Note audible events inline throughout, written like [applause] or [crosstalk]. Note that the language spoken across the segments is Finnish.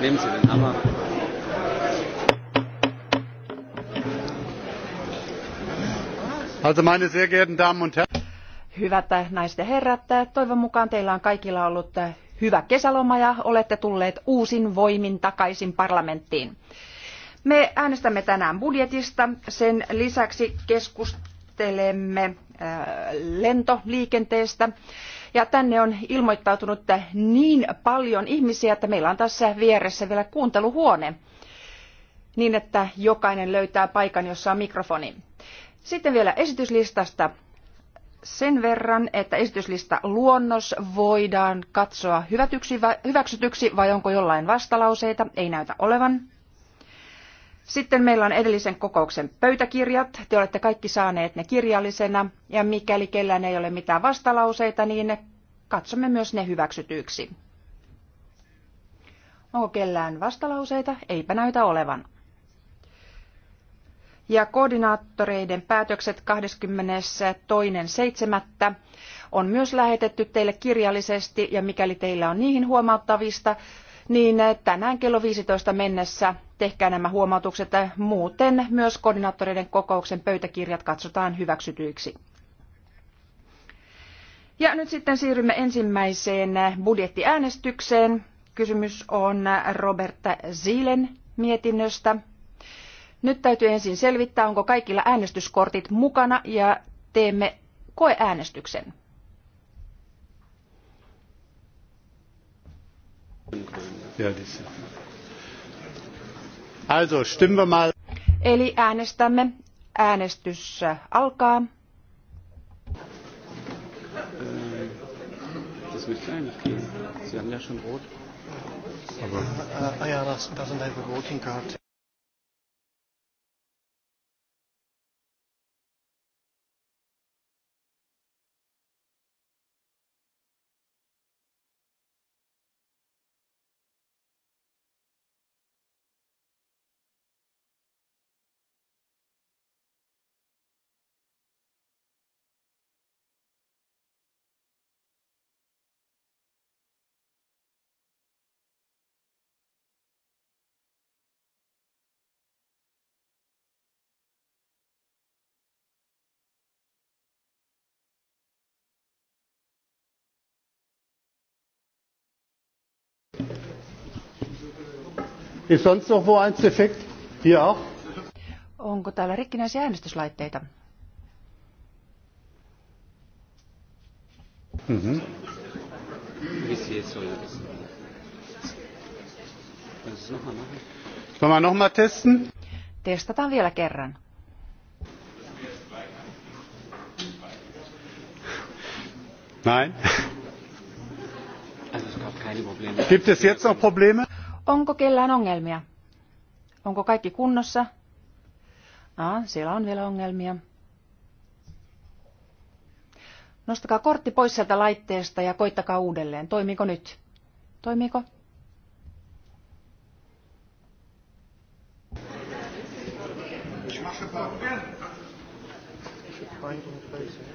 Nehmen Sie den Hammer. Also meine sehr geehrten Damen und Herren. Hyvät naiset ja herrat, toivon mukaan teillä on kaikilla ollut hyvä kesäloma ja olette tulleet uusin voimin takaisin parlamenttiin. Me äänestämme tänään budjetista. Sen lisäksi keskustelemme äh, lentoliikenteestä. Ja tänne on ilmoittautunut niin paljon ihmisiä, että meillä on tässä vieressä vielä kuunteluhuone niin, että jokainen löytää paikan, jossa on mikrofoni. Sitten vielä esityslistasta sen verran, että esityslista luonnos voidaan katsoa hyväksytyksi vai onko jollain vastalauseita. Ei näytä olevan. Sitten meillä on edellisen kokouksen pöytäkirjat. Te olette kaikki saaneet ne kirjallisena ja mikäli kellään ei ole mitään vastalauseita, niin katsomme myös ne hyväksytyiksi. Onko kellään vastalauseita? Eipä näytä olevan. Ja koordinaattoreiden päätökset 22.7. on myös lähetetty teille kirjallisesti ja mikäli teillä on niihin huomauttavista, niin eh, tänään kello viisitoista mennessä tehkää nämä huomautukset. Muuten myös koordinaattoreiden kokouksen pöytäkirjat katsotaan hyväksytyiksi. Ja nyt sitten siirrymme ensimmäiseen eh, budjettiäänestykseen. Kysymys on eh, Roberta Zielen mietinnöstä. Nyt täytyy ensin selvittää, onko kaikilla äänestyskortit mukana ja teemme koeäänestyksen. Also, stimmen wir mal. Eli äänestämme. Äänestys alkaa. Äh, das müsste eigentlich gehen. Sie haben ja schon rot. Aber. Äh, ah Ist sonst noch wo ein defekt? Hier auch? Onko täällä rikkinäisiä äänestyslaitteita? Mhm. Können wir nochmal testen? Testataan vielä kerran. Nein. Gibt es jetzt noch Probleme? Onko kellään ongelmia? Onko kaikki kunnossa? Aa, siellä on vielä ongelmia. Nostakaa kortti pois sieltä laitteesta ja koittakaa uudelleen. Toimiiko nyt? Toimiiko?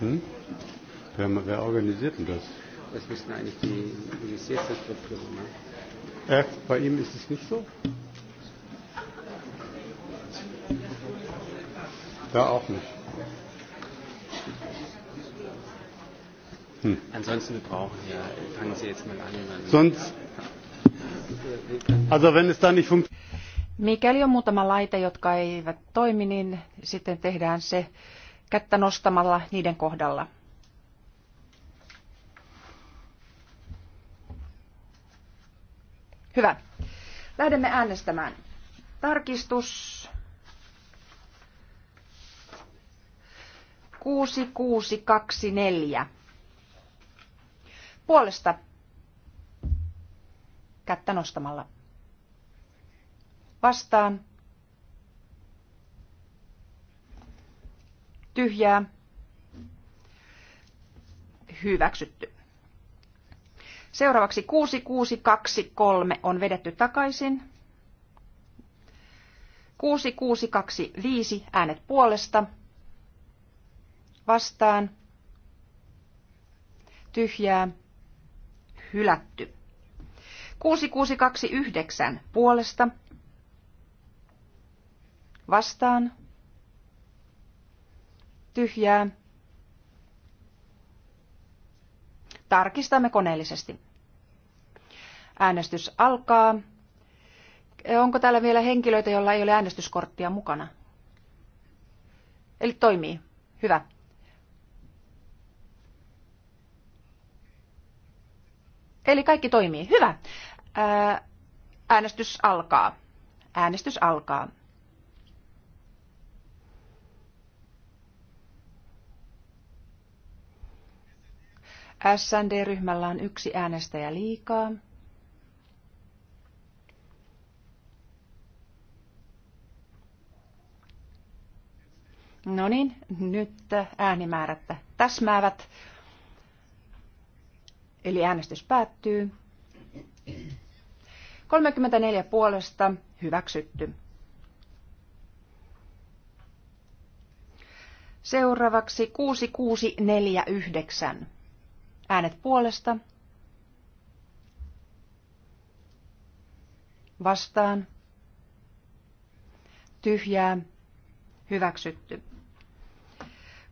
Hm? Wer, organisiert denn das? Das müssten eigentlich die Universitätsvertreter Äh, bei ihm ist es nicht so? Da auch nicht. Hm. Ansonsten, wir brauchen ja, fangen Sie jetzt mal an. Sonst, also wenn es da nicht funktioniert. Mikäli on muutama laite, jotka eivät toimi, niin sitten tehdään se kättä nostamalla niiden kohdalla. Hyvä. Lähdemme äänestämään. Tarkistus 6624. Puolesta kättä nostamalla. Vastaan. Tyhjää. Hyväksytty. Seuraavaksi 6623 on vedetty takaisin. 6625 äänet puolesta. Vastaan. Tyhjää. Hylätty. 6629 puolesta. Vastaan. Tyhjää. Tarkistamme koneellisesti. Äänestys alkaa. Onko täällä vielä henkilöitä, joilla ei ole äänestyskorttia mukana? Eli toimii. Hyvä. Eli kaikki toimii. Hyvä. Äänestys alkaa. Äänestys alkaa. SND-ryhmällä on yksi äänestäjä liikaa. No niin, nyt äänimäärät täsmäävät. Eli äänestys päättyy. 34 puolesta hyväksytty. Seuraavaksi 6649. Äänet puolesta. Vastaan. Tyhjää. Hyväksytty.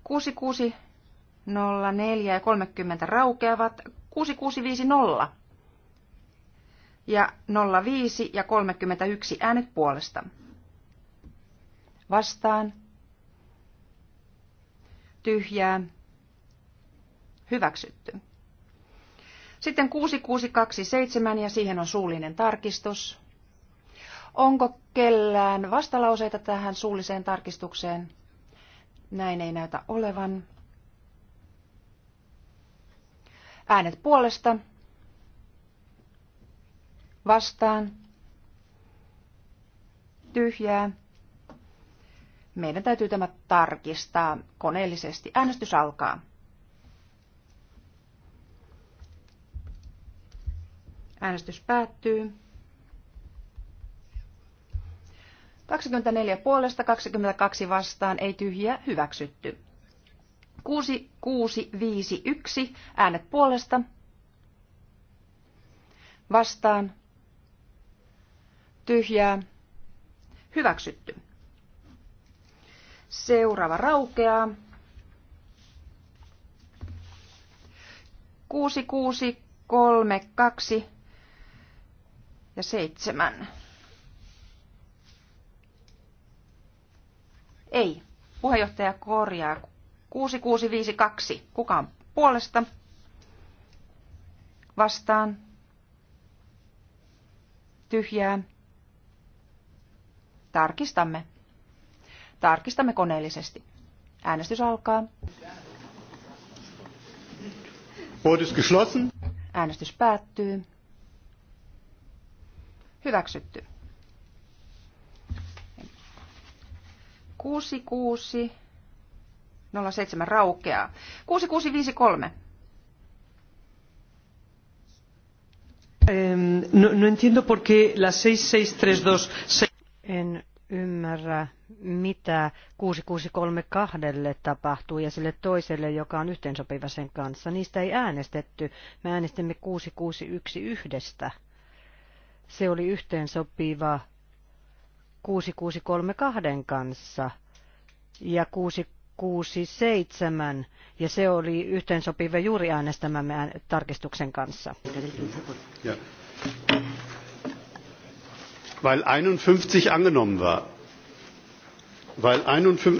6604 ja 30 raukeavat. 6650 ja 05 ja 31 äänet puolesta. Vastaan. Tyhjää. Hyväksytty. Sitten 6627 ja siihen on suullinen tarkistus. Onko kellään vastalauseita tähän suulliseen tarkistukseen? Näin ei näytä olevan. Äänet puolesta. Vastaan. Tyhjää. Meidän täytyy tämä tarkistaa koneellisesti. Äänestys alkaa. Äänestys päättyy. 24 puolesta, 22 vastaan, ei tyhjiä, hyväksytty. 6651 äänet puolesta, vastaan, tyhjää, hyväksytty. Seuraava raukeaa. 6, 6, 3, 2 ja 7. Ei. Puheenjohtaja korjaa. 6652. Kuka on puolesta? Vastaan. Tyhjää. Tarkistamme. Tarkistamme koneellisesti. Äänestys alkaa. Äänestys päättyy. Hyväksytty. 66 07 raukeaa. 6653. Eh, No, no entiendo por qué la 6632... En ymmärrä, mitä 6632 tapahtuu ja sille toiselle, joka on yhteensopiva sen kanssa. Niistä ei äänestetty. Me äänestimme 6611. Se oli yhteensopiva 6632 kanssa – ja 667, ja se oli yhteensopiva juuri äänestämämme tarkistuksen kanssa. Ja. Weil 51 angenommen war. Weil 51...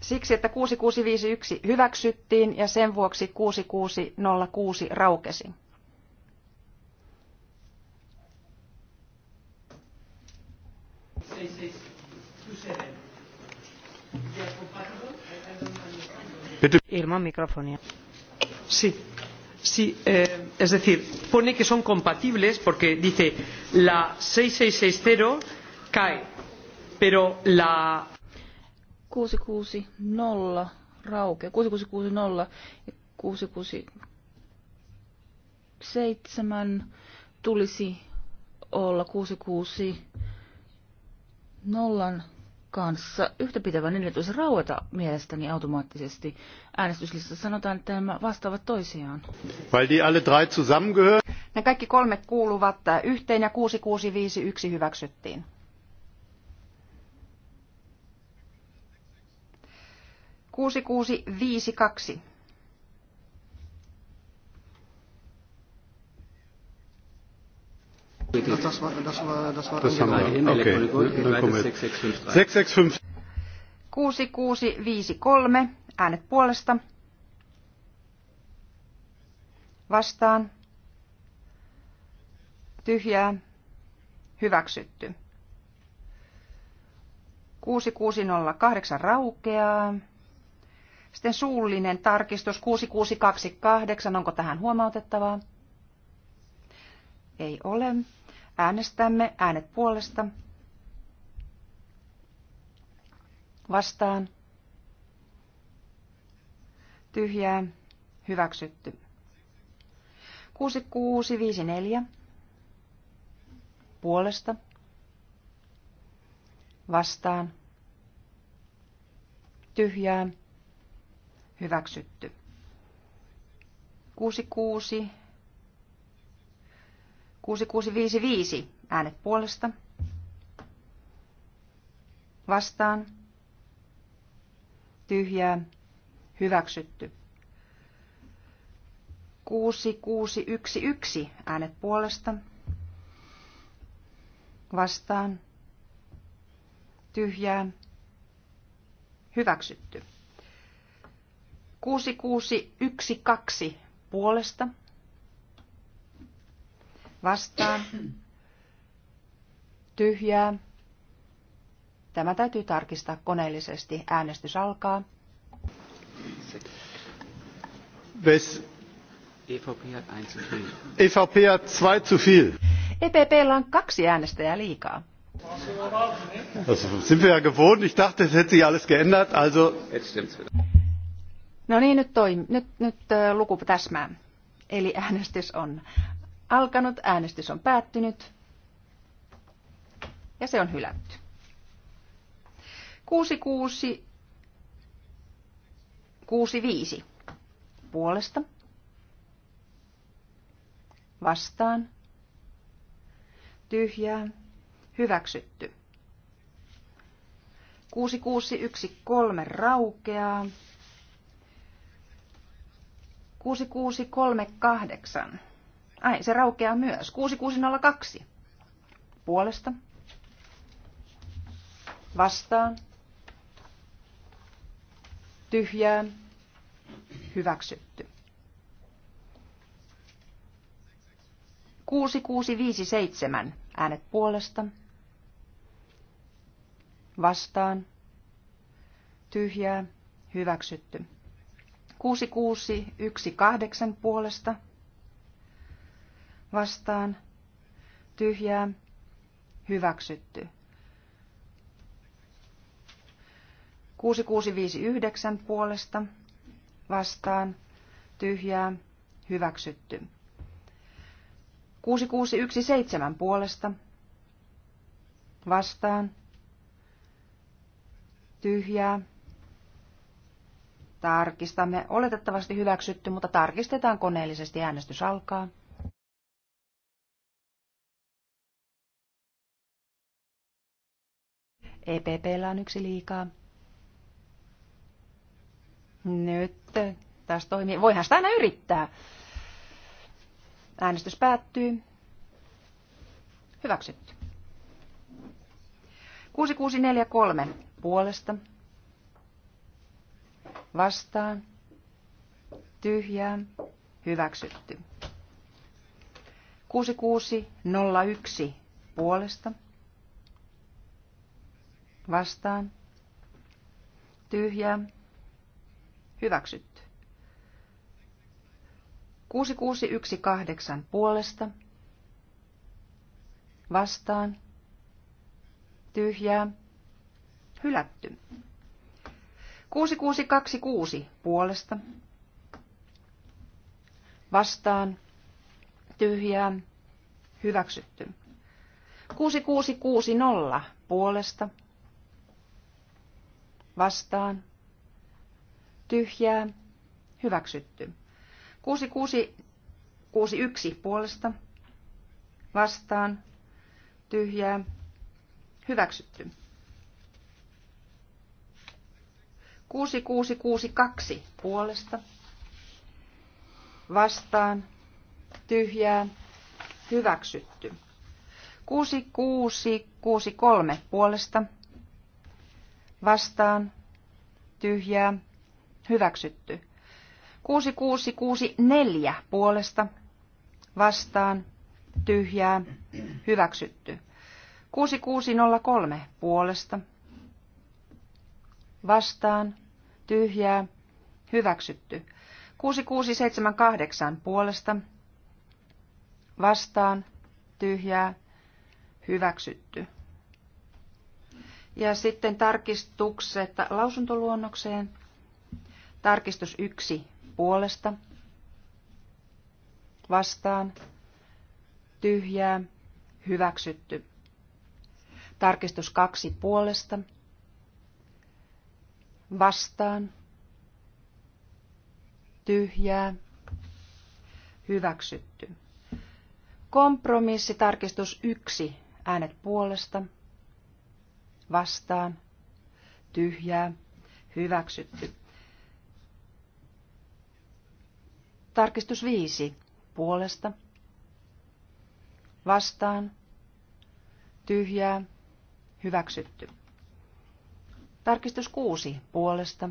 Siksi, että 6651 hyväksyttiin ja sen vuoksi 6606 raukesi. kuusi ei. Ilman mikrofonia. Sí. Sí, eh, es decir, pone que son compatibles porque dice la 6660 cae, pero la 660 raukea, 6660 ja 667 tulisi olla 660 kanssa yhtäpitävä, niin tulisi raueta mielestäni automaattisesti. Äänestyslistassa sanotaan, että nämä vastaavat toisiaan. Weil die alle drei zusammengehören. Ne kaikki kolme kuuluvat yhteen ja 6651 hyväksyttiin. Kuusi kuusi viisi kaksi. Das war, das war, das war das haben wir. Okay. 6653. 6653. Äänet puolesta. Vastaan. Tyhjää. Hyväksytty. 6608 raukeaa. Sitten suullinen tarkistus 6628. Onko tähän huomautettavaa? Ei ole. Äänestämme äänet puolesta. Vastaan. Tyhjää. Hyväksytty. 6654. Puolesta. Vastaan. Tyhjää. Hyväksytty. 66 6655 äänet puolesta. Vastaan. Tyhjää. Hyväksytty. 6611 äänet puolesta. Vastaan. Tyhjää. Hyväksytty. 6612 puolesta vastaan, tyhjää. Tämä täytyy tarkistaa koneellisesti. Äänestys alkaa. Wes EVP hat zwei zu viel. EPPllä on kaksi äänestäjää liikaa. Das sind wir ja gewohnt. Ich dachte, es hätte sich alles geändert. Also. No niin, nyt, toimi, nyt, nyt äh, luku täsmää. Eli äänestys on alkanut, äänestys on päättynyt ja se on hylätty. 66 65 puolesta vastaan tyhjää hyväksytty. 6613 raukeaa. 6638 Ai, se raukeaa myös. 6602. Puolesta. Vastaan. Tyhjää. Hyväksytty. 6657. Äänet puolesta. Vastaan. Tyhjää. Hyväksytty. 6618 puolesta vastaan, tyhjää, hyväksytty. 6659 puolesta, vastaan, tyhjää, hyväksytty. 6617 puolesta, vastaan, tyhjää, tarkistamme, oletettavasti hyväksytty, mutta tarkistetaan koneellisesti, äänestys alkaa. EPPllä on yksi liikaa. Nyt taas toimii. Voihan sitä aina yrittää. Äänestys päättyy. Hyväksytty. 6643 puolesta. Vastaan. Tyhjää. Hyväksytty. 6601 puolesta vastaan, tyhjää, hyväksytty. 6618 puolesta, vastaan, tyhjää, hylätty. 6626 puolesta, vastaan, tyhjää, hyväksytty. 6660 puolesta, vastaan, tyhjää, hyväksytty. 6661 puolesta, vastaan, tyhjää, hyväksytty. 6662 puolesta, vastaan, tyhjää, hyväksytty. 6663 puolesta, vastaan, tyhjää, hyväksytty. 6664 puolesta, vastaan, tyhjää, hyväksytty. 6603 puolesta, vastaan, tyhjää, hyväksytty. 6678 puolesta, vastaan, tyhjää, hyväksytty. Ja sitten tarkistukset lausuntoluonnokseen. Tarkistus yksi puolesta. Vastaan. Tyhjää. Hyväksytty. Tarkistus kaksi puolesta. Vastaan. Tyhjää. Hyväksytty. kompromissi tarkistus yksi Äänet puolesta vastaan, tyhjää, hyväksytty. Tarkistus viisi puolesta, vastaan, tyhjää, hyväksytty. Tarkistus kuusi puolesta,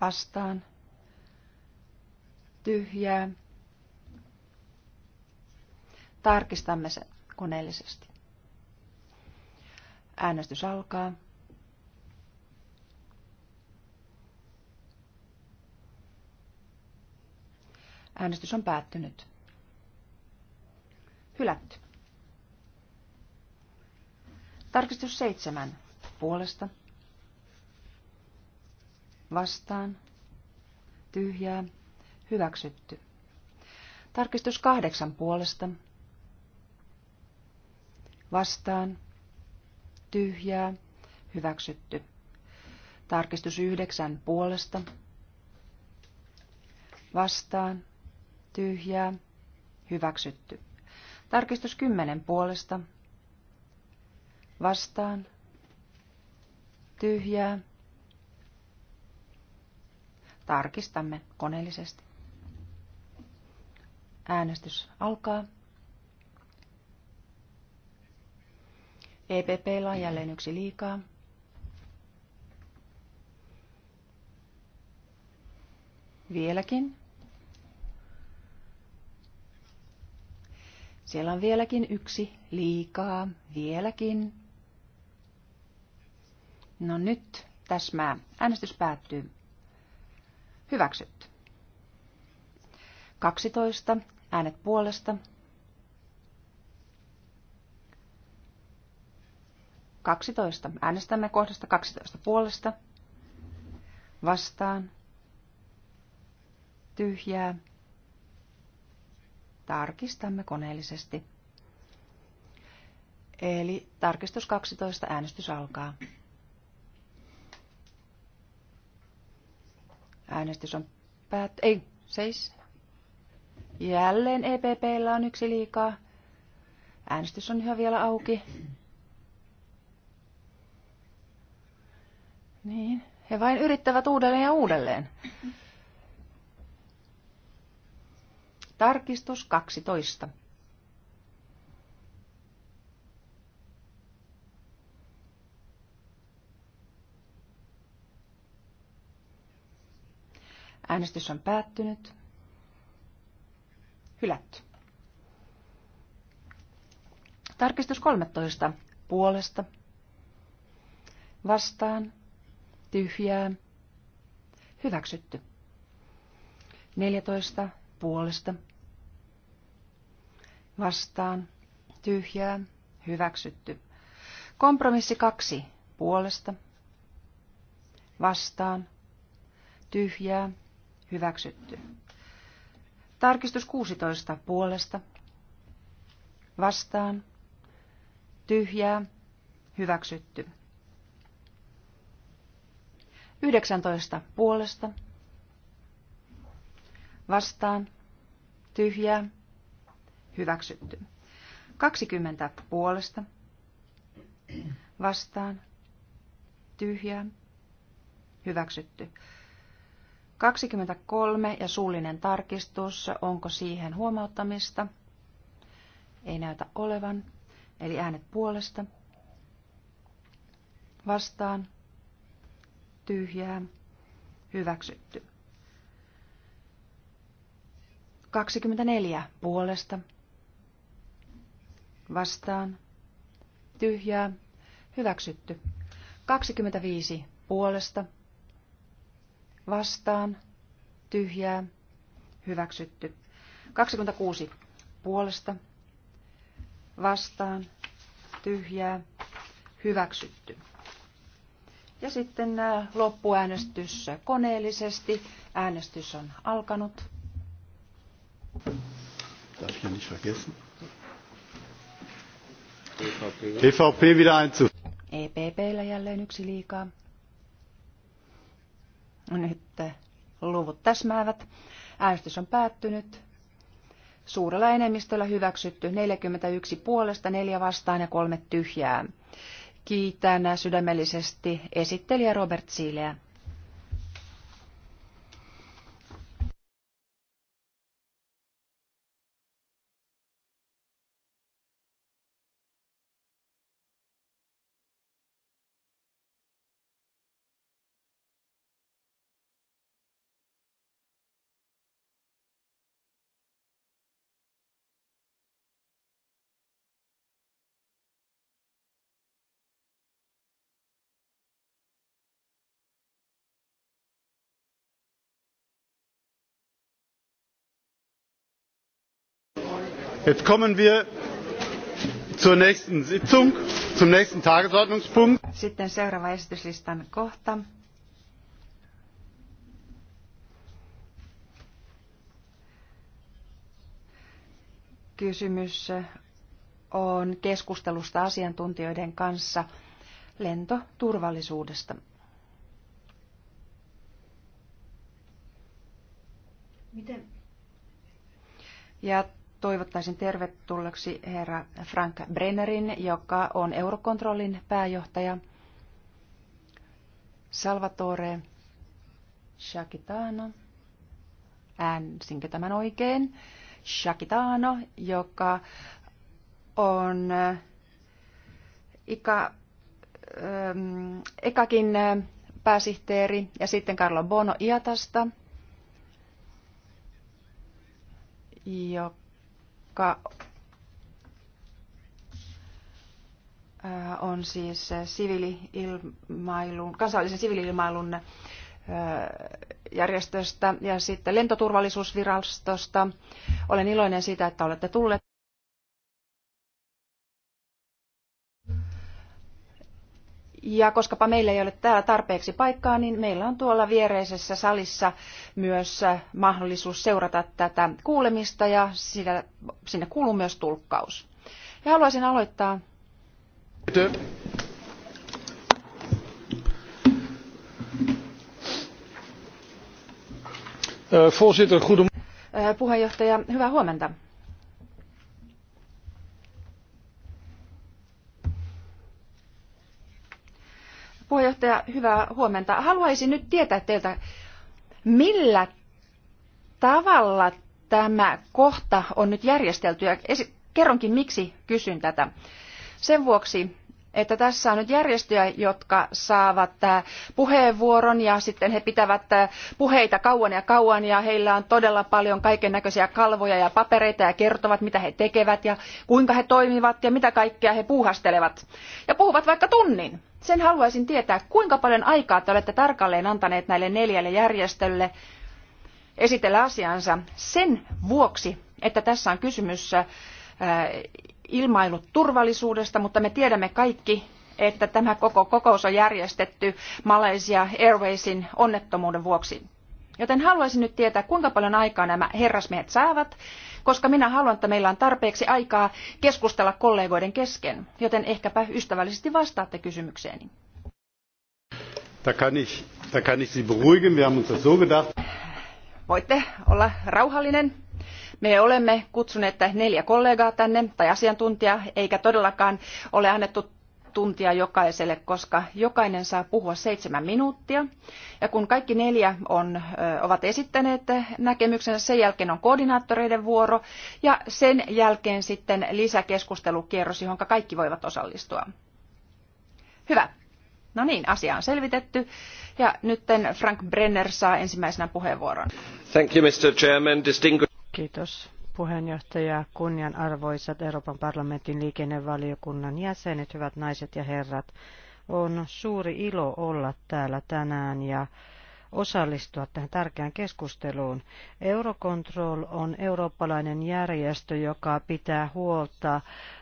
vastaan, tyhjää. Tarkistamme se koneellisesti. Äänestys alkaa. Äänestys on päättynyt. Hylätty. Tarkistus seitsemän. Puolesta. Vastaan. Tyhjää. Hyväksytty. Tarkistus kahdeksan puolesta. Vastaan tyhjää, hyväksytty. Tarkistus yhdeksän puolesta, vastaan, tyhjää, hyväksytty. Tarkistus kymmenen puolesta, vastaan, tyhjää. Tarkistamme koneellisesti. Äänestys alkaa. epp on jälleen yksi liikaa. Vieläkin. Siellä on vieläkin yksi liikaa. Vieläkin. No nyt täsmää. Äänestys päättyy. Hyväksytty. 12. Äänet puolesta. 12. Äänestämme kohdasta 12 puolesta. Vastaan. Tyhjää. Tarkistamme koneellisesti. Eli tarkistus 12. Äänestys alkaa. Äänestys on päät... Ei, seis. Jälleen EPPllä on yksi liikaa. Äänestys on yhä vielä auki. Niin, he vain yrittävät uudelleen ja uudelleen. Tarkistus 12. Äänestys on päättynyt. Hylätty. Tarkistus 13. Puolesta. Vastaan tyhjää, hyväksytty. 14 puolesta, vastaan, tyhjää, hyväksytty. Kompromissi 2 puolesta, vastaan, tyhjää, hyväksytty. Tarkistus 16 puolesta, vastaan, tyhjää, hyväksytty. 19 puolesta. Vastaan. Tyhjää. Hyväksytty. 20 puolesta. Vastaan. Tyhjää. Hyväksytty. 23 ja suullinen tarkistus. Onko siihen huomauttamista? Ei näytä olevan. Eli äänet puolesta. Vastaan tyhjää, hyväksytty. 24 puolesta, vastaan, tyhjää, hyväksytty. 25 puolesta, vastaan, tyhjää, hyväksytty. 26 puolesta, vastaan, tyhjää, hyväksytty. Ja sitten äh, loppuäänestys koneellisesti. Äänestys on alkanut. Darf ich nicht vergessen. EVP wieder ein EPPllä jälleen yksi liikaa. Nyt äh, luvut täsmäävät. Äänestys on päättynyt. Suurella enemmistöllä hyväksytty 41 puolesta, 4 vastaan ja 3 tyhjää. Kiitän sydämellisesti esittelijä Robert Siileä. jetzt kommen wir zur nächsten Sitzung, zum nächsten Tagesordnungspunkt. Sitten seuraava esityslistan kohta. Kysymys on keskustelusta asiantuntijoiden kanssa lentoturvallisuudesta. Miten? Ja toivottaisin tervetulleeksi herra Frank Brennerin, joka on Eurokontrollin pääjohtaja, Salvatore Shakitano, äänsinkö tämän oikein, Shakitano, joka on Ika, ähm, Ekakin äh, pääsihteeri ja sitten Carlo Bono Iatasta, joka joka äh, on siis siviiliilmailun, kansallisen siviiliilmailun äh, järjestöstä ja sitten lentoturvallisuusvirastosta. Olen iloinen siitä, että olette tulleet Ja koskapa meillä ei ole täällä tarpeeksi paikkaa, niin meillä on tuolla viereisessä salissa myös äh, mahdollisuus seurata tätä kuulemista ja sinne, sinne kuuluu myös tulkkaus. Ja haluaisin aloittaa. Äh, puheenjohtaja, hyvää huomenta. Puheenjohtaja, hyvää huomenta. Haluaisin nyt tietää teiltä, millä tavalla tämä kohta on nyt järjestelty ja kerronkin miksi kysyn tätä. Sen vuoksi, että tässä on nyt järjestöjä, jotka saavat äh, puheenvuoron ja sitten he pitävät äh, puheita kauan ja kauan ja heillä on todella paljon kaiken näköisiä kalvoja ja papereita ja kertovat mitä he tekevät ja kuinka he toimivat ja mitä kaikkea he puuhastelevat. Ja puhuvat vaikka tunnin. Sen haluaisin tietää, kuinka paljon aikaa te olette tarkalleen antaneet näille neljälle järjestölle esitellä asiansa sen vuoksi, että tässä on kysymys äh, ilmailuturvallisuudesta, mutta me tiedämme kaikki, että tämä koko kokous on järjestetty Malaysia Airwaysin onnettomuuden vuoksi. Joten haluaisin nyt tietää, kuinka paljon aikaa nämä herrasmiehet saavat, koska minä haluan, että meillä on tarpeeksi aikaa keskustella kollegoiden kesken, joten ehkäpä ystävällisesti vastaatte kysymykseeni. Da kann ich, da kann ich Sie beruhigen. Wir haben uns das so gedacht. Voitte olla rauhallinen. Me olemme kutsuneet neljä kollegaa tänne tai asiantuntijaa, eikä todellakaan ole annettu tuntia jokaiselle, koska jokainen saa puhua seitsemän minuuttia. Ja kun kaikki neljä on, ovat esittäneet näkemyksensä, sen jälkeen on koordinaattoreiden vuoro ja sen jälkeen sitten lisäkeskustelukierros, johon kaikki voivat osallistua. Hyvä. No niin, asia on selvitetty. Ja nyt Frank Brenner saa ensimmäisenä puheenvuoron. Thank you, Mr. Chairman. Distingu Kiitos puheenjohtaja, kunnianarvoisat Euroopan parlamentin liikennevaliokunnan jäsenet, hyvät naiset ja herrat. On suuri ilo olla täällä tänään ja osallistua tähän tärkeään keskusteluun. Eurocontrol on eurooppalainen järjestö, joka pitää huolta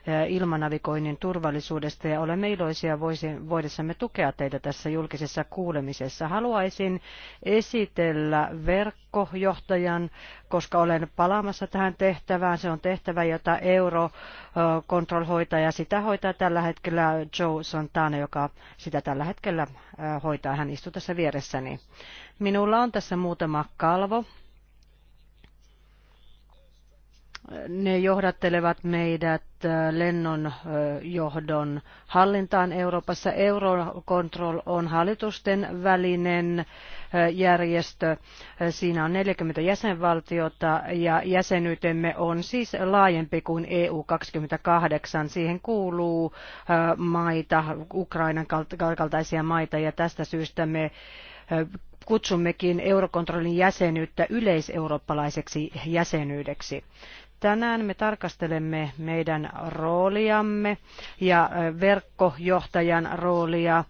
Eh, ilmanavigoinnin turvallisuudesta ja olemme iloisia voidessamme tukea teitä tässä julkisessa kuulemisessa. Haluaisin esitellä verkkojohtajan, koska olen palaamassa tähän tehtävään. Se on tehtävä, jota Eurocontrol eh, hoitaa ja sitä hoitaa tällä hetkellä Joe Santana, joka sitä tällä hetkellä eh, hoitaa. Hän istuu tässä vieressäni. Minulla on tässä muutama kalvo ne johdattelevat meidät Äh, lennon äh, johdon hallintaan Euroopassa. Eurocontrol on hallitusten välinen äh, järjestö. Siinä on 40 jäsenvaltiota ja jäsenyytemme on siis laajempi kuin EU28. Siihen kuuluu maita, Ukrainan kaltaisia maita ja tästä syystä me kutsummekin Eurokontrollin jäsenyyttä yleiseurooppalaiseksi jäsenyydeksi. Tänään me tarkastelemme meidän rooliamme ja verkkojohtajan roolia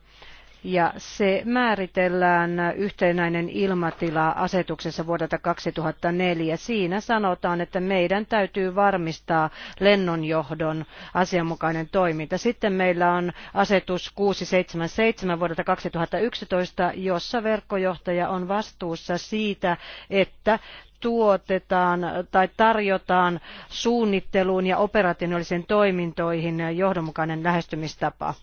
ja se määritellään yhtenäinen ilmatila asetuksessa vuodelta 2004. Siinä sanotaan, että meidän täytyy varmistaa lennonjohdon asianmukainen toiminta. Sitten meillä on asetus 677 vuodelta 2011, jossa verkkojohtaja on vastuussa siitä, että tuotetaan tai tarjotaan suunnitteluun ja operationaalisiin toimintoihin johdonmukainen lähestymistapa.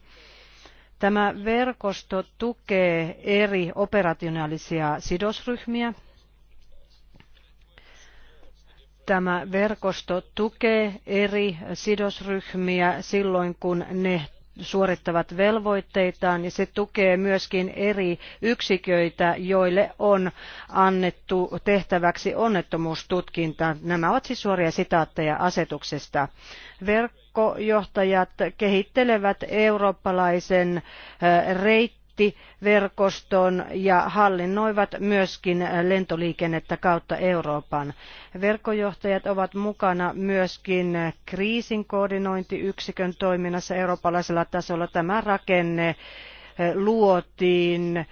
Tämä verkosto tukee eri operationaalisia sidosryhmiä. Tämä verkosto tukee eri sidosryhmiä silloin, kun ne suorittavat velvoitteitaan ja se tukee myöskin eri yksiköitä, joille on annettu tehtäväksi onnettomuustutkinta. Nämä ovat siis suoria sitaatteja asetuksesta. Verkkojohtajat kehittelevät eurooppalaisen eh, reitin kontaktiverkoston ja hallinnoivat myöskin lentoliikennettä kautta Euroopan. Verkkojohtajat ovat mukana myöskin kriisin koordinointiyksikön toiminnassa eurooppalaisella tasolla. Tämä rakenne eh, luotiin eh,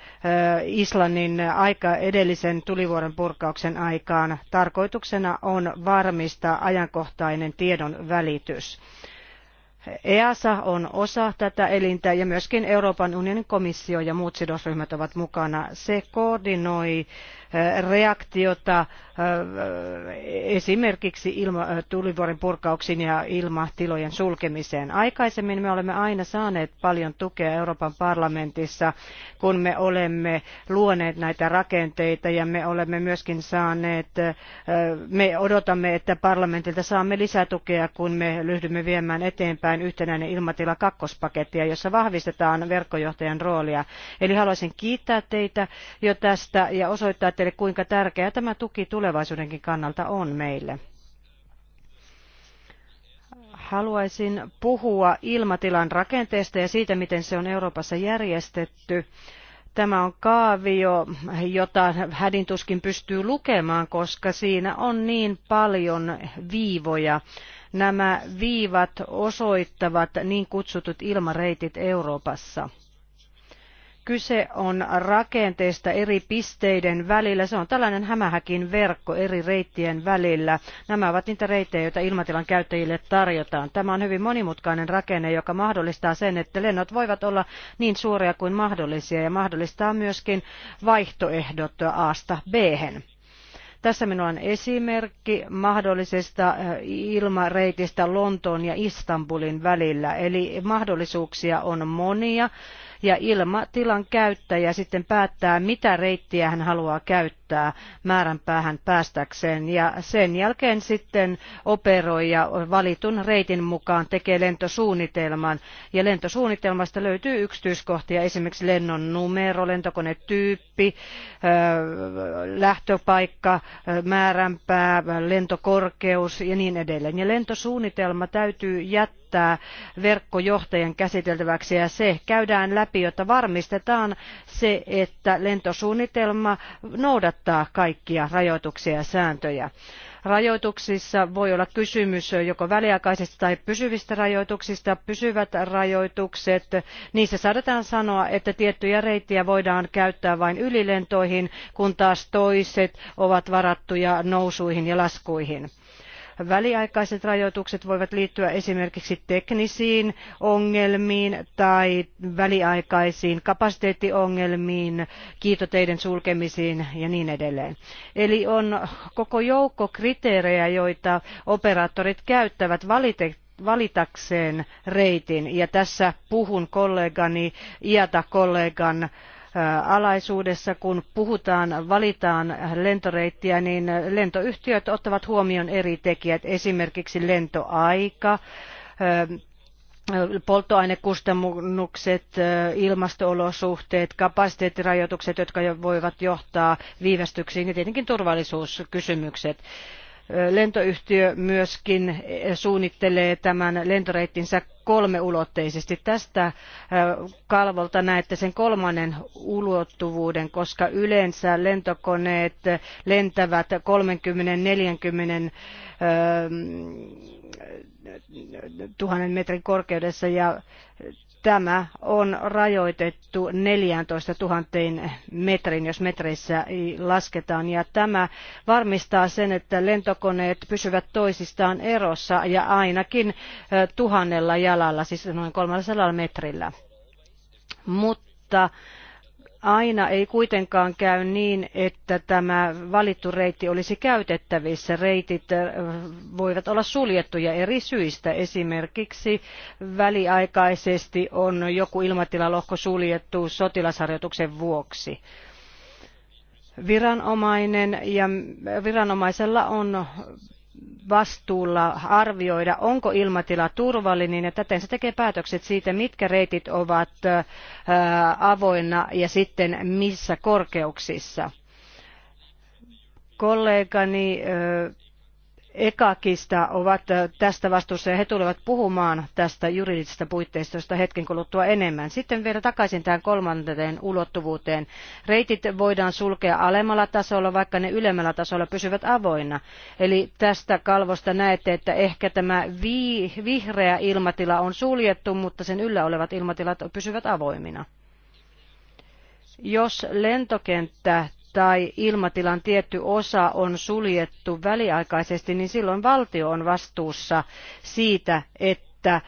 Islannin aika edellisen tulivuoren purkauksen aikaan. Tarkoituksena on varmistaa ajankohtainen tiedon välitys. EASA on osa tätä elintä ja myöskin Euroopan unionin komissio ja muut sidosryhmät ovat mukana. Se koordinoi reaktiota esimerkiksi ilma, tulivuoren purkauksiin ja ilmatilojen sulkemiseen. Aikaisemmin me olemme aina saaneet paljon tukea Euroopan parlamentissa, kun me olemme luoneet näitä rakenteita ja me olemme myöskin saaneet, me odotamme, että parlamentilta saamme lisätukea, kun me ryhdymme viemään eteenpäin yhtenäinen ilmatila kakkospakettia, jossa vahvistetaan verkkojohtajan roolia. Eli haluaisin kiittää teitä jo tästä ja osoittaa teille ajattele, kuinka tärkeää tämä tuki tulevaisuudenkin kannalta on meille. Haluaisin puhua ilmatilan rakenteesta ja siitä, miten se on Euroopassa järjestetty. Tämä on kaavio, jota hädintuskin pystyy lukemaan, koska siinä on niin paljon viivoja. Nämä viivat osoittavat niin kutsutut ilmareitit Euroopassa. Kyse on rakenteesta eri pisteiden välillä. Se on tällainen hämähäkin verkko eri reittien välillä. Nämä ovat niitä reittejä, joita ilmatilan käyttäjille tarjotaan. Tämä on hyvin monimutkainen rakenne, joka mahdollistaa sen, että lennot voivat olla niin suuria kuin mahdollisia ja mahdollistaa myöskin vaihtoehdot Asta b Tässä minulla on esimerkki mahdollisesta äh, ilmareitistä Lontoon ja Istanbulin välillä. Eli mahdollisuuksia on monia ja ilmatilan käyttäjä sitten päättää, mitä reittiä hän haluaa käyttää määränpäähän päästäkseen ja sen jälkeen sitten operoi ja valitun reitin mukaan tekee lentosuunnitelman ja lentosuunnitelmasta löytyy yksityiskohtia, esimerkiksi lennon numero, lentokonetyyppi, lähtöpaikka, määränpää, lentokorkeus ja niin edelleen. Ja lentosuunnitelma täytyy jättää lähettää verkkojohtajan käsiteltäväksi ja se käydään läpi, jotta varmistetaan se, että lentosuunnitelma noudattaa kaikkia rajoituksia ja sääntöjä rajoituksissa voi olla kysymys joko väliaikaisista tai pysyvistä rajoituksista. Pysyvät rajoitukset, niissä saadaan sanoa, että tiettyjä reittiä voidaan käyttää vain ylilentoihin, kun taas toiset ovat varattuja nousuihin ja laskuihin Väliaikaiset rajoitukset voivat liittyä esimerkiksi teknisiin ongelmiin tai väliaikaisiin kapasiteettiongelmiin, kiitoteiden sulkemisiin ja niin edelleen. Eli on koko joukko kriteerejä, joita operaattorit käyttävät valitakseen reitin. Ja tässä puhun kollegani, iata kollegan alaisuudessa, kun puhutaan, valitaan lentoreittiä, niin lentoyhtiöt ottavat huomioon eri tekijät, esimerkiksi lentoaika, polttoainekustannukset, ilmastoolosuhteet, kapasiteettirajoitukset, jotka voivat johtaa viivästyksiin ja tietenkin turvallisuuskysymykset lentoyhtiö myöskin suunnittelee tämän lentoreittinsä kolmeulotteisesti. Tästä äh, kalvolta näette sen kolmannen ulottuvuuden, koska yleensä lentokoneet lentävät 30-40 tuhannen metrin korkeudessa ja tämä on rajoitettu 14 000 metrin, jos metreissä lasketaan. Ja tämä varmistaa sen, että lentokoneet pysyvät toisistaan erossa ja ainakin tuhannella jalalla, siis noin 300 metrillä. Mutta mutta Aina ei kuitenkaan käy niin, että tämä valittu reitti olisi käytettävissä. Reitit äh, voivat olla suljettuja eri syistä. Esimerkiksi väliaikaisesti on joku ilmatilalohko suljettu sotilasharjoituksen vuoksi viranomainen ja äh, viranomaisella on vastuulla arvioida, onko ilmatila turvallinen ja täten se tekee päätökset siitä, mitkä reitit ovat avoinna ja sitten missä korkeuksissa. Kollegani Ekakista ovat tästä vastuussa ja he tulevat puhumaan tästä juridisesta puitteistosta hetken kuluttua enemmän. Sitten vielä takaisin tähän kolmanteen ulottuvuuteen. Reitit voidaan sulkea alemmalla tasolla, vaikka ne ylemmällä tasolla pysyvät avoinna. Eli tästä kalvosta näette, että ehkä tämä vi- vihreä ilmatila on suljettu, mutta sen yllä olevat ilmatilat pysyvät avoimina. Jos lentokenttä tai ilmatilan tietty osa on suljettu väliaikaisesti, niin silloin valtio on vastuussa siitä, että että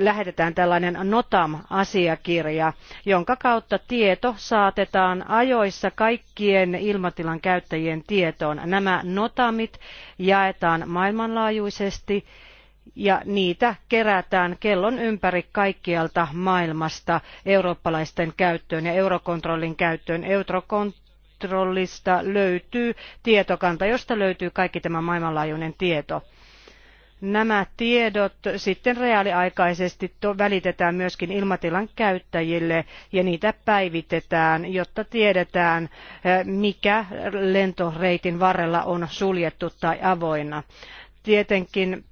lähetetään tällainen NOTAM-asiakirja, jonka kautta tieto saatetaan ajoissa kaikkien ilmatilan käyttäjien tietoon. Nämä NOTAMit jaetaan maailmanlaajuisesti ja niitä kerätään kellon ympäri kaikkialta maailmasta eurooppalaisten käyttöön ja eurokontrollin käyttöön. Eurokont. Eurocontrollista löytyy tietokanta, josta löytyy kaikki tämä maailmanlaajuinen tieto. Nämä tiedot sitten reaaliaikaisesti välitetään myöskin ilmatilan käyttäjille ja niitä päivitetään, jotta tiedetään, eh, mikä lentoreitin varrella on suljettu tai avoinna. Tietenkin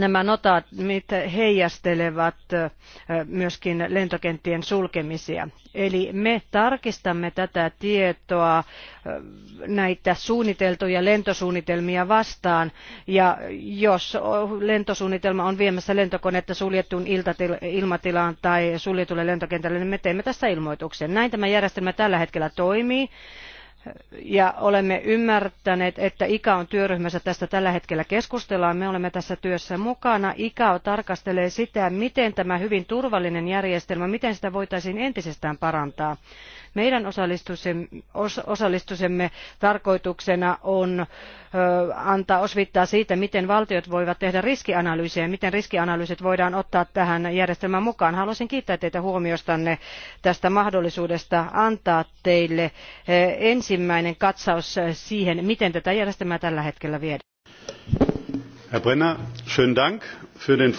nämä notaamit heijastelevat myöskin lentokenttien sulkemisia. Eli me tarkistamme tätä tietoa näitä suunniteltuja lentosuunnitelmia vastaan ja jos lentosuunnitelma on viemässä lentokonetta suljettuun ilmatilaan tai suljetulle lentokentälle, niin me teemme tästä ilmoituksen. Näin tämä järjestelmä tällä hetkellä toimii ja olemme ymmärtäneet, että ICAOn työryhmässä tästä tällä hetkellä keskustellaan. Me olemme tässä työssä mukana. ICAO tarkastelee sitä, miten tämä hyvin turvallinen järjestelmä, miten sitä voitaisiin entisestään parantaa. Meidän osallistusemme tarkoituksena on antaa osvittaa siitä, miten valtiot voivat tehdä riskianalyysiä ja miten riskianalyysit voidaan ottaa tähän järjestelmään mukaan. Haluaisin kiittää teitä huomiostanne tästä mahdollisuudesta antaa teille ensimmäinen katsaus siihen, miten tätä järjestelmää tällä hetkellä viedään. Herr Brenner, schönen Dank für den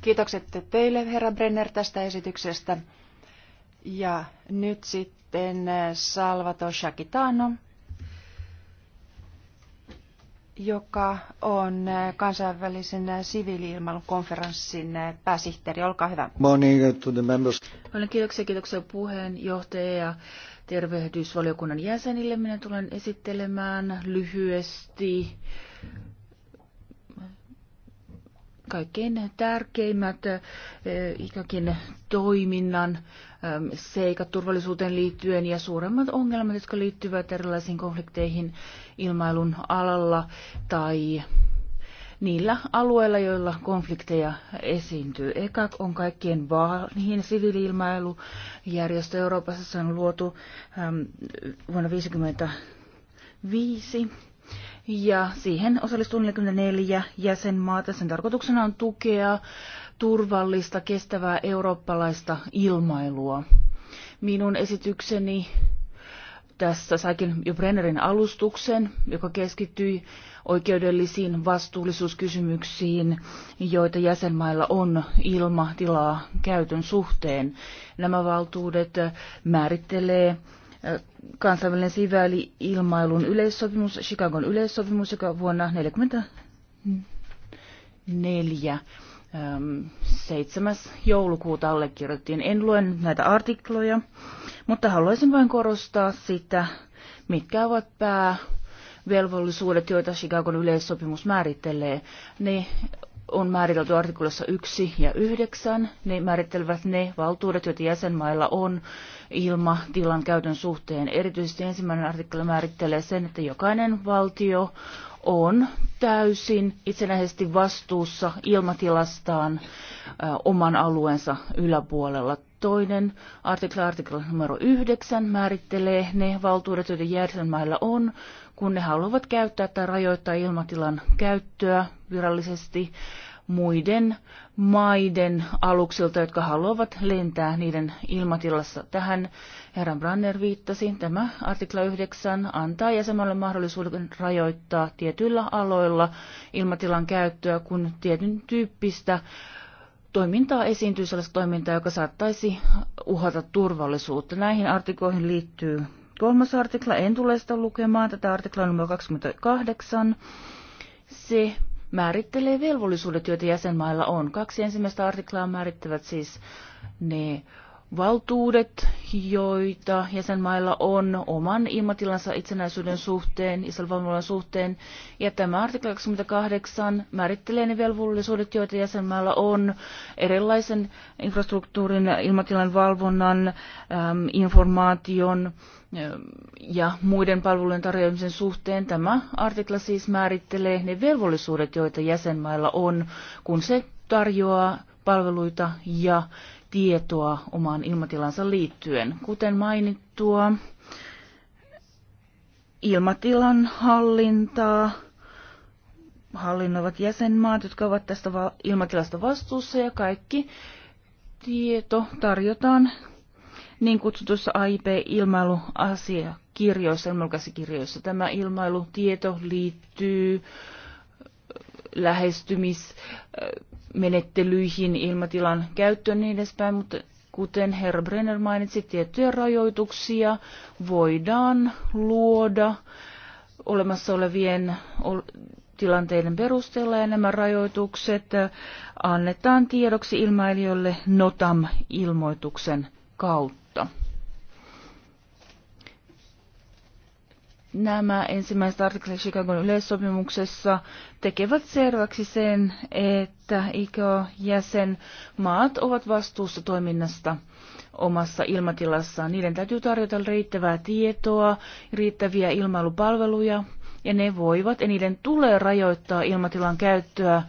Kiitokset teille, herra Brenner, tästä esityksestä. Ja nyt sitten sitten eh, Salvatore Shakitano, joka on eh, kansainvälisen eh, siviiliilmailun konferenssin pääsihteeri. Olkaa hyvä. Morning to the members. Olen kiitoksia, kiitoksia puheenjohtaja ja tervehdysvaliokunnan jäsenille. Minä tulen esittelemään lyhyesti kaikkein tärkeimmät eh, ikäkin toiminnan eh, seikat turvallisuuteen liittyen ja suuremmat ongelmat, jotka liittyvät erilaisiin konflikteihin ilmailun alalla tai niillä alueilla, joilla konflikteja esiintyy. ECAC on kaikkien vanhin siviili-ilmailujärjestö Euroopassa. Se on luotu äm, ehm, vuonna 1955 ja siihen osallistuu 44 jäsenmaata. Sen tarkoituksena on tukea turvallista, kestävää eurooppalaista ilmailua. Minun esitykseni tässä saikin jo Brennerin alustuksen, joka keskittyi oikeudellisiin vastuullisuuskysymyksiin, joita jäsenmailla on ilmatilaa käytön suhteen. Nämä valtuudet määrittelee kansainvälinen siväili-ilmailun yleissopimus, Chicagon yleissopimus, joka vuonna 1944 7. Ähm, joulukuuta allekirjoittiin. En lue näitä artikloja, mutta haluaisin vain korostaa sitä, mitkä ovat päävelvollisuudet, joita Chicagon yleissopimus määrittelee. Ne on määritelty artikulassa 1 ja 9. Ne määrittelevät ne valtuudet, joita jäsenmailla on ilmatilan käytön suhteen. Erityisesti ensimmäinen artikkeli määrittelee sen, että jokainen valtio on täysin itsenäisesti vastuussa ilmatilastaan oman alueensa yläpuolella. Toinen artikla, artikla numero 9, määrittelee ne valtuudet, joita järjestelmällä on, kun ne haluavat käyttää tai rajoittaa ilmatilan käyttöä virallisesti muiden maiden aluksilta, jotka haluavat lentää niiden ilmatilassa. Tähän herra Branner viittasi. Tämä artikla 9 antaa jäsenmaalle mahdollisuuden rajoittaa tietyillä aloilla ilmatilan käyttöä, kun tietyn tyyppistä toimintaa esiintyy sellaista toimintaa, joka saattaisi uhata turvallisuutta. Näihin artikoihin liittyy kolmas artikla. En tule sitä lukemaan. Tätä artikla numero 28. Se määrittelee velvollisuudet, joita jäsenmailla on. Kaksi ensimmäistä artiklaa määrittävät siis ne valtuudet, joita jäsenmailla on oman ilmatilansa itsenäisyyden suhteen, Isävalvonnan suhteen. Ja tämä artikla 28 määrittelee ne velvollisuudet, joita jäsenmailla on erilaisen infrastruktuurin, ilmatilan valvonnan, informaation ja muiden palvelujen tarjoamisen suhteen. Tämä artikla siis määrittelee ne velvollisuudet, joita jäsenmailla on, kun se tarjoaa palveluita ja tietoa omaan ilmatilansa liittyen. Kuten mainittua, ilmatilan hallintaa hallinnoivat jäsenmaat, jotka ovat tästä ilmatilasta vastuussa ja kaikki tieto tarjotaan niin kutsutussa AIP-ilmailuasiakirjoissa, ilmailukäsikirjoissa. Tämä ilmailutieto liittyy lähestymis menettelyihin, ilmatilan käyttöön niin edespäin, mutta kuten herra Brenner mainitsi, tiettyjä rajoituksia voidaan luoda olemassa olevien tilanteiden perusteella ja nämä rajoitukset annetaan tiedoksi ilmailijoille NOTAM-ilmoituksen kautta. Nämä ensimmäiset artikkelit Chicagon yleissopimuksessa tekevät selväksi sen, että ICAO-jäsen maat ovat vastuussa toiminnasta omassa ilmatilassaan. Niiden täytyy tarjota riittävää tietoa, riittäviä ilmailupalveluja, ja ne voivat ja niiden tulee rajoittaa ilmatilan käyttöä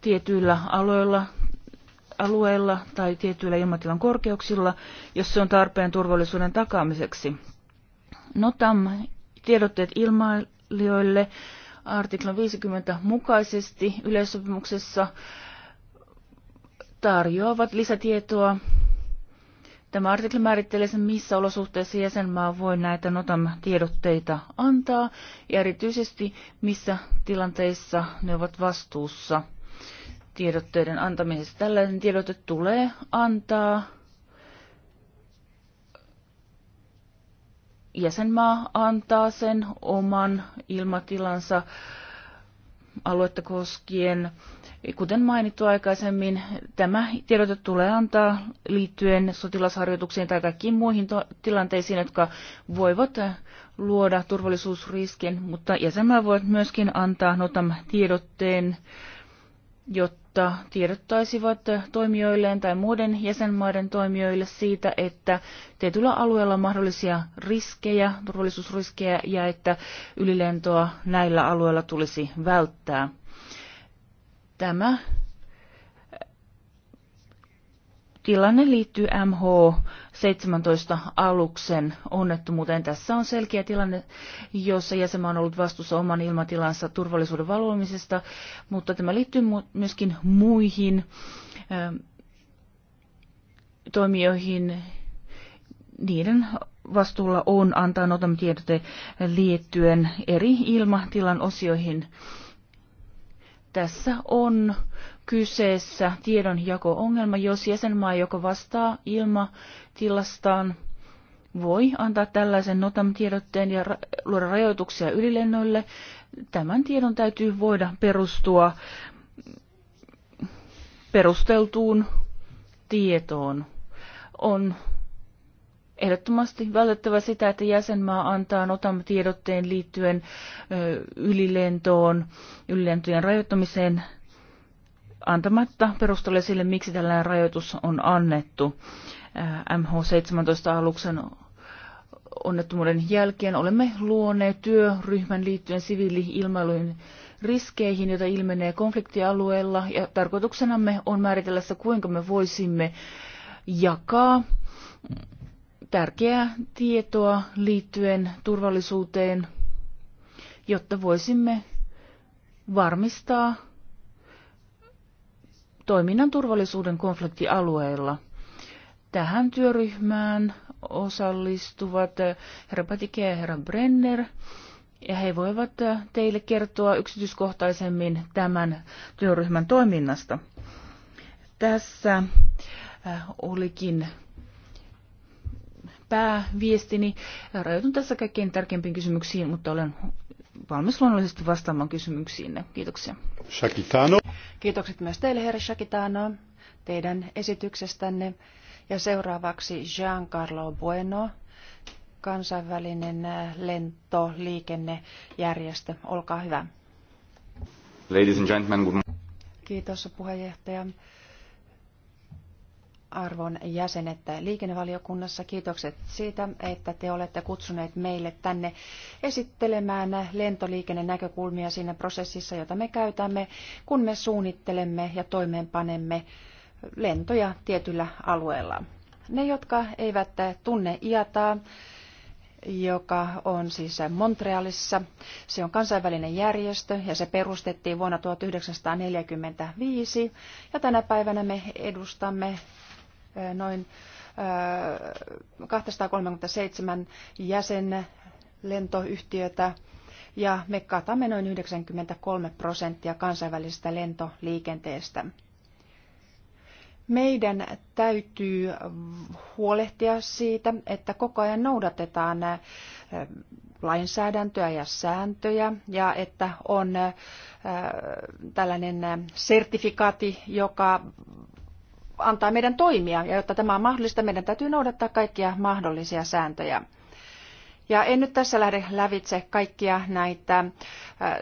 tietyillä aloilla alueella tai tietyillä ilmatilan korkeuksilla, jos se on tarpeen turvallisuuden takaamiseksi. NOTAM tiedotteet ilmailijoille artiklan 50 mukaisesti yleissopimuksessa tarjoavat lisätietoa. Tämä artikla määrittelee sen, missä olosuhteissa jäsenmaa voi näitä NOTAM-tiedotteita antaa ja erityisesti missä tilanteissa ne ovat vastuussa tiedotteiden antamisesta. Tällainen tiedote tulee antaa jäsenmaa antaa sen oman ilmatilansa aluetta koskien. Kuten mainittu aikaisemmin, tämä tiedote tulee antaa liittyen sotilasharjoituksiin tai kaikkiin muihin tilanteisiin, jotka voivat luoda turvallisuusriskin, mutta jäsenmaa voivat myöskin antaa NOTAM-tiedotteen, jotta jotta tiedottaisivat toimijoilleen tai muiden jäsenmaiden toimijoille siitä, että tietyllä alueella on mahdollisia riskejä, turvallisuusriskejä ja että ylilentoa näillä alueilla tulisi välttää. Tämä tilanne liittyy MH17-aluksen onnettomuuteen. Tässä on selkeä tilanne, jossa jäsenmaa on ollut vastuussa oman ilmatilansa turvallisuuden valvomisesta, mutta tämä liittyy myöskin muihin ähm, toimijoihin. Niiden vastuulla on antaa notamme tiedote liittyen eri ilmatilan osioihin. Tässä on kyseessä tiedonjako-ongelma, jos jäsenmaa, joka vastaa ilmatilastaan, voi antaa tällaisen NOTAM-tiedotteen ja luoda rajoituksia ylilennoille. Tämän tiedon täytyy voida perustua perusteltuun tietoon. On ehdottomasti vältettävä sitä, että jäsenmaa antaa NOTAM-tiedotteen liittyen ylilentoon, ylilentojen rajoittamiseen antamatta perustelua sille, miksi tällainen rajoitus on annettu. Äh, MH17-aluksen onnettomuuden jälkeen olemme luoneet työryhmän liittyen siviili-ilmailujen riskeihin, joita ilmenee konfliktialueella, ja tarkoituksenamme on määritellä se, kuinka me voisimme jakaa tärkeää tietoa liittyen turvallisuuteen, jotta voisimme varmistaa toiminnan turvallisuuden konfliktialueilla. Tähän työryhmään osallistuvat eh, herra Patike ja herra Brenner, ja he voivat eh, teille kertoa yksityiskohtaisemmin tämän työryhmän toiminnasta. Tässä eh, olikin pääviestini. Rajoitun tässä kaikkein tärkeimpiin kysymyksiin, mutta olen valmis luonnollisesti vastaamaan kysymyksiinne. Kiitoksia. Shakitano. Kiitokset myös teille, herra Shakitano, teidän esityksestänne. Ja seuraavaksi Giancarlo Bueno, kansainvälinen lentoliikennejärjestö. Olkaa hyvä. Ladies and gentlemen, good morning. Kiitos puheenjohtaja arvon jäsenet liikennevaliokunnassa. Kiitokset siitä, että te olette kutsuneet meille tänne esittelemään lentoliikennenäkökulmia siinä prosessissa, jota me käytämme, kun me suunnittelemme ja toimeenpanemme lentoja tietyllä alueella. Ne, jotka eivät tunne IATAa, joka on siis Montrealissa. Se on kansainvälinen järjestö ja se perustettiin vuonna 1945 ja tänä päivänä me edustamme noin 237 äh, jäsenlentoyhtiötä ja me katamme noin 93 prosenttia kansainvälisestä lentoliikenteestä. Meidän täytyy huolehtia siitä, että koko ajan noudatetaan äh, lainsäädäntöä ja sääntöjä ja että on äh, tällainen sertifikaatti, joka antaa meidän toimia, ja jotta tämä on mahdollista, meidän täytyy noudattaa kaikkia mahdollisia sääntöjä. Ja en nyt tässä lähde lävitse kaikkia näitä äh,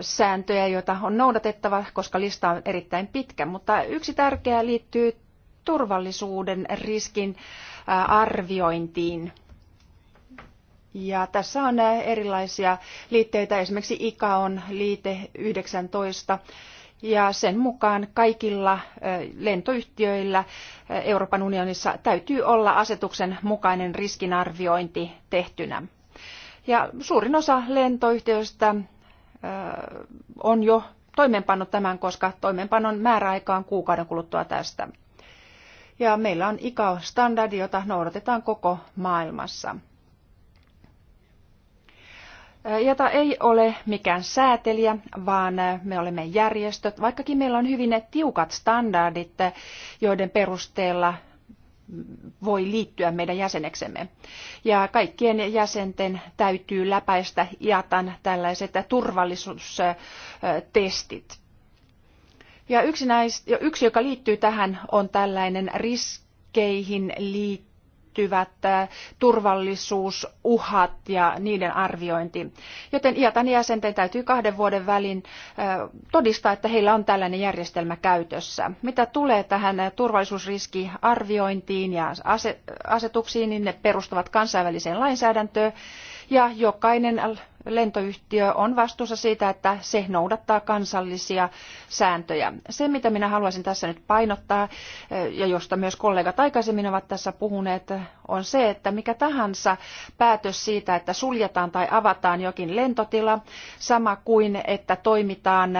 sääntöjä, joita on noudatettava, koska lista on erittäin pitkä, mutta yksi tärkeä liittyy turvallisuuden riskin äh, arviointiin. Ja tässä on äh, erilaisia liitteitä, esimerkiksi on liite 19, ja sen mukaan kaikilla lentoyhtiöillä Euroopan unionissa täytyy olla asetuksen mukainen riskinarviointi tehtynä. Ja suurin osa lentoyhtiöistä on jo toimeenpannut tämän, koska toimeenpanon määräaika on kuukauden kuluttua tästä. Ja meillä on ICAO-standardi, jota noudatetaan koko maailmassa jota ei ole mikään säätelijä, vaan me olemme järjestöt, vaikkakin meillä on hyvin tiukat standardit, joiden perusteella voi liittyä meidän jäseneksemme. Ja kaikkien jäsenten täytyy läpäistä IATAN tällaiset turvallisuustestit. Ja yksi, näistä, yksi, joka liittyy tähän, on tällainen riskeihin liittyvä liittyvät turvallisuusuhat ja niiden arviointi. Joten IATAN jäsenten täytyy kahden vuoden välin todistaa, että heillä on tällainen järjestelmä käytössä. Mitä tulee tähän turvallisuusriskiarviointiin ja asetuksiin, niin ne perustuvat kansainväliseen lainsäädäntöön ja jokainen lentoyhtiö on vastuussa siitä, että se noudattaa kansallisia sääntöjä. Se, mitä minä haluaisin tässä nyt painottaa, eh, ja josta myös kollegat aikaisemmin ovat tässä puhuneet, on se, että mikä tahansa päätös siitä, että suljetaan tai avataan jokin lentotila, sama kuin että toimitaan,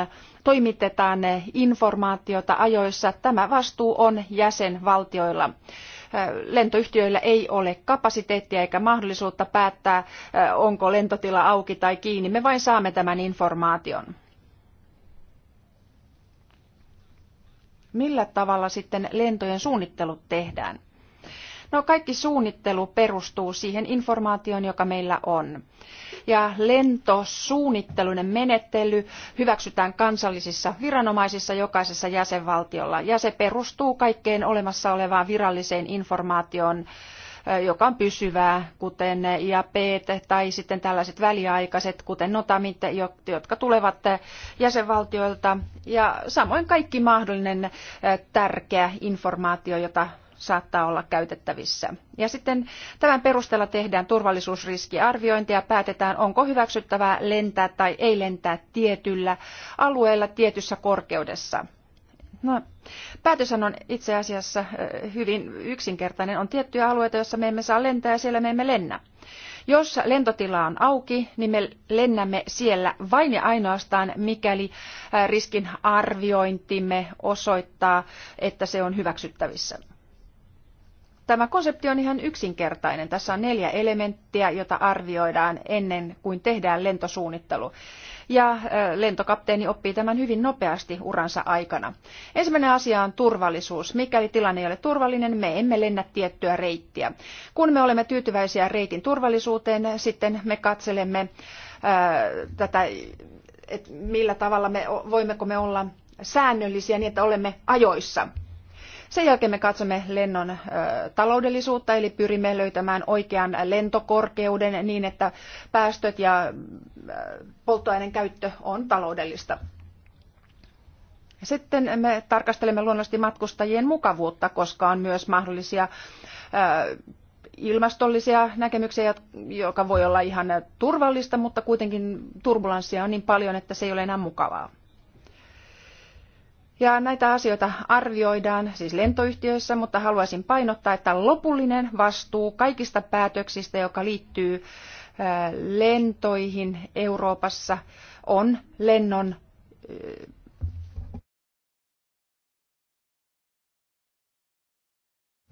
toimitetaan informaatiota ajoissa, tämä vastuu on jäsenvaltioilla lentoyhtiöillä ei ole kapasiteettia eikä mahdollisuutta päättää, onko lentotila auki tai kiinni. Me vain saamme tämän informaation. Millä tavalla sitten lentojen suunnittelut tehdään? No kaikki suunnittelu perustuu siihen informaatioon, joka meillä on. Ja lentosuunnittelunen menettely hyväksytään kansallisissa viranomaisissa jokaisessa jäsenvaltiolla ja se perustuu kaikkeen olemassa olevaan viralliseen informaatioon joka on pysyvää, kuten IAP tai sitten tällaiset väliaikaiset, kuten notamit, jotka tulevat jäsenvaltioilta. Ja samoin kaikki mahdollinen tärkeä informaatio, jota saattaa olla käytettävissä. Ja sitten tämän perusteella tehdään turvallisuusriskiarviointi ja päätetään, onko hyväksyttävää lentää tai ei lentää tietyllä alueella tietyssä korkeudessa. No, päätös on itse asiassa hyvin yksinkertainen. On tiettyjä alueita, joissa me emme saa lentää ja siellä me emme lennä. Jos lentotila on auki, niin me lennämme siellä vain ja ainoastaan, mikäli riskin arviointimme osoittaa, että se on hyväksyttävissä. Tämä konsepti on ihan yksinkertainen. Tässä on neljä elementtiä, jota arvioidaan ennen kuin tehdään lentosuunnittelu. Ja lentokapteeni oppii tämän hyvin nopeasti uransa aikana. Ensimmäinen asia on turvallisuus. Mikäli tilanne ei ole turvallinen, me emme lennä tiettyä reittiä. Kun me olemme tyytyväisiä reitin turvallisuuteen, sitten me katselemme ää, tätä, että millä tavalla me voimmeko me olla säännöllisiä niin, että olemme ajoissa – sen jälkeen me katsomme lennon taloudellisuutta, eli pyrimme löytämään oikean lentokorkeuden niin, että päästöt ja polttoaineen käyttö on taloudellista. Sitten me tarkastelemme luonnollisesti matkustajien mukavuutta, koska on myös mahdollisia ilmastollisia näkemyksiä, joka voi olla ihan turvallista, mutta kuitenkin turbulanssia on niin paljon, että se ei ole enää mukavaa. Ja näitä asioita arvioidaan siis lentoyhtiöissä, mutta haluaisin painottaa, että lopullinen vastuu kaikista päätöksistä, joka liittyy lentoihin Euroopassa, on lennon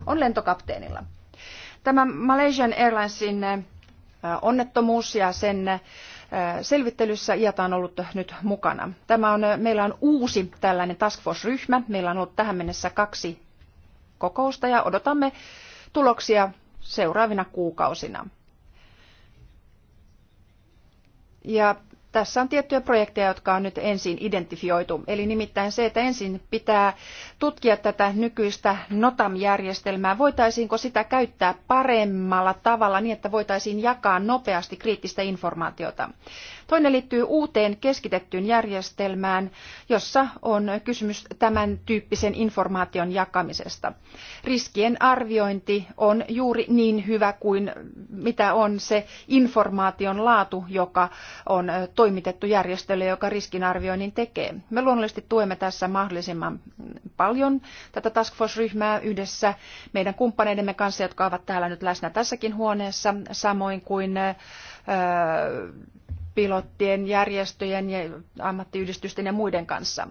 on lentokapteenilla. Tämä Malaysian Airlinesin onnettomuus ja sen selvittelyssä. IATA on ollut nyt mukana. Tämä on, meillä on uusi tällainen task force-ryhmä. Meillä on ollut tähän mennessä kaksi kokousta ja odotamme tuloksia seuraavina kuukausina. Ja tässä on tiettyjä projekteja, jotka on nyt ensin identifioitu. Eli nimittäin se, että ensin pitää tutkia tätä nykyistä NOTAM-järjestelmää. Voitaisiinko sitä käyttää paremmalla tavalla niin, että voitaisiin jakaa nopeasti kriittistä informaatiota? Toinen liittyy uuteen keskitettyyn järjestelmään, jossa on kysymys tämän tyyppisen informaation jakamisesta. Riskien arviointi on juuri niin hyvä kuin mitä on se informaation laatu, joka on toimitettu järjestölle, joka riskinarvioinnin tekee. Me luonnollisesti tuemme tässä mahdollisimman paljon tätä Task Force-ryhmää yhdessä meidän kumppaneidemme kanssa, jotka ovat täällä nyt läsnä tässäkin huoneessa, samoin kuin pilottien, järjestöjen ja ammattiyhdistysten ja muiden kanssa.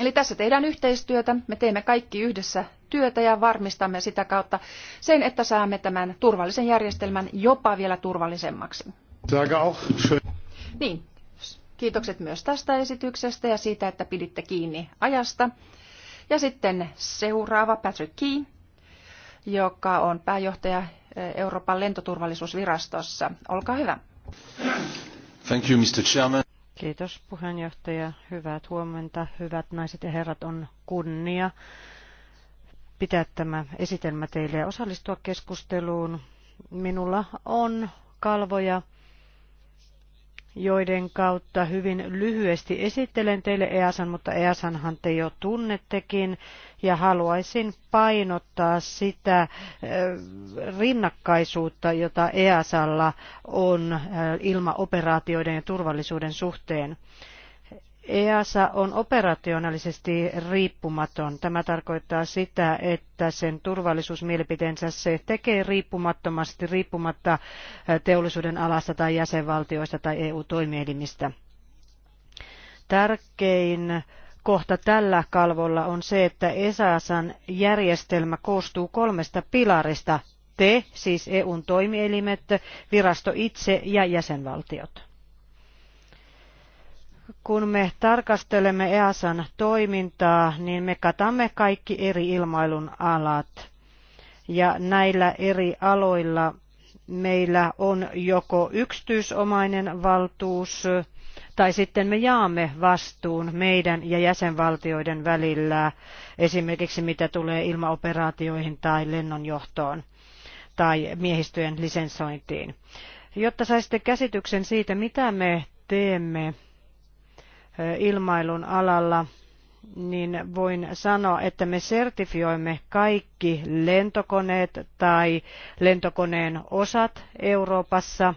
Eli tässä tehdään yhteistyötä, me teemme kaikki yhdessä työtä ja varmistamme sitä kautta sen, että saamme tämän turvallisen järjestelmän jopa vielä turvallisemmaksi. Niin, kiitokset myös tästä esityksestä ja siitä, että piditte kiinni ajasta. Ja sitten seuraava Patrick Key, joka on pääjohtaja eh, Euroopan lentoturvallisuusvirastossa. Olkaa hyvä. Thank you, Mr. Chairman. Kiitos puheenjohtaja. Hyvät huomenta, hyvät naiset ja herrat. On kunnia pitää tämä esitelmä teille ja osallistua keskusteluun. Minulla on kalvoja joiden kautta hyvin lyhyesti esittelen teille EASAN, mutta EASANhan te jo tunnettekin, ja haluaisin painottaa sitä rinnakkaisuutta, jota EASalla on ilmaoperaatioiden ja turvallisuuden suhteen. EASA on operationaalisesti riippumaton. Tämä tarkoittaa sitä, että sen turvallisuusmielipiteensä se tekee riippumattomasti, riippumatta teollisuuden alasta tai jäsenvaltioista tai EU-toimielimistä. Tärkein kohta tällä kalvolla on se, että ESASan järjestelmä koostuu kolmesta pilarista. Te, siis EUn toimielimet, virasto itse ja jäsenvaltiot kun me tarkastelemme EASan toimintaa, niin me katamme kaikki eri ilmailun alat. Ja näillä eri aloilla meillä on joko yksityisomainen valtuus, tai sitten me jaamme vastuun meidän ja jäsenvaltioiden välillä, esimerkiksi mitä tulee ilmaoperaatioihin tai lennonjohtoon tai miehistöjen lisensointiin. Jotta saisitte käsityksen siitä, mitä me teemme ilmailun alalla, niin voin sanoa, että me sertifioimme kaikki lentokoneet tai lentokoneen osat Euroopassa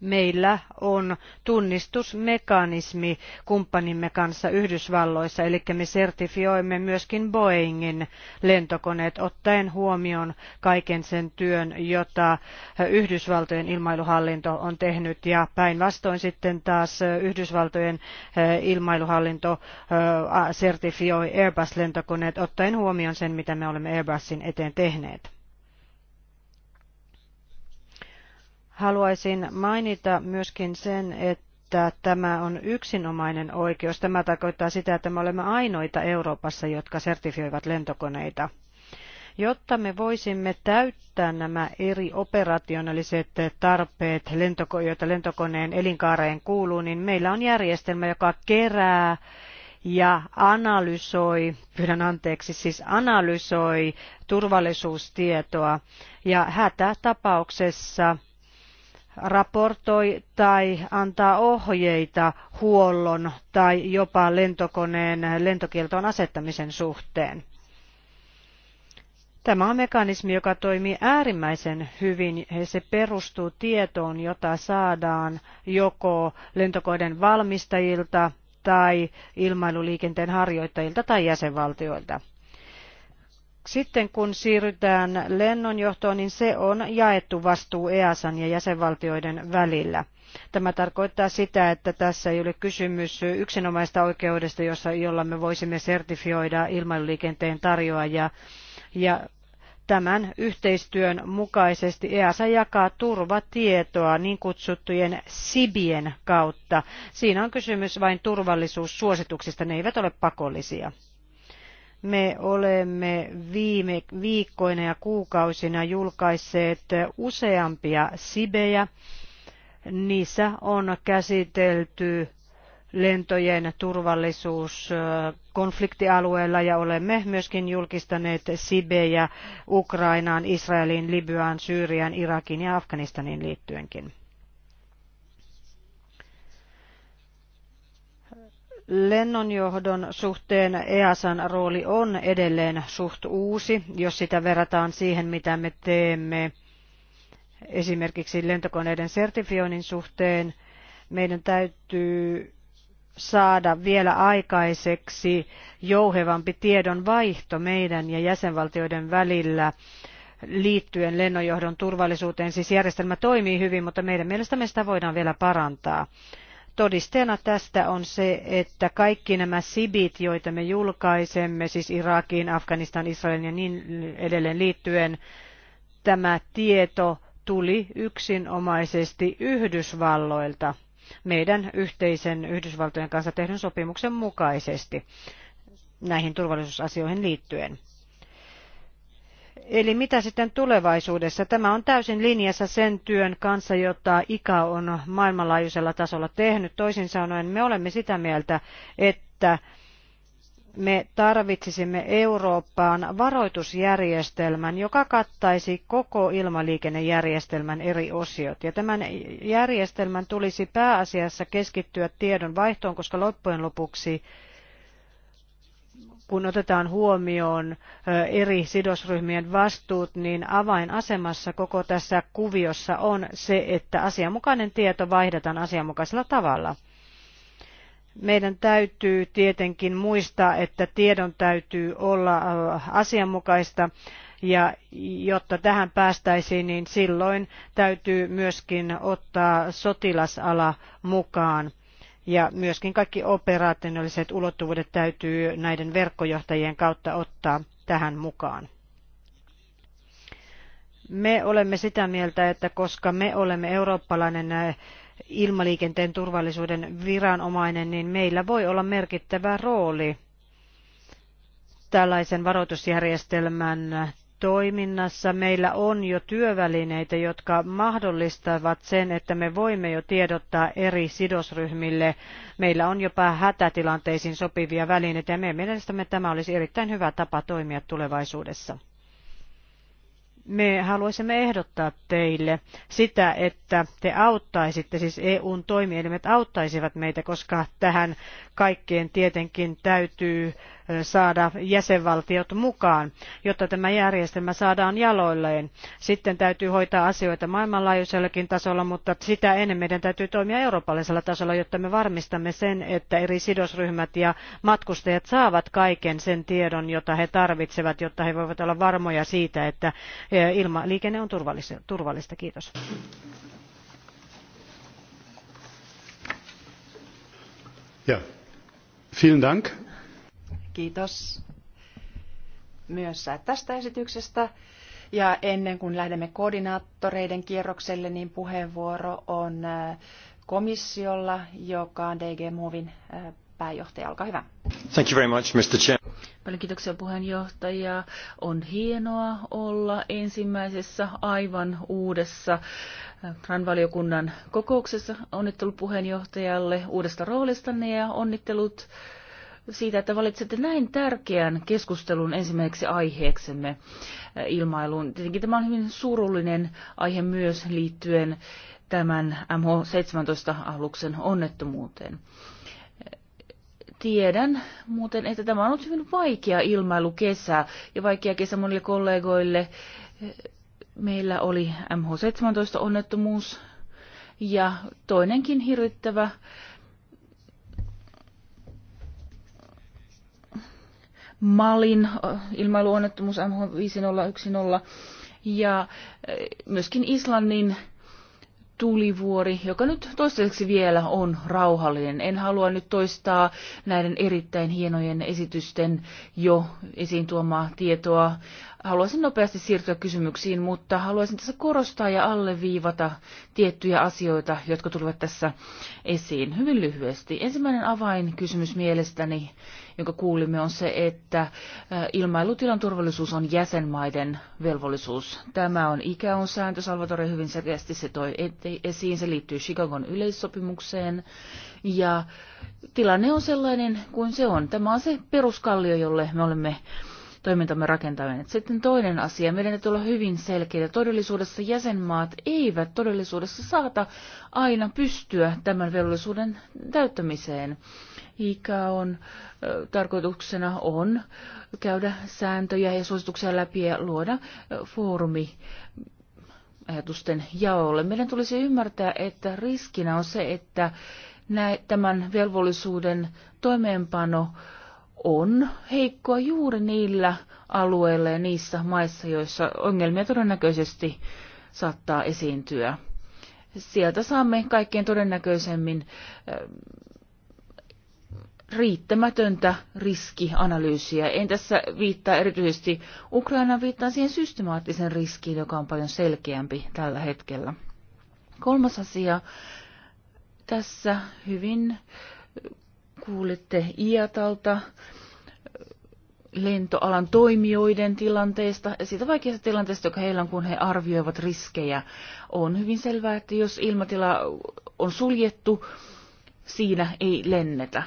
meillä on tunnistusmekanismi kumppanimme kanssa Yhdysvalloissa, eli me sertifioimme myöskin Boeingin lentokoneet ottaen huomioon kaiken sen työn, jota Yhdysvaltojen ilmailuhallinto on tehnyt ja päinvastoin sitten taas Yhdysvaltojen eh, ilmailuhallinto eh, sertifioi Airbus-lentokoneet ottaen huomioon sen, mitä me olemme Airbusin eteen tehneet. Haluaisin mainita myöskin sen, että että tämä on yksinomainen oikeus. Tämä tarkoittaa sitä, että me olemme ainoita Euroopassa, jotka sertifioivat lentokoneita. Jotta me voisimme täyttää nämä eri operationaaliset tarpeet, joita lentokoneen elinkaareen kuuluu, niin meillä on järjestelmä, joka kerää ja analysoi, pyydän anteeksi, siis analysoi turvallisuustietoa ja hätätapauksessa raportoi tai antaa ohjeita huollon tai jopa lentokoneen lentokieltoon asettamisen suhteen. Tämä on mekanismi, joka toimii äärimmäisen hyvin. Se perustuu tietoon, jota saadaan joko lentokoiden valmistajilta tai ilmailuliikenteen harjoittajilta tai jäsenvaltioilta. Sitten kun siirrytään lennonjohtoon, niin se on jaettu vastuu EASan ja jäsenvaltioiden välillä. Tämä tarkoittaa sitä, että tässä ei ole kysymys yksinomaista oikeudesta, jossa, jolla me voisimme sertifioida ilmailuliikenteen tarjoajia. Ja tämän yhteistyön mukaisesti EASA jakaa turvatietoa niin kutsuttujen SIBien kautta. Siinä on kysymys vain turvallisuussuosituksista, ne eivät ole pakollisia. Me olemme viime viikkoina ja kuukausina julkaisseet useampia sibejä. Niissä on käsitelty lentojen turvallisuus konfliktialueella ja olemme myöskin julkistaneet Sibejä Ukrainaan, Israeliin, Libyaan, Syyriaan, Irakiin ja Afganistaniin liittyenkin. Lennonjohdon suhteen EASan rooli on edelleen suht uusi, jos sitä verrataan siihen, mitä me teemme esimerkiksi lentokoneiden sertifioinnin suhteen. Meidän täytyy saada vielä aikaiseksi jouhevampi tiedonvaihto meidän ja jäsenvaltioiden välillä liittyen lennonjohdon turvallisuuteen. Siis järjestelmä toimii hyvin, mutta meidän mielestämme sitä voidaan vielä parantaa. Todisteena tästä on se, että kaikki nämä sibit, joita me julkaisemme, siis Irakiin, Afganistan, Israelin ja niin edelleen liittyen, tämä tieto tuli yksinomaisesti Yhdysvalloilta meidän yhteisen Yhdysvaltojen kanssa tehdyn sopimuksen mukaisesti näihin turvallisuusasioihin liittyen. Eli mitä sitten tulevaisuudessa? Tämä on täysin linjassa sen työn kanssa, jota IKA on maailmanlaajuisella tasolla tehnyt. Toisin sanoen me olemme sitä mieltä, että me tarvitsisimme Eurooppaan varoitusjärjestelmän, joka kattaisi koko ilmaliikennejärjestelmän eri osiot. Ja tämän järjestelmän tulisi pääasiassa keskittyä tiedon vaihtoon, koska loppujen lopuksi kun otetaan huomioon eri sidosryhmien vastuut, niin avainasemassa koko tässä kuviossa on se, että asianmukainen tieto vaihdetaan asianmukaisella tavalla. Meidän täytyy tietenkin muistaa, että tiedon täytyy olla asianmukaista ja jotta tähän päästäisiin, niin silloin täytyy myöskin ottaa sotilasala mukaan ja myöskin kaikki operaationaaliset ulottuvuudet täytyy näiden verkkojohtajien kautta ottaa tähän mukaan. Me olemme sitä mieltä, että koska me olemme eurooppalainen äh, ilmaliikenteen turvallisuuden viranomainen, niin meillä voi olla merkittävä rooli tällaisen varoitusjärjestelmän toiminnassa meillä on jo työvälineitä, jotka mahdollistavat sen, että me voimme jo tiedottaa eri sidosryhmille. Meillä on jopa hätätilanteisiin sopivia välineitä ja meidän mielestämme tämä olisi erittäin hyvä tapa toimia tulevaisuudessa. Me haluaisimme ehdottaa teille sitä, että te auttaisitte, siis EUn toimielimet auttaisivat meitä, koska tähän kaikkeen tietenkin täytyy saada jäsenvaltiot mukaan, jotta tämä järjestelmä saadaan jaloilleen. Sitten täytyy hoitaa asioita maailmanlaajuisellakin tasolla, mutta sitä ennen meidän täytyy toimia eurooppalaisella tasolla, jotta me varmistamme sen, että eri sidosryhmät ja matkustajat saavat kaiken sen tiedon, jota he tarvitsevat, jotta he voivat olla varmoja siitä, että e, ilmaliikenne on turvallista. Kiitos. Ja. Vielen Dank. Kiitos myös tästä esityksestä. Ja ennen kuin lähdemme koordinaattoreiden kierrokselle, niin puheenvuoro on äh, komissiolla, joka on DG Movin äh, pääjohtaja. Olkaa hyvä. Thank you very much, Mr. Chair. Paljon kiitoksia puheenjohtaja. On hienoa olla ensimmäisessä aivan uudessa äh, RAN-valiokunnan kokouksessa. Onnittelut puheenjohtajalle uudesta roolistanne ja onnittelut siitä, että valitsette näin tärkeän keskustelun ensimmäiseksi aiheeksemme eh, ilmailuun. Tietenkin tämä on hyvin surullinen aihe myös liittyen tämän MH17-aluksen onnettomuuteen. Eh, tiedän muuten, että tämä on ollut hyvin vaikea ilmailukesä ja vaikea kesä monille kollegoille. Eh, meillä oli MH17-onnettomuus ja toinenkin hirvittävä Malin ilmailuonnettomuus MH5010 ja myöskin Islannin tulivuori, joka nyt toistaiseksi vielä on rauhallinen. En halua nyt toistaa näiden erittäin hienojen esitysten jo esiin tuomaa tietoa haluaisin nopeasti siirtyä kysymyksiin, mutta haluaisin tässä korostaa ja alleviivata tiettyjä asioita, jotka tulivat tässä esiin hyvin lyhyesti. Ensimmäinen avainkysymys mielestäni, jonka kuulimme, on se, että ilmailutilan turvallisuus on jäsenmaiden velvollisuus. Tämä on on sääntö. Salvatore hyvin selkeästi se toi esiin. Se liittyy Chicagon yleissopimukseen. Ja tilanne on sellainen kuin se on. Tämä on se peruskallio, jolle me olemme toimintamme rakentaminen. Sitten toinen asia, meidän täytyy olla hyvin selkeitä. Todellisuudessa jäsenmaat eivät todellisuudessa saata aina pystyä tämän velvollisuuden täyttämiseen. Ikä on tarkoituksena on käydä sääntöjä ja suosituksia läpi ja luoda foorumi ajatusten jaolle. Meidän tulisi ymmärtää, että riskinä on se, että tämän velvollisuuden toimeenpano äh, on heikkoa juuri niillä alueilla ja niissä maissa, joissa ongelmia todennäköisesti saattaa esiintyä. Sieltä saamme kaikkein todennäköisemmin äh, riittämätöntä riskianalyysiä. En tässä viittaa erityisesti Ukrainaan, viittaan siihen systemaattisen riskiin, joka on paljon selkeämpi tällä hetkellä. Kolmas asia tässä hyvin Kuulitte Iatalta äh, lentoalan toimijoiden tilanteesta ja siitä vaikeasta tilanteesta, joka heillä on, kun he arvioivat riskejä. On hyvin selvää, että jos ilmatila on suljettu, siinä ei lennetä.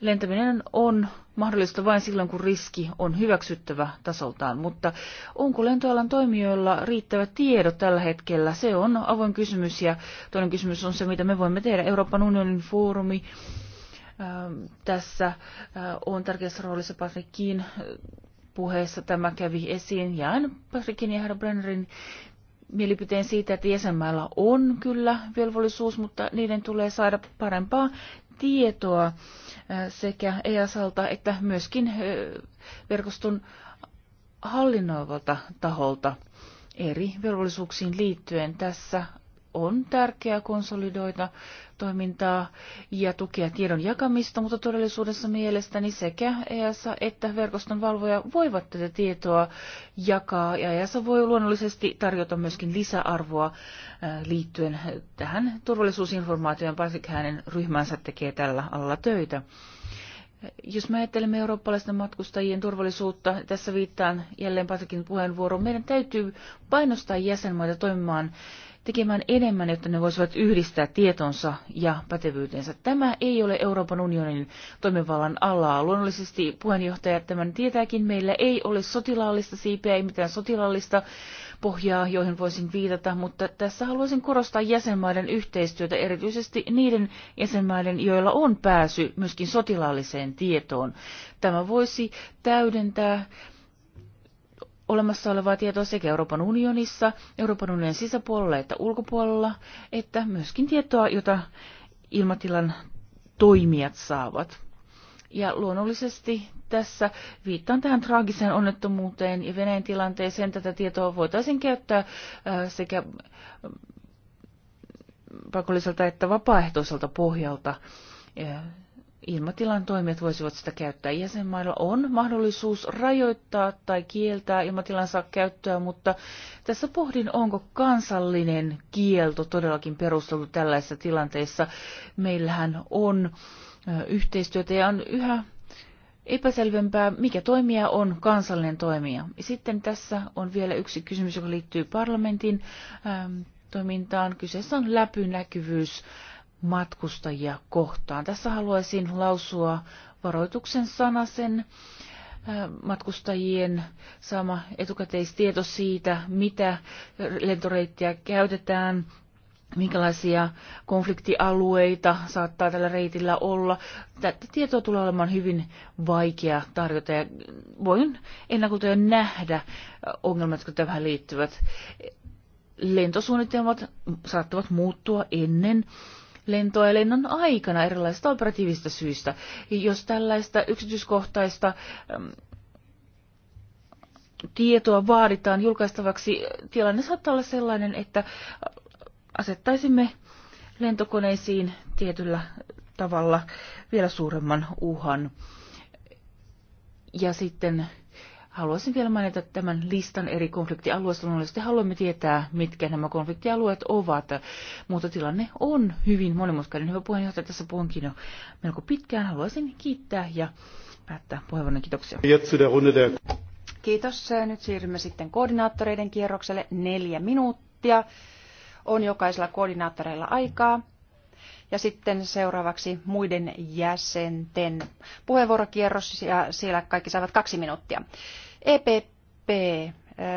Lentäminen on mahdollista vain silloin, kun riski on hyväksyttävä tasoltaan, mutta onko lentoalan toimijoilla riittävät tiedot tällä hetkellä? Se on avoin kysymys ja toinen kysymys on se, mitä me voimme tehdä. Euroopan unionin foorumi Ähm, tässä äh, on tärkeässä roolissa Patrikin äh, puheessa tämä kävi esiin. Jään Patrickin ja herra Brennerin mielipiteen siitä, että jäsenmailla on kyllä velvollisuus, mutta niiden tulee saada parempaa tietoa äh, sekä EASalta että myöskin verkoston hallinnoivalta taholta eri velvollisuuksiin liittyen. Tässä on tärkeää konsolidoida toimintaa ja tukea tiedon jakamista, mutta todellisuudessa mielestäni sekä EASA että verkoston valvoja voivat tätä tietoa jakaa ja EASA voi luonnollisesti tarjota myöskin lisäarvoa äh, liittyen tähän turvallisuusinformaatioon, varsinkin hänen ryhmänsä tekee tällä alalla töitä. Jos me ajattelemme eurooppalaisten matkustajien turvallisuutta, tässä viittaan jälleen Patrikin puheenvuoroon, meidän täytyy painostaa jäsenmaita toimimaan tekemään enemmän, jotta ne voisivat yhdistää tietonsa ja pätevyytensä. Tämä ei ole Euroopan unionin toimivallan alaa. Luonnollisesti puheenjohtaja tämän tietääkin, meillä ei ole sotilaallista siipeä, ei mitään sotilaallista pohjaa, joihin voisin viitata, mutta tässä haluaisin korostaa jäsenmaiden yhteistyötä, erityisesti niiden jäsenmaiden, joilla on pääsy myöskin sotilaalliseen tietoon. Tämä voisi täydentää olemassa olevaa tietoa sekä Euroopan unionissa, Euroopan unionin sisäpuolella että ulkopuolella, että myöskin tietoa, jota ilmatilan toimijat saavat. Ja luonnollisesti tässä viittaan tähän traagiseen onnettomuuteen ja Venäjän tilanteeseen. Tätä tietoa voitaisiin käyttää äh, sekä äh, pakolliselta että vapaaehtoiselta pohjalta. Ilmatilan toimijat voisivat sitä käyttää. Jäsenmailla on mahdollisuus rajoittaa tai kieltää ilmatilansa käyttöä, mutta tässä pohdin, onko kansallinen kielto todellakin perusteltu tällaisessa tilanteessa. Meillähän on äh, yhteistyötä ja on yhä epäselvempää, mikä toimija on kansallinen toimija. Sitten tässä on vielä yksi kysymys, joka liittyy parlamentin ähm, toimintaan. Kyseessä on läpynäkyvyys matkustajia kohtaan. Tässä haluaisin lausua varoituksen sanasen äh, matkustajien saama etukäteistieto siitä, mitä lentoreittiä käytetään, minkälaisia konfliktialueita saattaa tällä reitillä olla. Tätä tietoa tulee olemaan hyvin vaikea tarjota ja voin ennakolta jo nähdä ongelmat, jotka tähän liittyvät. Lentosuunnitelmat saattavat muuttua ennen lentoa ja lennon aikana erilaisista operatiivisista syistä. Jos tällaista yksityiskohtaista tietoa vaaditaan julkaistavaksi, tilanne saattaa olla sellainen, että asettaisimme lentokoneisiin tietyllä tavalla vielä suuremman uhan. Ja sitten haluaisin vielä mainita tämän listan eri konfliktialueista. Luonnollisesti haluamme tietää, mitkä nämä konfliktialueet ovat, mutta tilanne on hyvin monimutkainen. Hyvä puheenjohtaja, tässä puhunkin jo melko pitkään. Haluaisin kiittää ja päättää puheenvuoron. Kiitoksia. Kiitos. Nyt siirrymme sitten koordinaattoreiden kierrokselle neljä minuuttia on jokaisella koordinaattoreilla aikaa. Ja sitten seuraavaksi muiden jäsenten puheenvuorokierros ja siellä kaikki saavat kaksi minuuttia. EPP,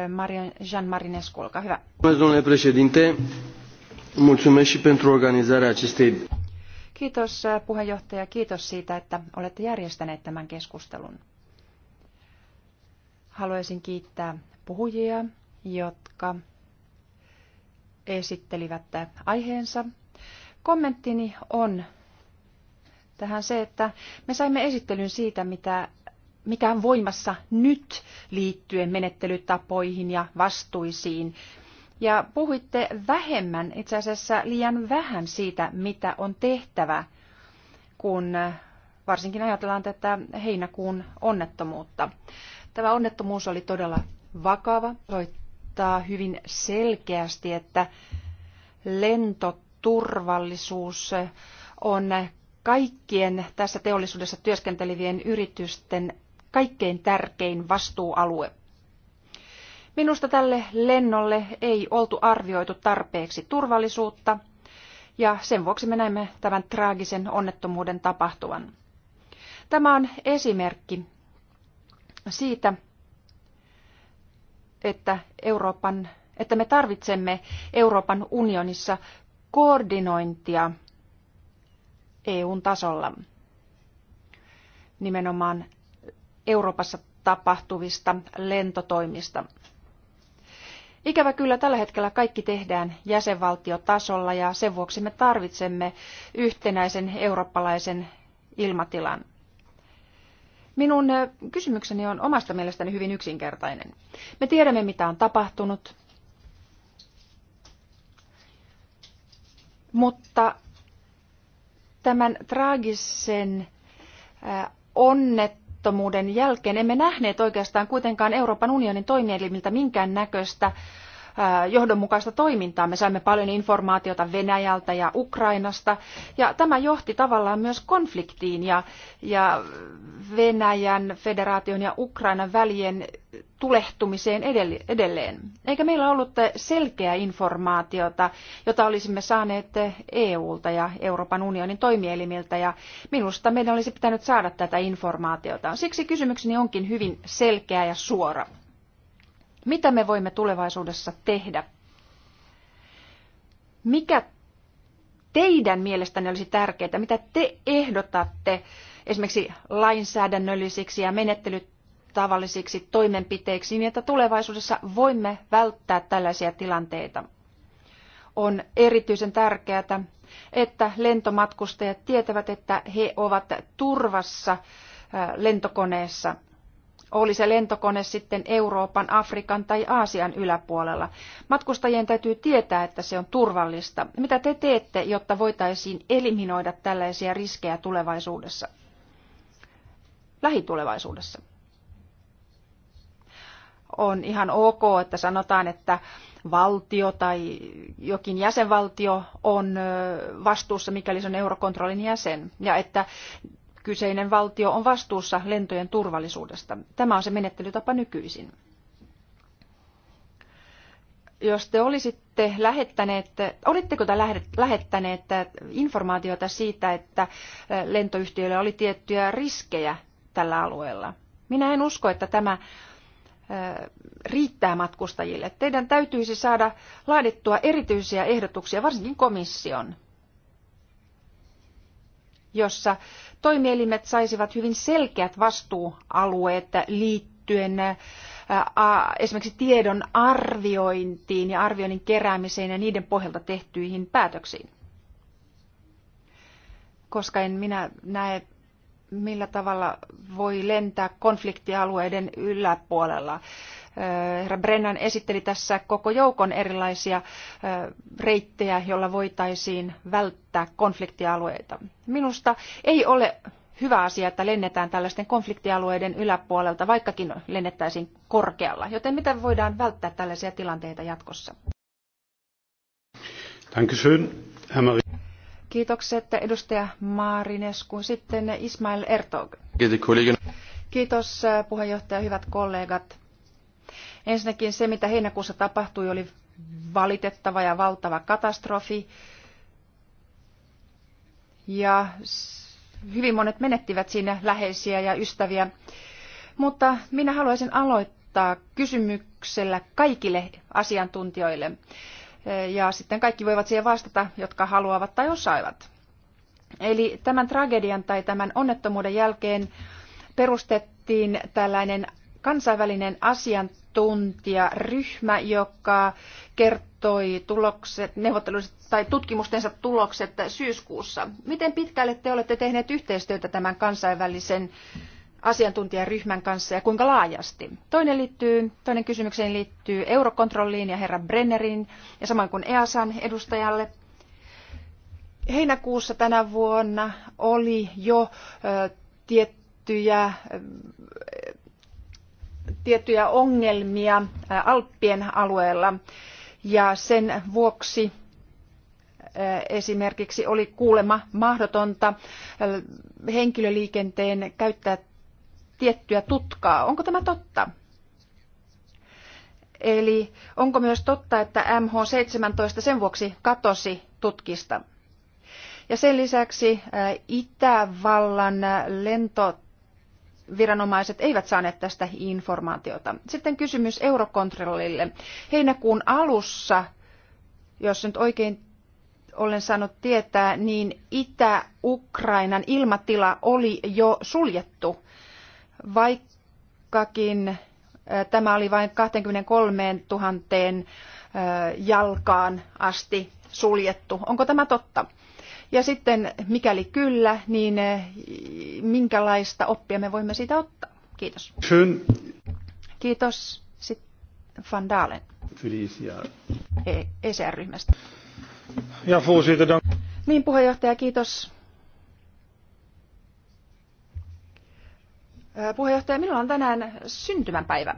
Marian, Jean Marinescu, olkaa hyvä. pentru organizarea Kiitos puheenjohtaja, kiitos siitä, että olette järjestäneet tämän keskustelun. Haluaisin kiittää puhujia, jotka esittelivät aiheensa. Kommenttini on tähän se, että me saimme esittelyn siitä, mitä, mikä on voimassa nyt liittyen menettelytapoihin ja vastuisiin. Ja puhuitte vähemmän, itse asiassa liian vähän siitä, mitä on tehtävä, kun varsinkin ajatellaan tätä heinäkuun onnettomuutta. Tämä onnettomuus oli todella vakava, osoittaa hyvin selkeästi, että lentoturvallisuus on kaikkien tässä teollisuudessa työskentelevien yritysten kaikkein tärkein vastuualue. Minusta tälle lennolle ei oltu arvioitu tarpeeksi turvallisuutta, ja sen vuoksi me näemme tämän traagisen onnettomuuden tapahtuvan. Tämä on esimerkki siitä, että, Euroopan, että me tarvitsemme Euroopan unionissa koordinointia EUn tasolla nimenomaan Euroopassa tapahtuvista lentotoimista. Ikävä kyllä tällä hetkellä kaikki tehdään jäsenvaltiotasolla ja sen vuoksi me tarvitsemme yhtenäisen eurooppalaisen ilmatilan. Minun kysymykseni on omasta mielestäni hyvin yksinkertainen. Me tiedämme, mitä on tapahtunut, mutta tämän traagisen onnettomuuden jälkeen emme nähneet oikeastaan kuitenkaan Euroopan unionin toimielimiltä minkään näköistä Äh, johdonmukaista toimintaa. Me saimme paljon informaatiota Venäjältä ja Ukrainasta ja tämä johti tavallaan myös konfliktiin ja, ja Venäjän federaation ja Ukrainan välien tulehtumiseen edelleen. Eikä meillä ollut selkeää informaatiota, jota olisimme saaneet EUlta ja Euroopan unionin toimielimiltä ja minusta meidän olisi pitänyt saada tätä informaatiota. Siksi kysymykseni onkin hyvin selkeä ja suora. Mitä me voimme tulevaisuudessa tehdä? Mikä teidän mielestänne olisi tärkeää? Mitä te ehdotatte esimerkiksi lainsäädännöllisiksi ja menettelytavallisiksi toimenpiteiksi, niin että tulevaisuudessa voimme välttää tällaisia tilanteita? On erityisen tärkeää, että lentomatkustajat tietävät, että he ovat turvassa äh, lentokoneessa – oli se lentokone sitten Euroopan, Afrikan tai Aasian yläpuolella. Matkustajien täytyy tietää, että se on turvallista. Mitä te teette, jotta voitaisiin eliminoida tällaisia riskejä tulevaisuudessa? Lähitulevaisuudessa. On ihan ok, että sanotaan, että valtio tai jokin jäsenvaltio on vastuussa, mikäli se on eurokontrollin jäsen, ja että kyseinen valtio on vastuussa lentojen turvallisuudesta. Tämä on se menettelytapa nykyisin. Jos te olisitte lähettäneet, olitteko te lähettäneet informaatiota siitä, että lentoyhtiöillä oli tiettyjä riskejä tällä alueella? Minä en usko, että tämä riittää matkustajille. Teidän täytyisi saada laadittua erityisiä ehdotuksia, varsinkin komission jossa toimielimet saisivat hyvin selkeät vastuualueet liittyen esimerkiksi tiedon arviointiin ja arvioinnin keräämiseen ja niiden pohjalta tehtyihin päätöksiin. Koska en minä näe, millä tavalla voi lentää konfliktialueiden yläpuolella. Herra Brennan esitteli tässä koko joukon erilaisia reittejä, joilla voitaisiin välttää konfliktialueita. Minusta ei ole hyvä asia, että lennetään tällaisten konfliktialueiden yläpuolelta, vaikkakin lennettäisiin korkealla. Joten miten voidaan välttää tällaisia tilanteita jatkossa? Kiitokset edustaja Maarinesku. Sitten Ismail Ertog. Kiitos puheenjohtaja, hyvät kollegat. Ensinnäkin se, mitä heinäkuussa tapahtui, oli valitettava ja valtava katastrofi. Ja hyvin monet menettivät siinä läheisiä ja ystäviä. Mutta minä haluaisin aloittaa kysymyksellä kaikille asiantuntijoille. Ja sitten kaikki voivat siihen vastata, jotka haluavat tai osaavat. Eli tämän tragedian tai tämän onnettomuuden jälkeen perustettiin tällainen kansainvälinen asiantuntija asiantuntija ryhmä, joka kertoi tulokset, neuvotteluiset tai tutkimustensa tulokset syyskuussa. Miten pitkälle te olette tehneet yhteistyötä tämän kansainvälisen asiantuntijaryhmän kanssa ja kuinka laajasti? Toinen, liittyy, toinen kysymykseen liittyy Eurokontrolliin ja herra Brennerin ja samoin kuin EASAn edustajalle heinäkuussa tänä vuonna oli jo tiettyjä tiettyjä ongelmia Alppien alueella ja sen vuoksi esimerkiksi oli kuulemma mahdotonta henkilöliikenteen käyttää tiettyä tutkaa. Onko tämä totta? Eli onko myös totta, että MH17 sen vuoksi katosi tutkista? Ja sen lisäksi Itävallan lentot viranomaiset eivät saaneet tästä informaatiota. Sitten kysymys Eurokontrollille. Heinäkuun alussa, jos nyt oikein olen saanut tietää, niin Itä-Ukrainan ilmatila oli jo suljettu, vaikkakin äh, tämä oli vain 23 000 äh, jalkaan asti suljettu. Onko tämä totta? Ja sitten mikäli kyllä, niin eh, minkälaista oppia me voimme siitä ottaa? Kiitos. Schön. Kiitos. Sitten Van Dalen. ECR-ryhmästä. E, e ja voorzitter, Niin, puheenjohtaja, kiitos. Puheenjohtaja, minulla on tänään syntymäpäivä.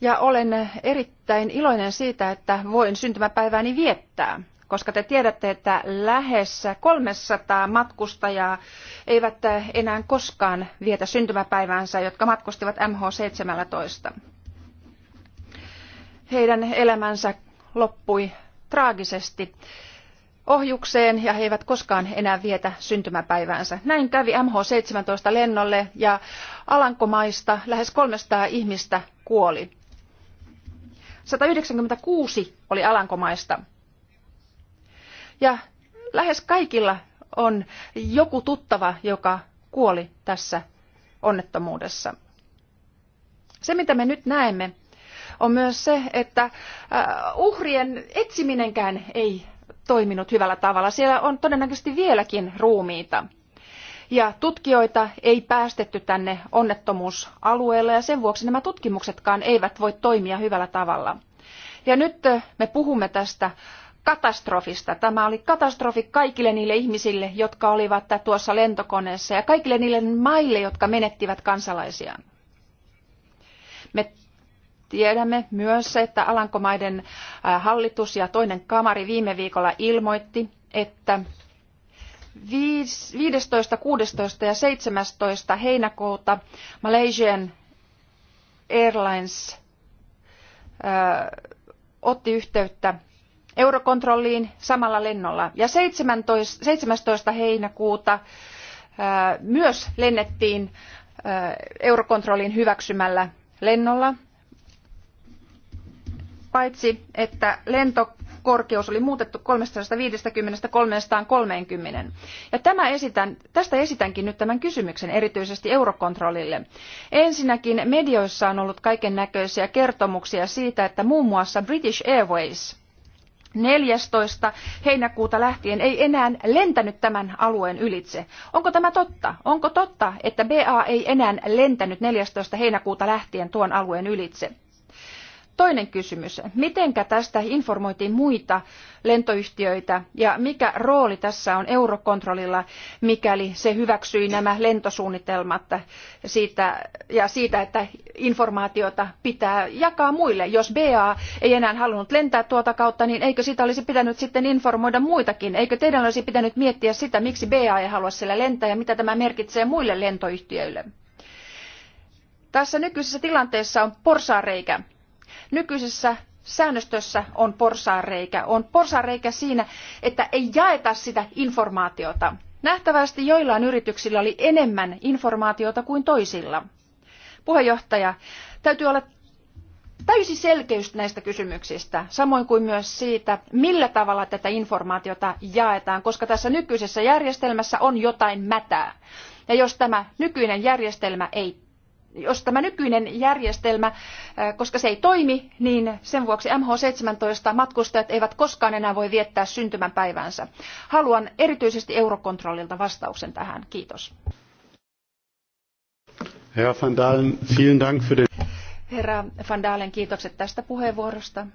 Ja olen erittäin iloinen siitä, että voin syntymäpäivääni viettää koska te tiedätte, että lähes 300 matkustajaa eivät enää koskaan vietä syntymäpäiväänsä, jotka matkustivat MH17. Heidän elämänsä loppui traagisesti ohjukseen ja he eivät koskaan enää vietä syntymäpäiväänsä. Näin kävi MH17 lennolle ja Alankomaista lähes 300 ihmistä kuoli. 196 oli Alankomaista. Ja lähes kaikilla on joku tuttava, joka kuoli tässä onnettomuudessa. Se, mitä me nyt näemme, on myös se, että äh, uhrien etsiminenkään ei toiminut hyvällä tavalla. Siellä on todennäköisesti vieläkin ruumiita. Ja tutkijoita ei päästetty tänne onnettomuusalueelle ja sen vuoksi nämä tutkimuksetkaan eivät voi toimia hyvällä tavalla. Ja nyt äh, me puhumme tästä katastrofista. Tämä oli katastrofi kaikille niille ihmisille, jotka olivat tuossa lentokoneessa ja kaikille niille maille, jotka menettivät kansalaisiaan. Me tiedämme myös, että Alankomaiden äh, hallitus ja toinen kamari viime viikolla ilmoitti, että 15, 16 ja 17 heinäkuuta Malaysian Airlines äh, otti yhteyttä eurokontrolliin samalla lennolla. Ja seitsemäntoista heinäkuuta äh, myös lennettiin äh, eurokontrollin hyväksymällä lennolla paitsi että lentokorkeus oli muutettu kolmesataaviisikymmentä kolmesataakolmekymmentä tämä esitän, tästä esitänkin nyt tämän kysymyksen erityisesti eurocontrolille. ensinnäkin medioissa on ollut kaiken näköisiä kertomuksia siitä että muun muassa british airways neljätoista heinäkuuta lähtien ei enää lentänyt tämän alueen ylitse. Onko tämä totta? Onko totta, että BA ei enää lentänyt neljätoista heinäkuuta lähtien tuon alueen ylitse? Toinen kysymys. Mitenkä tästä informoitiin muita lentoyhtiöitä ja mikä rooli tässä on Eurokontrollilla, mikäli se hyväksyi nämä lentosuunnitelmat siitä, ja siitä, että informaatiota pitää jakaa muille. Jos BA ei enää halunnut lentää tuota kautta, niin eikö sitä olisi pitänyt sitten informoida muitakin? Eikö teidän olisi pitänyt miettiä sitä, miksi BA ei halua siellä lentää ja mitä tämä merkitsee muille lentoyhtiöille? Tässä nykyisessä tilanteessa on porsareikä Nykyisessä säännöstössä on porsaanreikä. On porsaanreikä siinä, että ei jaeta sitä informaatiota. Nähtävästi joillain yrityksillä oli enemmän informaatiota kuin toisilla. Puheenjohtaja, täytyy olla täysi selkeys näistä kysymyksistä, samoin kuin myös siitä, millä tavalla tätä informaatiota jaetaan, koska tässä nykyisessä järjestelmässä on jotain mätää. Ja jos tämä nykyinen järjestelmä ei jos tämä nykyinen järjestelmä, äh, koska se ei toimi, niin sen vuoksi MH17 matkustajat eivät koskaan enää voi viettää syntymäpäiväänsä. Haluan erityisesti Eurokontrollilta vastauksen tähän. Kiitos. Herra van Dalen, vielen Dank für den... Herra van Dalen, kiitokset tästä puheenvuorosta.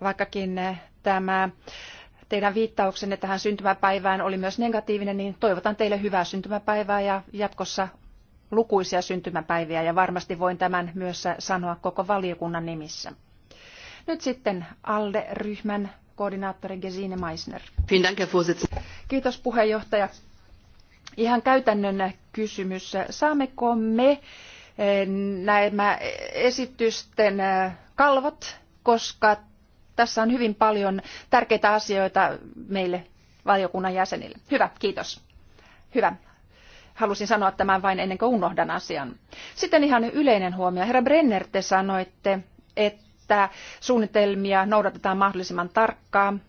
Vaikkakin äh, tämä teidän viittauksenne tähän syntymäpäivään oli myös negatiivinen, niin toivotan teille hyvää syntymäpäivää ja jatkossa lukuisia syntymäpäiviä ja varmasti voin tämän myös sanoa koko valiokunnan nimissä. Nyt sitten ALDE-ryhmän koordinaattori Gesine Meissner. Kiitos puheenjohtaja. Ihan käytännön kysymys. Saammeko me eh, nämä esitysten eh, kalvot, koska tässä on hyvin paljon tärkeitä asioita meille valiokunnan jäsenille. Hyvä, kiitos. Hyvä. Halusin sanoa tämän vain ennen kuin unohdan asian. Sitten ihan yleinen huomio. Herra Brenner, te sanoitte, että suunnitelmia noudatetaan mahdollisimman tarkkaan,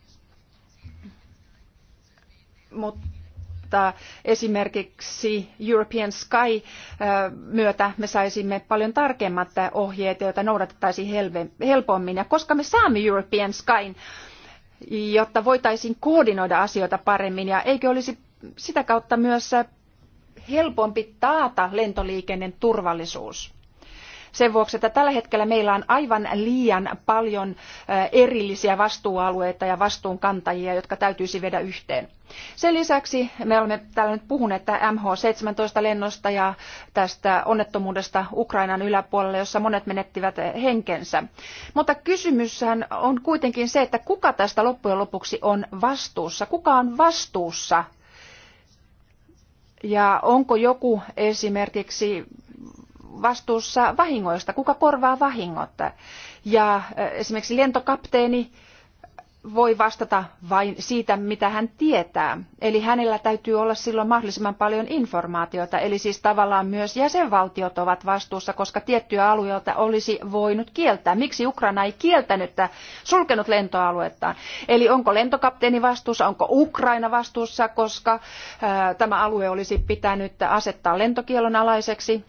mutta esimerkiksi European Sky myötä me saisimme paljon tarkemmat ohjeet, joita noudatettaisiin helpommin. Ja koska me saamme European Skyn, jotta voitaisiin koordinoida asioita paremmin ja eikö olisi sitä kautta myös helpompi taata lentoliikenteen turvallisuus. Sen vuoksi, että tällä hetkellä meillä on aivan liian paljon erillisiä vastuualueita ja vastuunkantajia, jotka täytyisi vedä yhteen. Sen lisäksi me olemme täällä nyt puhuneet MH17-lennosta ja tästä onnettomuudesta Ukrainan yläpuolella, jossa monet menettivät henkensä. Mutta kysymyshän on kuitenkin se, että kuka tästä loppujen lopuksi on vastuussa? Kuka on vastuussa ja onko joku esimerkiksi vastuussa vahingoista? Kuka korvaa vahingot? Ja eh, esimerkiksi lentokapteeni voi vastata vain siitä, mitä hän tietää. Eli hänellä täytyy olla silloin mahdollisimman paljon informaatiota. Eli siis tavallaan myös jäsenvaltiot ovat vastuussa, koska tiettyjä alueita olisi voinut kieltää. Miksi Ukraina ei kieltänyt sulkenut lentoaluettaan? Eli onko lentokapteeni vastuussa, onko Ukraina vastuussa, koska ää, äh, tämä alue olisi pitänyt asettaa lentokielon alaiseksi?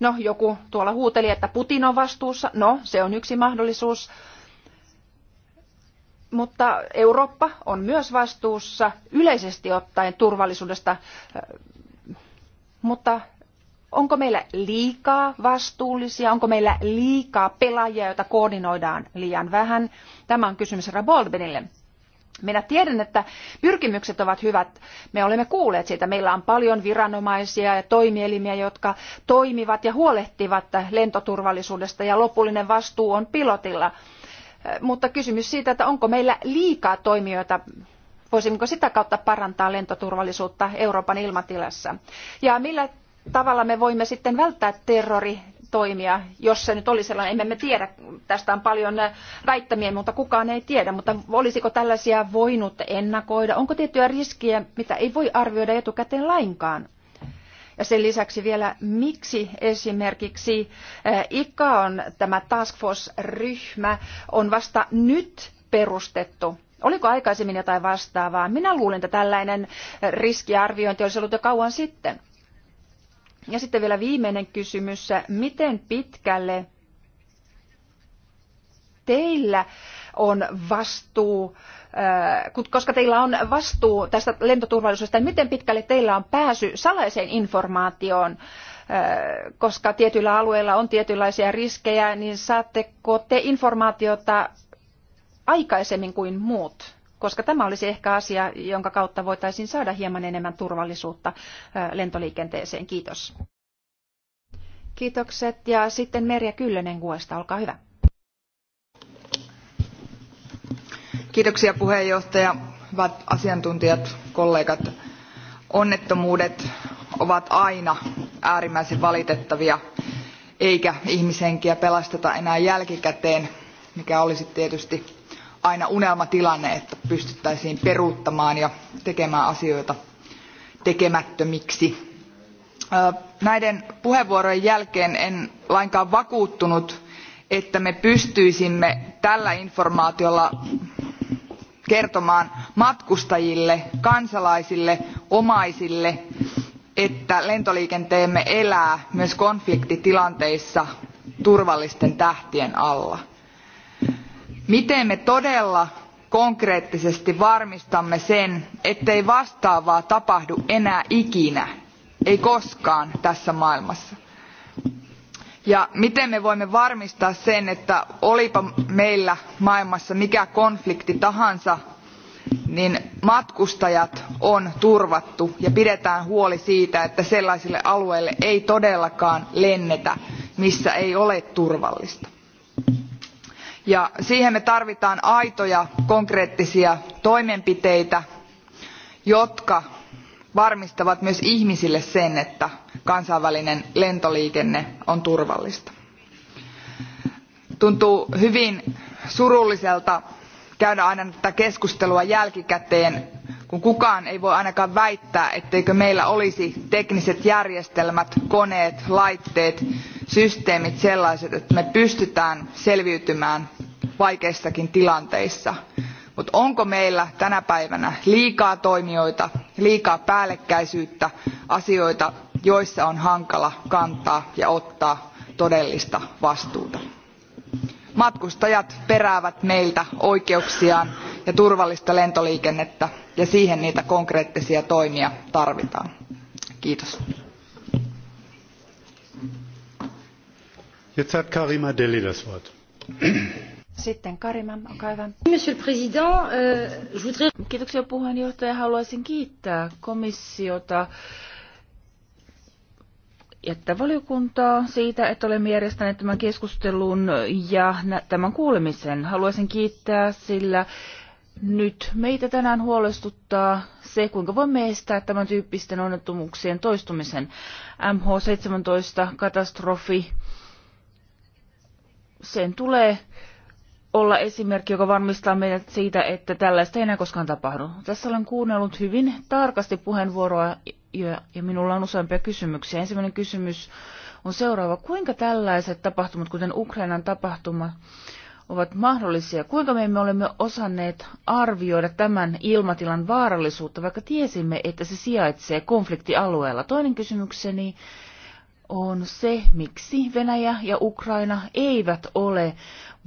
No, joku tuolla huuteli, että Putin on vastuussa. No, se on yksi mahdollisuus mutta Eurooppa on myös vastuussa yleisesti ottaen turvallisuudesta, mutta onko meillä liikaa vastuullisia, onko meillä liikaa pelaajia, joita koordinoidaan liian vähän? Tämä on kysymys herra Baldwinille. Minä tiedän, että pyrkimykset ovat hyvät. Me olemme kuulleet siitä. Meillä on paljon viranomaisia ja toimielimiä, jotka toimivat ja huolehtivat lentoturvallisuudesta ja lopullinen vastuu on pilotilla Äh, mutta kysymys siitä, että onko meillä liikaa toimijoita voisimmeko sitä kautta parantaa lentoturvallisuutta Euroopan ilmatilassa? Ja millä tavalla me voimme sitten välttää terroritoimia, jos se nyt oli sellainen, emme me tiedä, tästä on paljon äh, väittämiä, mutta kukaan ei tiedä, mutta olisiko tällaisia voinut ennakoida? Onko tiettyjä riskejä, mitä ei voi arvioida etukäteen lainkaan? Ja sen lisäksi vielä, miksi esimerkiksi eh, on tämä Task Force-ryhmä on vasta nyt perustettu? Oliko aikaisemmin jotain vastaavaa? Minä luulen, että tällainen eh, riskiarviointi olisi ollut jo kauan sitten. Ja sitten vielä viimeinen kysymys. Miten pitkälle teillä on vastuu koska teillä on vastuu tästä lentoturvallisuudesta, niin miten pitkälle teillä on pääsy salaiseen informaatioon, koska tietyillä alueilla on tietynlaisia riskejä, niin saatteko te informaatiota aikaisemmin kuin muut? Koska tämä olisi ehkä asia, jonka kautta voitaisiin saada hieman enemmän turvallisuutta lentoliikenteeseen. Kiitos. Kiitokset ja sitten Merja Kyllönen Kuesta, olkaa hyvä. arvoisa puhemies hyvät asiantuntijat, kollegat. Onnettomuudet ovat aina äärimmäisen valitettavia, eikä ihmishenkiä pelasteta enää jälkikäteen, mikä olisi tietysti aina unelmatilanne, että pystyttäisiin peruuttamaan ja tekemään asioita tekemättömiksi. Näiden puheenvuorojen jälkeen en lainkaan vakuuttunut, että me pystyisimme tällä informaatiolla kertomaan matkustajille kansalaisille omaisille että lentoliikenteemme elää myös konfliktitilanteissa turvallisten tähtien alla. miten me todella konkreettisesti varmistamme sen ettei vastaavaa tapahdu enää ikinä ei koskaan tässä maailmassa? ja miten me voimme varmistaa sen että olipa meillä maailmassa mikä konflikti tahansa niin matkustajat on turvattu ja pidetään huoli siitä että sellaisille alueille ei todellakaan lennetä missä ei ole turvallista. Ja siihen me tarvitsemme aitoja konkreettisia toimenpiteitä jotka varmistavat myös ihmisille sen että kansainvälinen lentoliikenne on turvallista. tuntuu hyvin surulliselta käydä aina tätä keskustelua jälkikäteen kun kukaan ei voi ainakaan väittää etteikö meillä olisi tekniset järjestelmät koneet laitteet systeemit sellaiset että me pystymme selviytymään vaikeistakin tilanteissa mutta onko meillä tänä päivänä liikaa toimijoita liikaa päällekkäisyyttä asioita joissa on hankala kantaa ja ottaa todellista vastuuta? matkustajat peräävät meiltä oikeuksiaan ja turvallista lentoliikennettä ja siihen niitä konkreettisia toimia tarvitaan. kiitos. Jetzt hat Karima Deli das Wort. Sitten Karima, olkaa hyvä. Monsieur le Président, euh, je voudrais... Kiitoksia puheenjohtaja. Haluaisin kiittää komissiota että valiokuntaa siitä, että olemme järjestäneet tämän keskustelun ja tämän kuulemisen. Haluaisin kiittää, sillä nyt meitä tänään huolestuttaa se, kuinka voimme estää tämän tyyppisten onnettomuuksien toistumisen. MH17-katastrofi, sen tulee olla esimerkki, joka varmistaa meidät siitä, että tällaista ei enää koskaan tapahdu. Tässä olen kuunnellut hyvin tarkasti puheenvuoroa ja, ja minulla on useampia kysymyksiä. Ensimmäinen kysymys on seuraava. Kuinka tällaiset tapahtumat, kuten Ukrainan tapahtuma, ovat mahdollisia? Kuinka me emme olemme osanneet arvioida tämän ilmatilan vaarallisuutta, vaikka tiesimme, että se sijaitsee konfliktialueella? Toinen kysymykseni on se, miksi Venäjä ja Ukraina eivät ole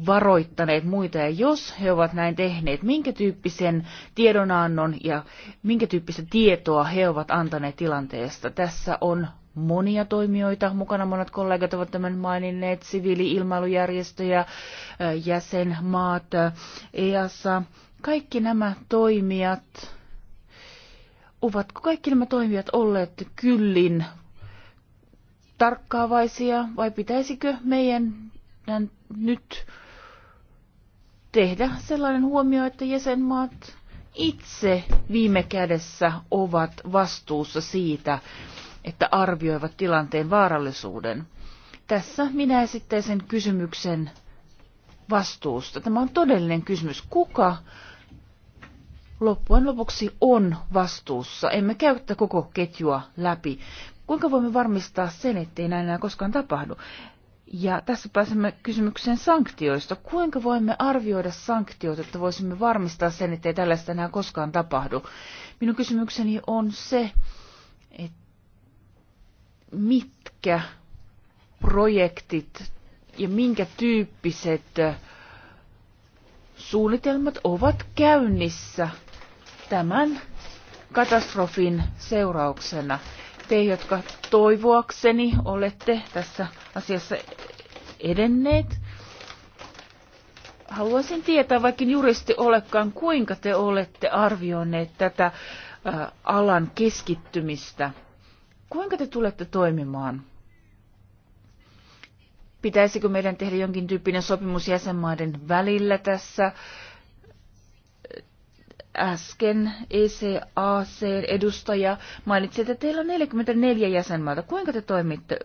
varoittaneet muita, ja jos he ovat näin tehneet, minkä tyyppisen tiedonannon ja minkä tyyppistä tietoa he ovat antaneet tilanteesta. Tässä on monia toimijoita mukana, monet kollegat ovat tämän maininneet, siviili-ilmailujärjestöjä, äh, jäsenmaat, äh, EASA, kaikki nämä toimijat, ovatko kaikki nämä toimijat olleet kyllin tarkkaavaisia vai pitäisikö meidän nyt tehdä sellainen huomio, että jäsenmaat itse viime kädessä ovat vastuussa siitä, että arvioivat tilanteen vaarallisuuden. Tässä minä esittäisin kysymyksen vastuusta. Tämä on todellinen kysymys. Kuka loppujen lopuksi on vastuussa? Emme käyttä koko ketjua läpi. Kuinka voimme varmistaa sen, ettei näin enää koskaan tapahdu? Ja tässä pääsemme kysymykseen sanktioista. Kuinka voimme arvioida sanktiot, että voisimme varmistaa sen, ettei tällaista enää koskaan tapahdu? Minun kysymykseni on se, että mitkä projektit ja minkä tyyppiset suunnitelmat ovat käynnissä tämän katastrofin seurauksena te, jotka toivoakseni olette tässä asiassa edenneet. Haluaisin tietää, vaikin juristi olekaan, kuinka te olette arvioineet tätä äh, alan keskittymistä. Kuinka te tulette toimimaan? Pitäisikö meidän tehdä jonkin tyyppinen sopimus jäsenmaiden välillä tässä? äsken ECAC edustaja mainitsi, että teillä on 44 jäsenmaata. Kuinka te toimitte?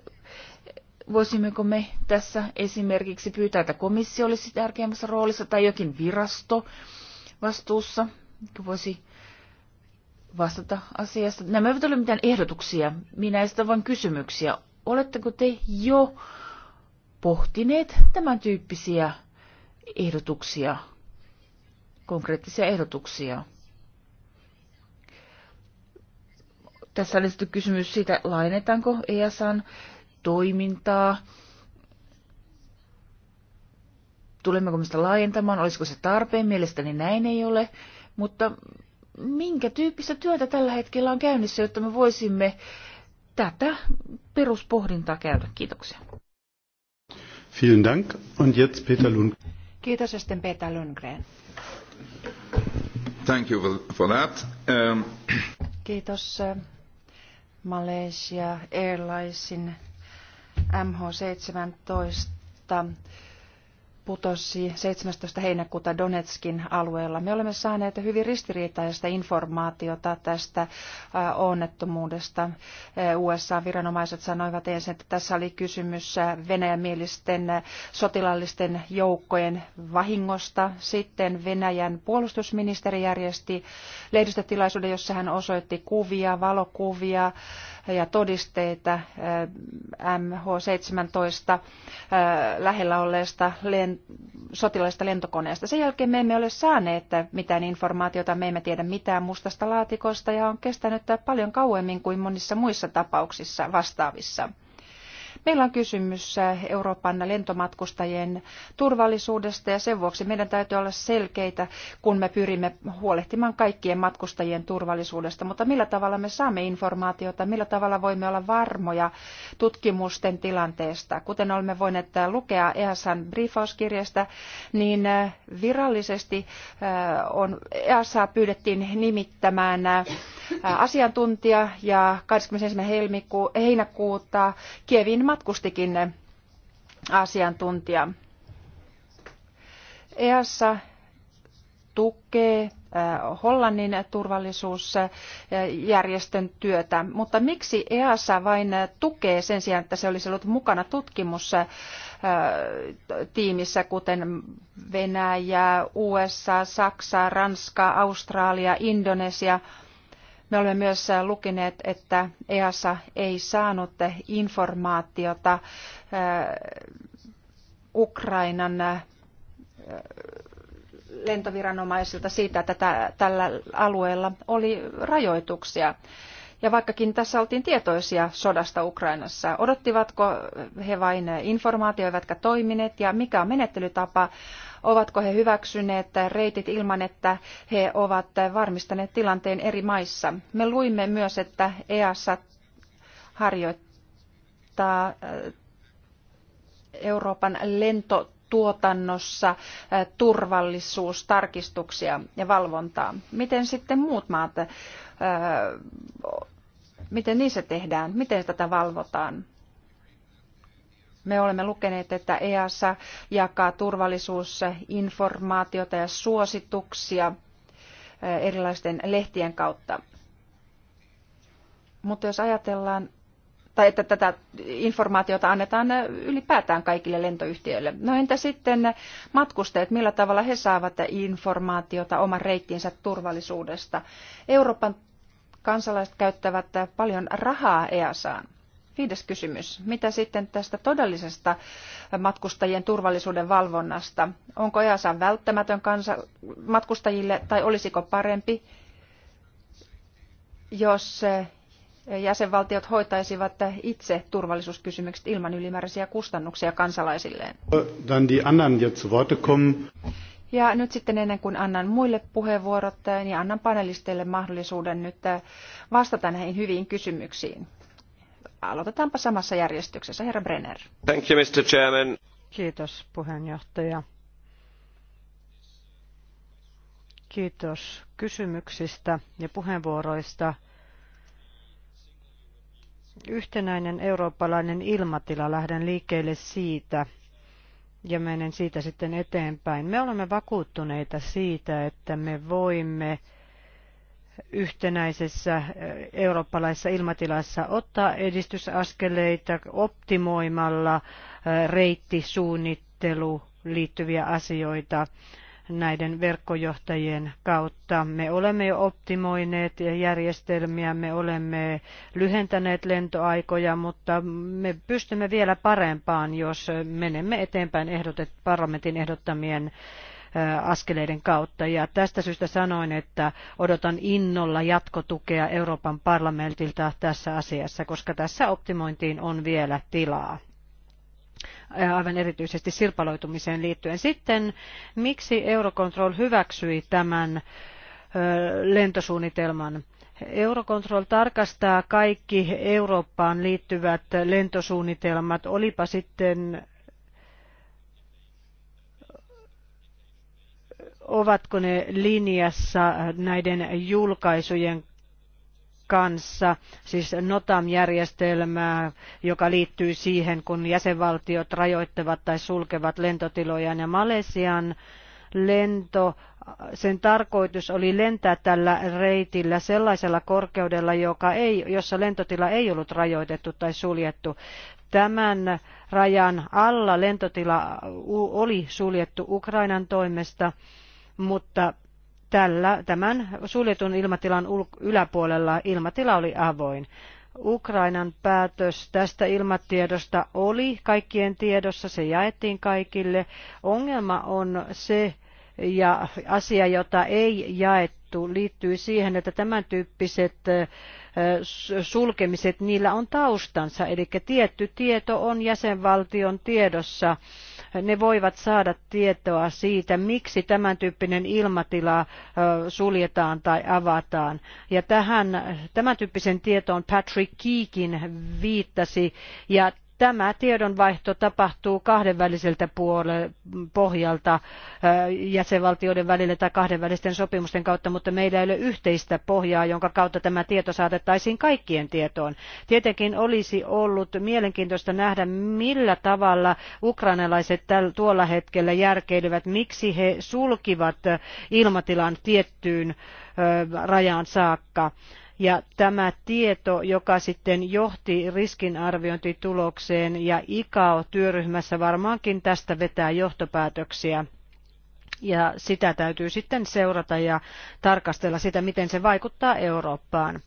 Voisimmeko me tässä esimerkiksi pyytää, että komissio olisi tärkeämmässä roolissa tai jokin virasto vastuussa, joka voisi vastata asiasta? Nämä eivät ole mitään ehdotuksia, minä esitän vain kysymyksiä. Oletteko te jo pohtineet tämän tyyppisiä ehdotuksia konkreettisia ehdotuksia. Tässä oli sitten kysymys siitä, laajennetaanko ESAn toimintaa, tulemmeko me sitä laajentamaan, olisiko se tarpeen, mielestäni näin ei ole, mutta minkä tyyppistä työtä tällä hetkellä on käynnissä, jotta me voisimme tätä peruspohdintaa käydä. Kiitoksia. Vielen Dank. Und jetzt Peter Kiitos sitten Peter Lundgren. Thank you for that. Um... Kiitos eh, Malaysia Airlinesin MH17 putosi 17. heinäkuuta Donetskin alueella. Me olemme saaneet hyvin ristiriitaista informaatiota tästä onnettomuudesta. USA-viranomaiset sanoivat ensin, että tässä oli kysymys venäjämielisten sotilallisten joukkojen vahingosta. Sitten Venäjän puolustusministeri järjesti lehdistötilaisuuden, jossa hän osoitti kuvia, valokuvia ja todisteita MH17 lähellä olleesta sotilaista lentokoneesta. Sen jälkeen me emme ole saaneet mitään informaatiota, me emme tiedä mitään mustasta laatikosta ja on kestänyt paljon kauemmin kuin monissa muissa tapauksissa vastaavissa. Meillä on kysymys eh, Euroopan lentomatkustajien turvallisuudesta ja sen vuoksi meidän täytyy olla selkeitä, kun me pyrimme huolehtimaan kaikkien matkustajien turvallisuudesta. Mutta millä tavalla me saamme informaatiota, millä tavalla voimme olla varmoja tutkimusten tilanteesta. Kuten olemme voineet eh, lukea EASAn briefauskirjasta, niin eh, virallisesti on, EASA pyydettiin nimittämään asiantuntija ja 21. Helmiku, heinäkuuta Kievin matkustikin asiantuntija. EASA tukee Hollannin turvallisuusjärjestön työtä, mutta miksi EASA vain tukee sen sijaan, että se olisi ollut mukana tutkimustiimissä, kuten Venäjä, USA, Saksa, Ranska, Australia, Indonesia – me olemme myös lukineet, että EASA ei saanut informaatiota Ukrainan lentoviranomaisilta siitä, että tällä alueella oli rajoituksia. Ja vaikkakin tässä oltiin tietoisia sodasta Ukrainassa, odottivatko he vain informaatio, eivätkä toimineet ja mikä on menettelytapa Ovatko he hyväksyneet reitit ilman, että he ovat varmistaneet tilanteen eri maissa? Me luimme myös, että EASA harjoittaa äh, Euroopan lentotuotannossa äh, turvallisuustarkistuksia ja valvontaa. Miten sitten muut maat, äh, miten niissä tehdään, miten tätä valvotaan? Me olemme lukeneet, että EASA jakaa turvallisuusinformaatiota ja suosituksia eh, erilaisten lehtien kautta. Mutta jos ajatellaan, tai että tätä informaatiota annetaan eh, ylipäätään kaikille lentoyhtiöille. No entä sitten matkustajat, millä tavalla he saavat informaatiota oman reittinsä turvallisuudesta? Euroopan kansalaiset käyttävät paljon rahaa EASAan. Viides kysymys. Mitä sitten tästä todellisesta matkustajien turvallisuuden valvonnasta? Onko EASA välttämätön kansa matkustajille tai olisiko parempi, jos eh, jäsenvaltiot hoitaisivat itse turvallisuuskysymykset ilman ylimääräisiä kustannuksia kansalaisilleen? Ja nyt sitten ennen kuin annan muille puheenvuorot, eh, niin annan panelisteille mahdollisuuden nyt eh, vastata näihin hyviin kysymyksiin. Aloitetaanpa samassa järjestyksessä. Herra Brenner. Thank you, Mr. Chairman. Kiitos puheenjohtaja. Kiitos kysymyksistä ja puheenvuoroista. Yhtenäinen eurooppalainen ilmatila lähden liikkeelle siitä ja menen siitä sitten eteenpäin. Me olemme vakuuttuneita siitä, että me voimme yhtenäisessä eurooppalaisessa ilmatilassa ottaa edistysaskeleita optimoimalla reittisuunnittelu liittyviä asioita näiden verkkojohtajien kautta. Me olemme jo optimoineet järjestelmiä, me olemme lyhentäneet lentoaikoja, mutta me pystymme vielä parempaan, jos menemme eteenpäin ehdotet, parlamentin ehdottamien askeleiden kautta. Ja tästä syystä sanoin, että odotan innolla jatkotukea Euroopan parlamentilta tässä asiassa, koska tässä optimointiin on vielä tilaa aivan erityisesti sirpaloitumiseen liittyen. Sitten, miksi Eurocontrol hyväksyi tämän lentosuunnitelman? Eurocontrol tarkastaa kaikki Eurooppaan liittyvät lentosuunnitelmat, olipa sitten ovatko ne linjassa näiden julkaisujen kanssa, siis NOTAM-järjestelmää, joka liittyy siihen, kun jäsenvaltiot rajoittavat tai sulkevat lentotilojaan ja Malesian lento, sen tarkoitus oli lentää tällä reitillä sellaisella korkeudella, joka ei, jossa lentotila ei ollut rajoitettu tai suljettu. Tämän rajan alla lentotila oli suljettu Ukrainan toimesta mutta tällä, tämän suljetun ilmatilan yläpuolella ilmatila oli avoin. Ukrainan päätös tästä ilmatiedosta oli kaikkien tiedossa, se jaettiin kaikille. Ongelma on se, ja asia, jota ei jaettu, liittyy siihen, että tämän tyyppiset sulkemiset, niillä on taustansa, eli tietty tieto on jäsenvaltion tiedossa ne voivat saada tietoa siitä, miksi tämän tyyppinen ilmatila suljetaan tai avataan. Ja tähän, tämän tyyppisen tietoon Patrick Kiikin viittasi ja Tämä tiedonvaihto tapahtuu kahdenväliseltä puole- pohjalta jäsenvaltioiden välillä tai kahdenvälisten sopimusten kautta, mutta meillä ei ole yhteistä pohjaa, jonka kautta tämä tieto saatettaisiin kaikkien tietoon. Tietenkin olisi ollut mielenkiintoista nähdä, millä tavalla ukrainalaiset tuolla hetkellä järkeilivät, miksi he sulkivat ilmatilan tiettyyn rajaan saakka. Ja tämä tieto, joka sitten johti riskinarviointitulokseen ja ICAO-työryhmässä varmaankin tästä vetää johtopäätöksiä ja sitä täytyy sitten seurata ja tarkastella sitä, miten se vaikuttaa Eurooppaan,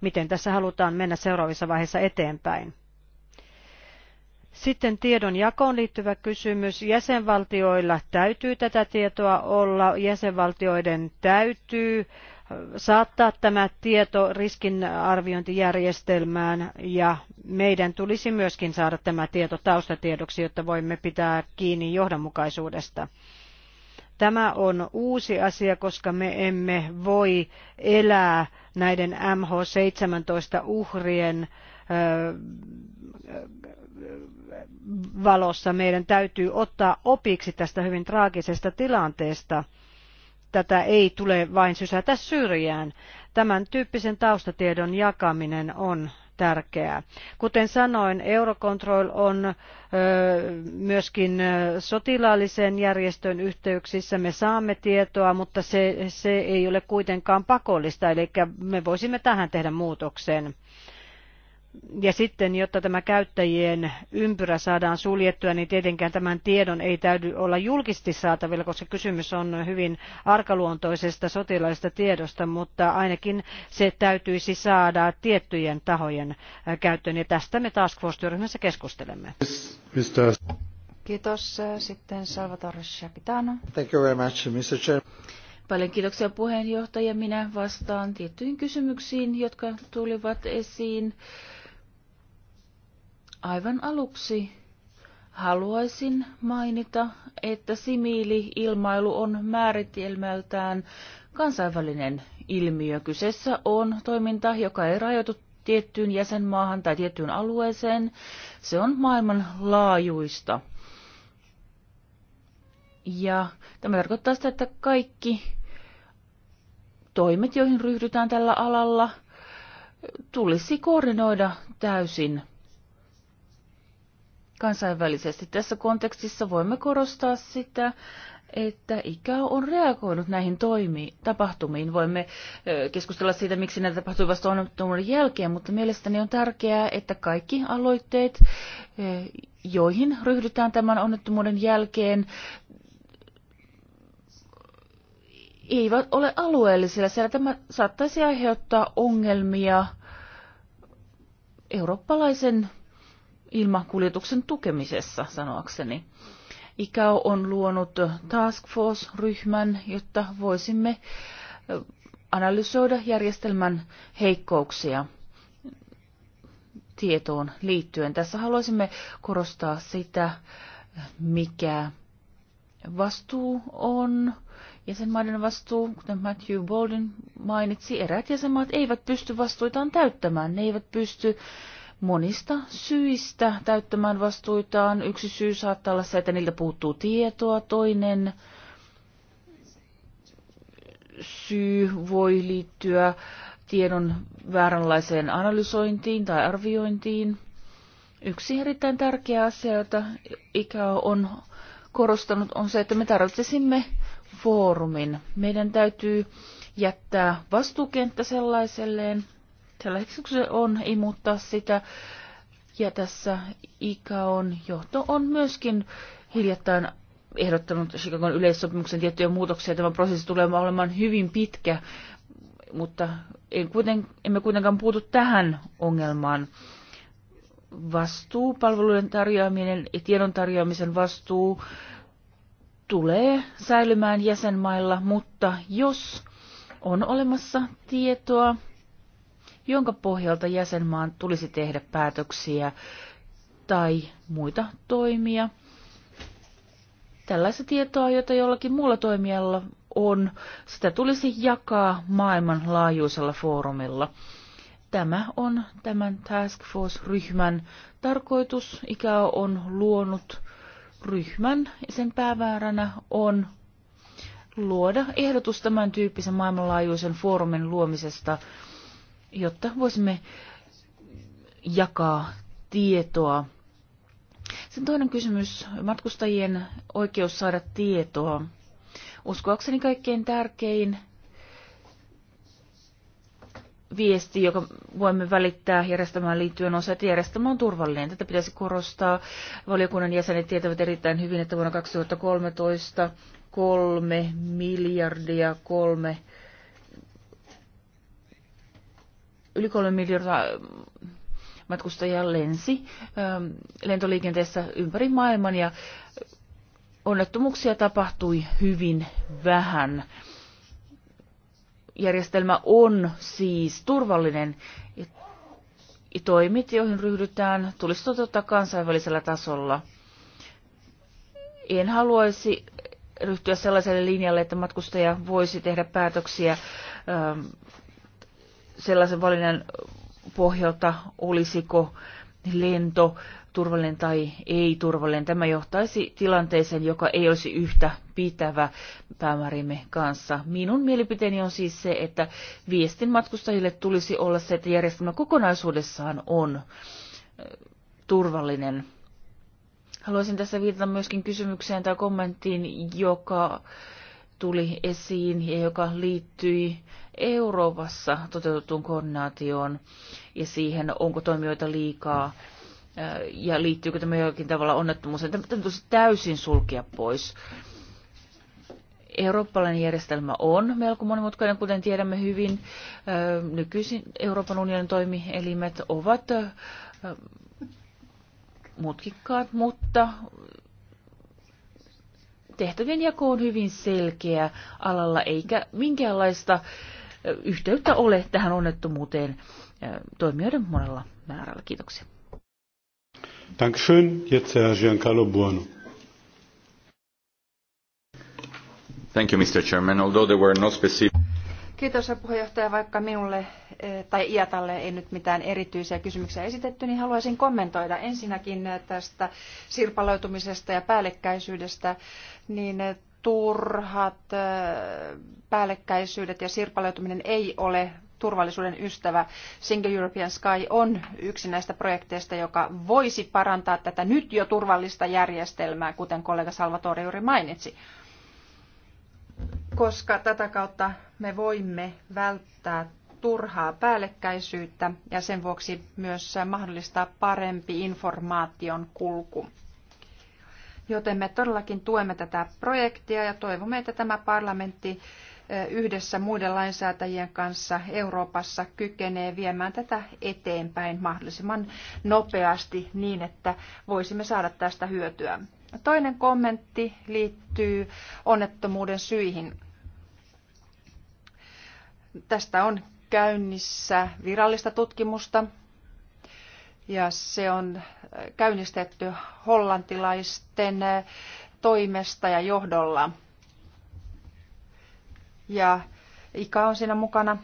miten tässä halutaan mennä seuraavissa vaiheissa eteenpäin. Sitten tiedon jakoon liittyvä kysymys. Jäsenvaltioilla täytyy tätä tietoa olla, jäsenvaltioiden täytyy saattaa tämä tieto riskinarviointijärjestelmään ja meidän tulisi myöskin saada tämä tieto taustatiedoksi, jotta voimme pitää kiinni johdonmukaisuudesta. Tämä on uusi asia, koska me emme voi elää näiden MH17 uhrien valossa. Meidän täytyy ottaa opiksi tästä hyvin traagisesta tilanteesta – tätä ei tule vain sysätä syrjään. Tämän tyyppisen taustatiedon jakaminen on tärkeää. Kuten sanoin, Eurocontrol on myöskin sotilaallisen järjestön yhteyksissä. Me saamme tietoa, mutta se, se ei ole kuitenkaan pakollista, eli me voisimme tähän tehdä muutoksen. Ja sitten, jotta tämä käyttäjien ympyrä saadaan suljettua, niin tietenkään tämän tiedon ei täydy olla julkisesti saatavilla, koska kysymys on hyvin arkaluontoisesta sotilaista tiedosta, mutta ainakin se täytyisi saada tiettyjen tahojen äh, käyttöön. Ja tästä me Task Force-työryhmässä keskustelemme. Kiitos. Sitten Salvatore Shapitano. Thank you very much, Mr. Chair. Paljon kiitoksia puheenjohtaja. Minä vastaan tiettyihin kysymyksiin, jotka tulivat esiin Aivan aluksi haluaisin mainita, että simiili-ilmailu on määritelmältään kansainvälinen ilmiö. Kyseessä on toiminta, joka ei rajoitu tiettyyn jäsenmaahan tai tiettyyn alueeseen. Se on maailmanlaajuista. Ja tämä tarkoittaa sitä, että kaikki toimet, joihin ryhdytään tällä alalla, tulisi koordinoida täysin kansainvälisesti. Tässä kontekstissa voimme korostaa sitä, että ikä on reagoinut näihin toimiin, tapahtumiin. Voimme keskustella siitä, miksi näitä tapahtui vasta onnettomuuden jälkeen, mutta mielestäni on tärkeää, että kaikki aloitteet, joihin ryhdytään tämän onnettomuuden jälkeen, eivät ole alueellisilla. sillä tämä saattaisi aiheuttaa ongelmia eurooppalaisen ilmakuljetuksen tukemisessa, sanoakseni. ICAO on luonut task force-ryhmän, jotta voisimme analysoida järjestelmän heikkouksia tietoon liittyen. Tässä haluaisimme korostaa sitä, mikä vastuu on, jäsenmaiden vastuu, kuten Matthew Bolden mainitsi, eräät jäsenmaat eivät pysty vastuitaan täyttämään, ne eivät pysty monista syistä täyttämään vastuitaan. Yksi syy saattaa olla se, että niiltä puuttuu tietoa, toinen syy voi liittyä tiedon vääränlaiseen analysointiin tai arviointiin. Yksi erittäin tärkeä asia, jota ikä on korostanut, on se, että me tarvitsisimme foorumin. Meidän täytyy jättää vastuukenttä sellaiselleen, tällaiseksi kuin se on, ei muuttaa sitä. Ja tässä ICAON johto on myöskin hiljattain ehdottanut Chicagon yleissopimuksen tiettyjä muutoksia. Tämä prosessi tulee olemaan hyvin pitkä, mutta en kuiten, emme kuitenkaan puutu tähän ongelmaan. Vastuu, tarjoaminen ja tiedon tarjoamisen vastuu tulee säilymään jäsenmailla, mutta jos on olemassa tietoa, jonka pohjalta jäsenmaan tulisi tehdä päätöksiä tai muita toimia. Tällaista tietoa, jota jollakin muulla toimijalla on, sitä tulisi jakaa maailmanlaajuisella foorumilla. Tämä on tämän Task Force-ryhmän tarkoitus. ikä on luonut ryhmän ja sen päävääränä on luoda ehdotus tämän tyyppisen maailmanlaajuisen foorumin luomisesta – jotta voisimme jakaa tietoa. Sen toinen kysymys, matkustajien oikeus saada tietoa. Uskoakseni kaikkein tärkein viesti, joka voimme välittää järjestelmään liittyen, on se, että järjestelmä on turvallinen. Tätä pitäisi korostaa. Valiokunnan jäsenet tietävät erittäin hyvin, että vuonna 2013 kolme miljardia kolme yli kolme miljoonaa matkustajaa lensi lentoliikenteessä ympäri maailman ja onnettomuuksia tapahtui hyvin vähän. Järjestelmä on siis turvallinen ja toimit, joihin ryhdytään, tulisi toteuttaa kansainvälisellä tasolla. En haluaisi ryhtyä sellaiselle linjalle, että matkustaja voisi tehdä päätöksiä sellaisen valinnan pohjalta, olisiko lento turvallinen tai ei turvallinen. Tämä johtaisi tilanteeseen, joka ei olisi yhtä pitävä päämäärimme kanssa. Minun mielipiteeni on siis se, että viestin matkustajille tulisi olla se, että järjestelmä kokonaisuudessaan on turvallinen. Haluaisin tässä viitata myöskin kysymykseen tai kommenttiin, joka tuli esiin ja joka liittyi Euroopassa toteutettuun koordinaatioon ja siihen, onko toimijoita liikaa ja liittyykö tämä jollakin tavalla onnettomuuteen. Tämä tulisi täysin sulkea pois. Eurooppalainen järjestelmä on melko monimutkainen, kuten tiedämme hyvin. Nykyisin Euroopan unionin toimielimet ovat mutkikkaat, mutta tehtävien jako on hyvin selkeä alalla, eikä minkäänlaista yhteyttä ole tähän onnettomuuteen toimijoiden monella määrällä. Kiitoksia. Dankeschön. Jetzt Giancarlo Buono. Thank you, Mr. Chairman. Although there were no specific... Kiitos puheenjohtaja, vaikka minulle eh, tai Iatalle ei nyt mitään erityisiä kysymyksiä esitetty, niin haluaisin kommentoida ensinnäkin eh, tästä sirpaloitumisesta ja päällekkäisyydestä, niin eh, turhat päällekkäisyydet ja sirpaloituminen ei ole turvallisuuden ystävä. Single European Sky on yksi näistä projekteista, joka voisi parantaa tätä nyt jo turvallista järjestelmää, kuten kollega Salvatore juuri mainitsi koska tätä kautta me voimme välttää turhaa päällekkäisyyttä ja sen vuoksi myös mahdollistaa parempi informaation kulku. Joten me todellakin tuemme tätä projektia ja toivomme, että tämä parlamentti yhdessä muiden lainsäätäjien kanssa Euroopassa kykenee viemään tätä eteenpäin mahdollisimman nopeasti niin, että voisimme saada tästä hyötyä. Toinen kommentti liittyy onnettomuuden syihin. Tästä on käynnissä virallista tutkimusta ja se on käynnistetty hollantilaisten toimesta ja johdolla. Ja Ika on siinä mukana.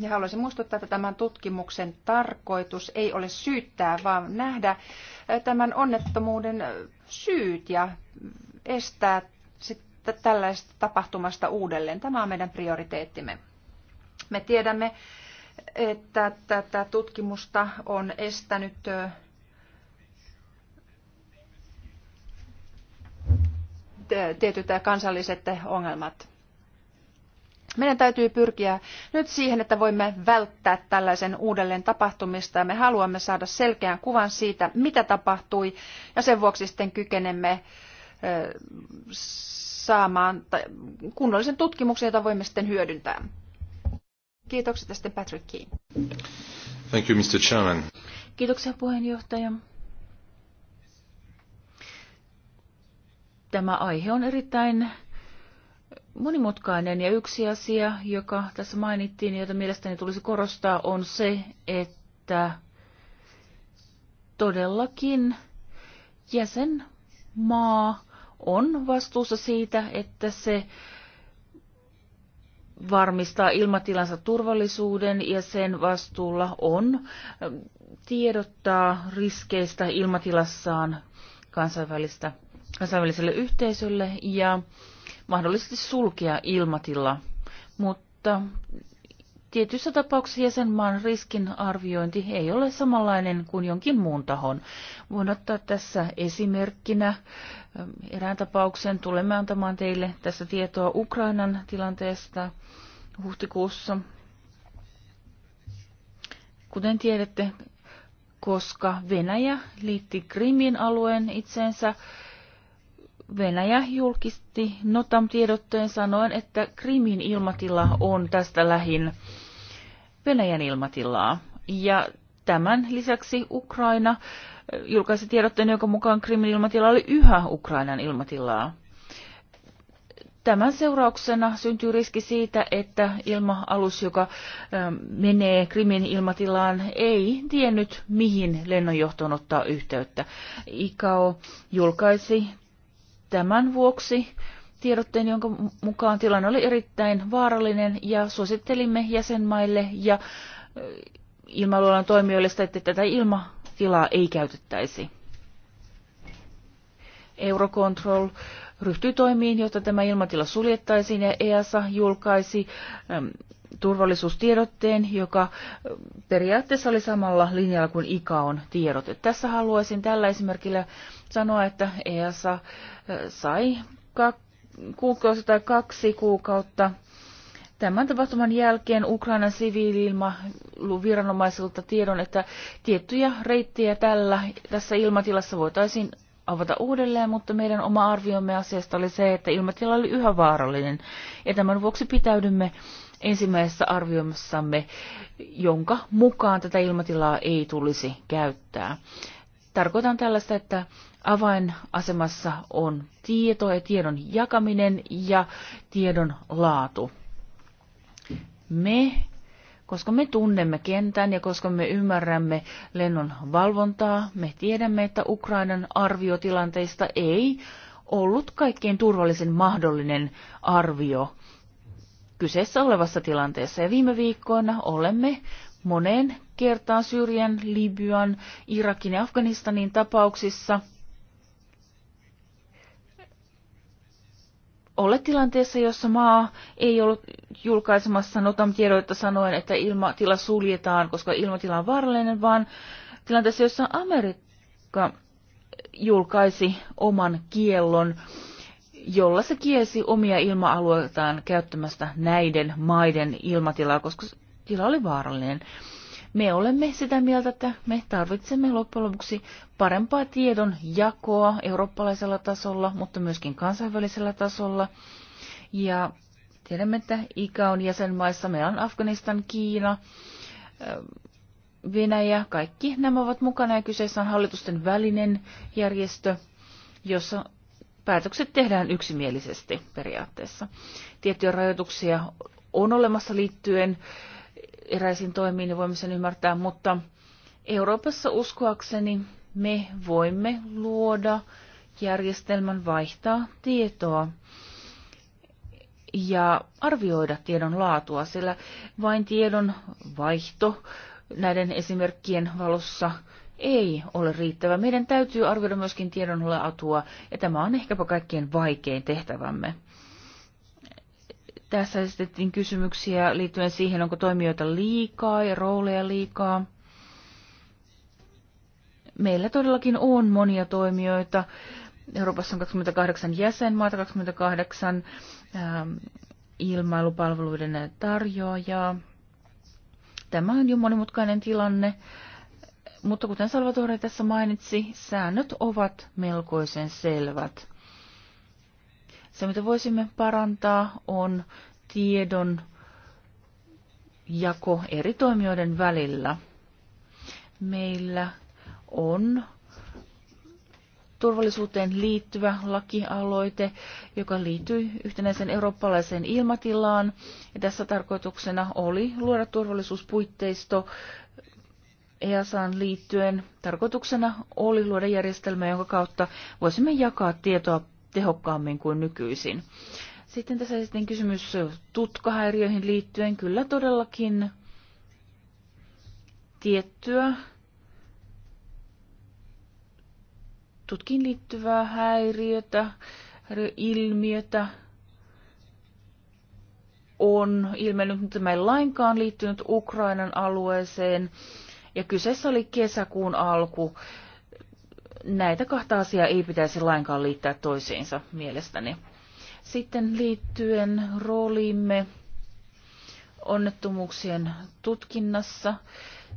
Ja haluaisin muistuttaa, että tämän tutkimuksen tarkoitus ei ole syyttää, vaan nähdä, tämän onnettomuuden syyt ja estää sitten tällaista tapahtumasta uudelleen. Tämä on meidän prioriteettimme. Me tiedämme, että tätä tutkimusta on estänyt tietyt kansalliset ongelmat. Meidän täytyy pyrkiä nyt siihen, että voimme välttää tällaisen uudelleen tapahtumista ja me haluamme saada selkeän kuvan siitä, mitä tapahtui ja sen vuoksi sitten kykenemme saamaan kunnollisen tutkimuksen, jota voimme sitten hyödyntää. Kiitokset ja sitten Patrick Keen. Thank you, Mr. Chairman. Kiitoksia puheenjohtaja. Tämä aihe on erittäin monimutkainen ja yksi asia, joka tässä mainittiin, jota mielestäni tulisi korostaa, on se, että todellakin jäsenmaa on vastuussa siitä, että se varmistaa ilmatilansa turvallisuuden ja sen vastuulla on ähm, tiedottaa riskeistä ilmatilassaan kansainvälistä, kansainväliselle yhteisölle ja mahdollisesti sulkea ilmatilla, mutta tietyissä tapauksissa jäsenmaan riskinarviointi ei ole samanlainen kuin jonkin muun tahon. Voin ottaa tässä esimerkkinä ähm, erään tapauksen. Tulemme antamaan teille tässä tietoa Ukrainan tilanteesta huhtikuussa. Kuten tiedätte, koska Venäjä liitti Krimin alueen itseensä, Venäjä julkisti Notam tiedotteen sanoen, että Krimin ilmatila on tästä lähin Venäjän ilmatilaa. Ja tämän lisäksi Ukraina julkaisi tiedotteen, jonka mukaan Krimin ilmatila oli yhä Ukrainan ilmatilaa. Tämän seurauksena syntyy riski siitä, että ilma-alus, joka menee Krimin ilmatilaan, ei tiennyt, mihin lennonjohtoon ottaa yhteyttä. ICAO julkaisi Tämän vuoksi tiedotteen, jonka mukaan tilanne oli erittäin vaarallinen ja suosittelimme jäsenmaille ja ilmailualan toimijoille sitä, että tätä ilmatilaa ei käytettäisi. Eurocontrol ryhtyi toimiin, jotta tämä ilmatila suljettaisiin ja EASA julkaisi turvallisuustiedotteen, joka periaatteessa oli samalla linjalla kuin ICAON tiedote. Tässä haluaisin tällä esimerkillä sanoa, että EASA sai kuukausi tai kaksi kuukautta tämän tapahtuman jälkeen Ukrainan siviili viranomaisilta tiedon, että tiettyjä reittejä tällä, tässä ilmatilassa voitaisiin avata uudelleen, mutta meidän oma arviomme asiasta oli se, että ilmatila oli yhä vaarallinen. Ja tämän vuoksi pitäydymme ensimmäisessä arvioimassamme, jonka mukaan tätä ilmatilaa ei tulisi käyttää. Tarkoitan tällaista, että avainasemassa on tieto ja tiedon jakaminen ja tiedon laatu. Me, koska me tunnemme kentän ja koska me ymmärrämme lennon valvontaa, me tiedämme, että Ukrainan arviotilanteista ei ollut kaikkein turvallisin mahdollinen arvio kyseessä olevassa tilanteessa. Ja viime viikkoina olemme moneen kertaan Syyrian, Libyan, Irakin ja Afganistanin tapauksissa Olle tilanteessa, jossa maa ei ollut julkaisemassa notam tiedoita sanoen, että ilmatila suljetaan, koska ilmatila on vaarallinen, vaan tilanteessa, jossa Amerikka julkaisi oman kiellon jolla se kiesi omia ilma-alueitaan käyttämästä näiden maiden ilmatilaa, koska tila oli vaarallinen. Me olemme sitä mieltä, että me tarvitsemme loppujen lopuksi parempaa tiedon jakoa eurooppalaisella tasolla, mutta myöskin kansainvälisellä tasolla. Ja tiedämme, että ikä on jäsenmaissa. Meillä on Afganistan, Kiina, eh, Venäjä, kaikki nämä ovat mukana ja kyseessä on hallitusten välinen järjestö, jossa päätökset tehdään yksimielisesti periaatteessa. Tiettyjä rajoituksia on olemassa liittyen eräisiin toimiin, ja niin voimme sen ymmärtää, mutta Euroopassa uskoakseni me voimme luoda järjestelmän vaihtaa tietoa ja arvioida tiedon laatua, sillä vain tiedon vaihto näiden esimerkkien valossa ei ole riittävä. Meidän täytyy arvioida myöskin tiedon atua, ja tämä on ehkäpä kaikkien vaikein tehtävämme. Tässä esitettiin kysymyksiä liittyen siihen, onko toimijoita liikaa ja rooleja liikaa. Meillä todellakin on monia toimijoita. Euroopassa on 28 jäsenmaata, 28 ähm, ilmailupalveluiden tarjoajaa. Tämä on jo monimutkainen tilanne. Äh, mutta kuten Salvatore tässä mainitsi, säännöt ovat melkoisen selvät. Se, mitä voisimme parantaa, on tiedon jako eri toimijoiden välillä. Meillä on turvallisuuteen liittyvä lakialoite, joka liittyy yhtenäiseen eurooppalaiseen ilmatilaan. Ja tässä tarkoituksena oli luoda turvallisuuspuitteisto EASAan liittyen tarkoituksena oli luoda järjestelmä, jonka kautta voisimme jakaa tietoa tehokkaammin kuin nykyisin. Sitten tässä sitten kysymys tutkahäiriöihin liittyen. Kyllä todellakin tiettyä tutkin liittyvää häiriötä, ilmiötä on ilmennyt, mutta tämä ei lainkaan liittynyt Ukrainan alueeseen ja kyseessä oli kesäkuun alku. Näitä kahta asiaa ei pitäisi lainkaan liittää toisiinsa mielestäni. Sitten liittyen rooliimme onnettomuuksien tutkinnassa.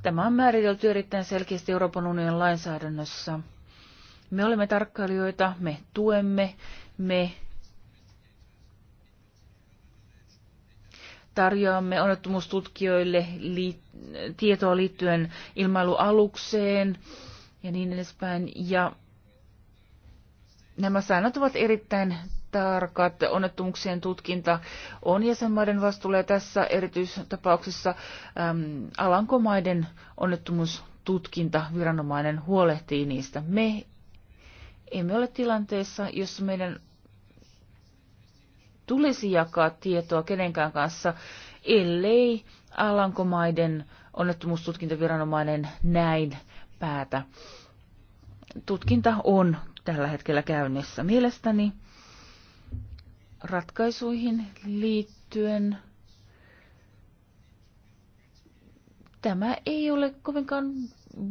Tämä on määritelty erittäin selkeästi Euroopan unionin lainsäädännössä. Me olemme tarkkailijoita, me tuemme, me tarjoamme onnettomuustutkijoille li- tietoa liittyen ilmailualukseen ja niin edespäin. Ja nämä säännöt ovat erittäin tarkat. Onnettomuuksien tutkinta on jäsenmaiden vastuulla ja tässä erityistapauksessa äm, Alankomaiden onnettomuustutkinta viranomainen huolehtii niistä. Me emme ole tilanteessa, jossa meidän tulisi jakaa tietoa kenenkään kanssa, ellei Alankomaiden onnettomuustutkintaviranomainen näin päätä. Tutkinta on tällä hetkellä käynnissä. Mielestäni ratkaisuihin liittyen tämä ei ole kovinkaan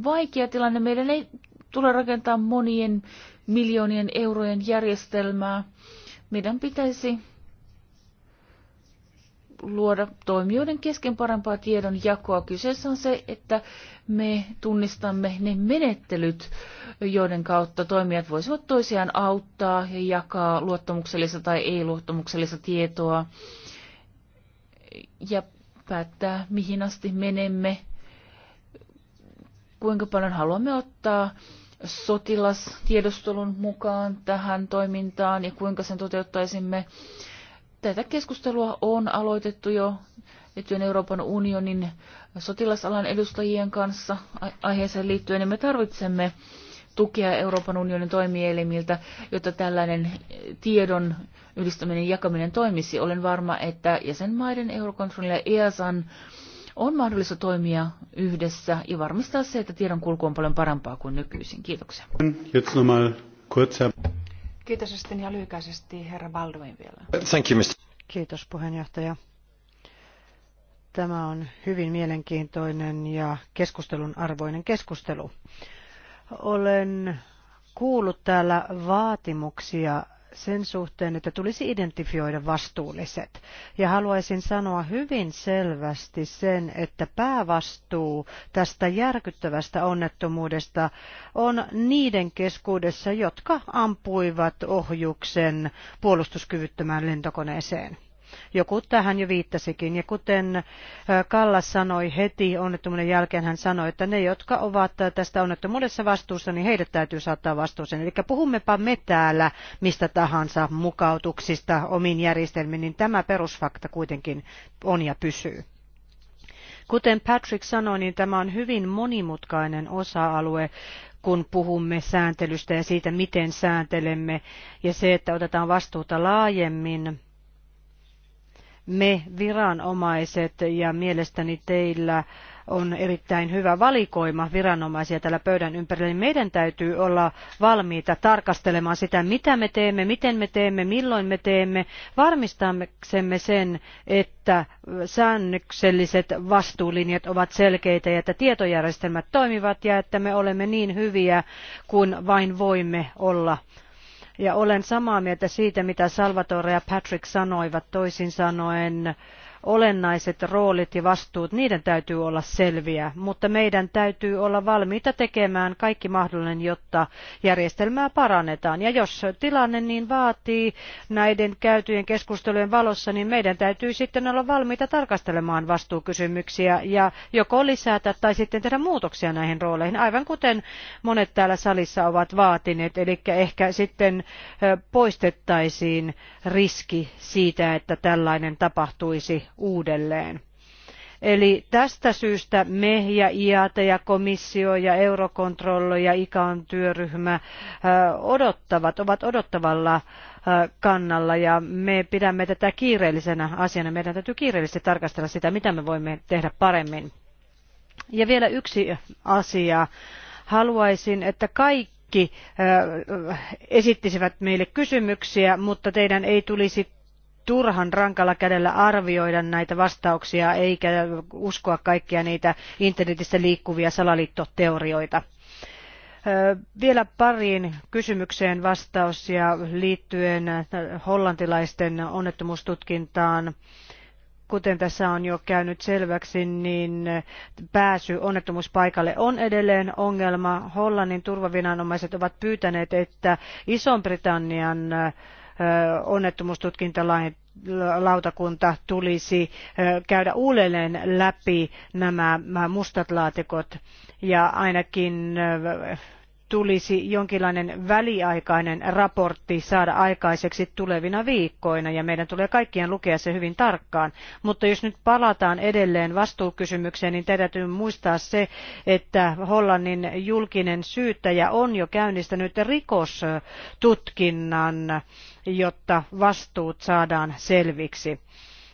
vaikea tilanne. Meidän ei tule rakentaa monien miljoonien eurojen järjestelmää. Meidän pitäisi luoda toimijoiden kesken parempaa tiedon jakoa. Kyseessä on se, että me tunnistamme ne menettelyt, joiden kautta toimijat voisivat toisiaan auttaa ja jakaa luottamuksellista tai ei-luottamuksellista tietoa ja päättää, mihin asti menemme, kuinka paljon haluamme ottaa sotilastiedustelun mukaan tähän toimintaan ja kuinka sen toteuttaisimme tätä keskustelua on aloitettu jo liittyen Euroopan unionin sotilasalan edustajien kanssa aiheeseen liittyen, niin me tarvitsemme tukea Euroopan unionin toimielimiltä, jotta tällainen tiedon yhdistäminen ja jakaminen toimisi. Olen varma, että jäsenmaiden Eurokontrollilla ja EASan on mahdollista toimia yhdessä ja varmistaa se, että kulku on paljon parempaa kuin nykyisin. Kiitoksia. Kiitos sitten ja lyhykäisesti herra Baldwin vielä. Thank you, Mr. Kiitos puheenjohtaja. Tämä on hyvin mielenkiintoinen ja keskustelun arvoinen keskustelu. Olen kuullut täällä vaatimuksia sen suhteen, että tulisi identifioida vastuulliset. Ja haluaisin sanoa hyvin selvästi sen, että päävastuu tästä järkyttävästä onnettomuudesta on niiden keskuudessa, jotka ampuivat ohjuksen puolustuskyvyttömään lentokoneeseen. Joku tähän jo viittasikin. Ja kuten Kalla sanoi heti onnettomuuden jälkeen, hän sanoi, että ne, jotka ovat tästä onnettomuudessa vastuussa, niin heidät täytyy saattaa vastuuseen. Eli puhummepa me täällä mistä tahansa mukautuksista omiin järjestelmiin, niin tämä perusfakta kuitenkin on ja pysyy. Kuten Patrick sanoi, niin tämä on hyvin monimutkainen osa-alue, kun puhumme sääntelystä ja siitä, miten sääntelemme, ja se, että otetaan vastuuta laajemmin me viranomaiset ja mielestäni teillä on erittäin hyvä valikoima viranomaisia tällä pöydän ympärillä, niin meidän täytyy olla valmiita tarkastelemaan sitä, mitä me teemme, miten me teemme, milloin me teemme, varmistaksemme sen, että säännökselliset vastuulinjat ovat selkeitä ja että tietojärjestelmät toimivat ja että me olemme niin hyviä kuin vain voimme olla ja olen samaa mieltä siitä, mitä Salvatore ja Patrick sanoivat toisin sanoen olennaiset roolit ja vastuut, niiden täytyy olla selviä, mutta meidän täytyy olla valmiita tekemään kaikki mahdollinen, jotta järjestelmää parannetaan. Ja jos tilanne niin vaatii näiden käytyjen keskustelujen valossa, niin meidän täytyy sitten olla valmiita tarkastelemaan vastuukysymyksiä ja joko lisätä tai sitten tehdä muutoksia näihin rooleihin, aivan kuten monet täällä salissa ovat vaatineet, eli ehkä sitten poistettaisiin riski siitä, että tällainen tapahtuisi uudelleen. Eli tästä syystä me ja IAT ja komissio ja Eurokontrollo ja ICAN työryhmä odottavat, ovat odottavalla kannalla ja me pidämme tätä kiireellisenä asiana. Meidän täytyy kiireellisesti tarkastella sitä, mitä me voimme tehdä paremmin. Ja vielä yksi asia. Haluaisin, että kaikki kaikki esittisivät meille kysymyksiä, mutta teidän ei tulisi turhan rankalla kädellä arvioida näitä vastauksia eikä uskoa kaikkia niitä internetissä liikkuvia salaliittoteorioita. Vielä pariin kysymykseen vastaus ja liittyen hollantilaisten onnettomuustutkintaan kuten tässä on jo käynyt selväksi, niin pääsy onnettomuuspaikalle on edelleen ongelma. Hollannin turvaviranomaiset ovat pyytäneet, että Ison-Britannian onnettomuustutkintalain lautakunta tulisi käydä uudelleen läpi nämä mustat laatikot ja ainakin tulisi jonkinlainen väliaikainen raportti saada aikaiseksi tulevina viikkoina ja meidän tulee kaikkien lukea se hyvin tarkkaan. Mutta jos nyt palataan edelleen vastuukysymykseen, niin täytyy muistaa se, että Hollannin julkinen syyttäjä on jo käynnistänyt rikostutkinnan jotta vastuut saadaan selviksi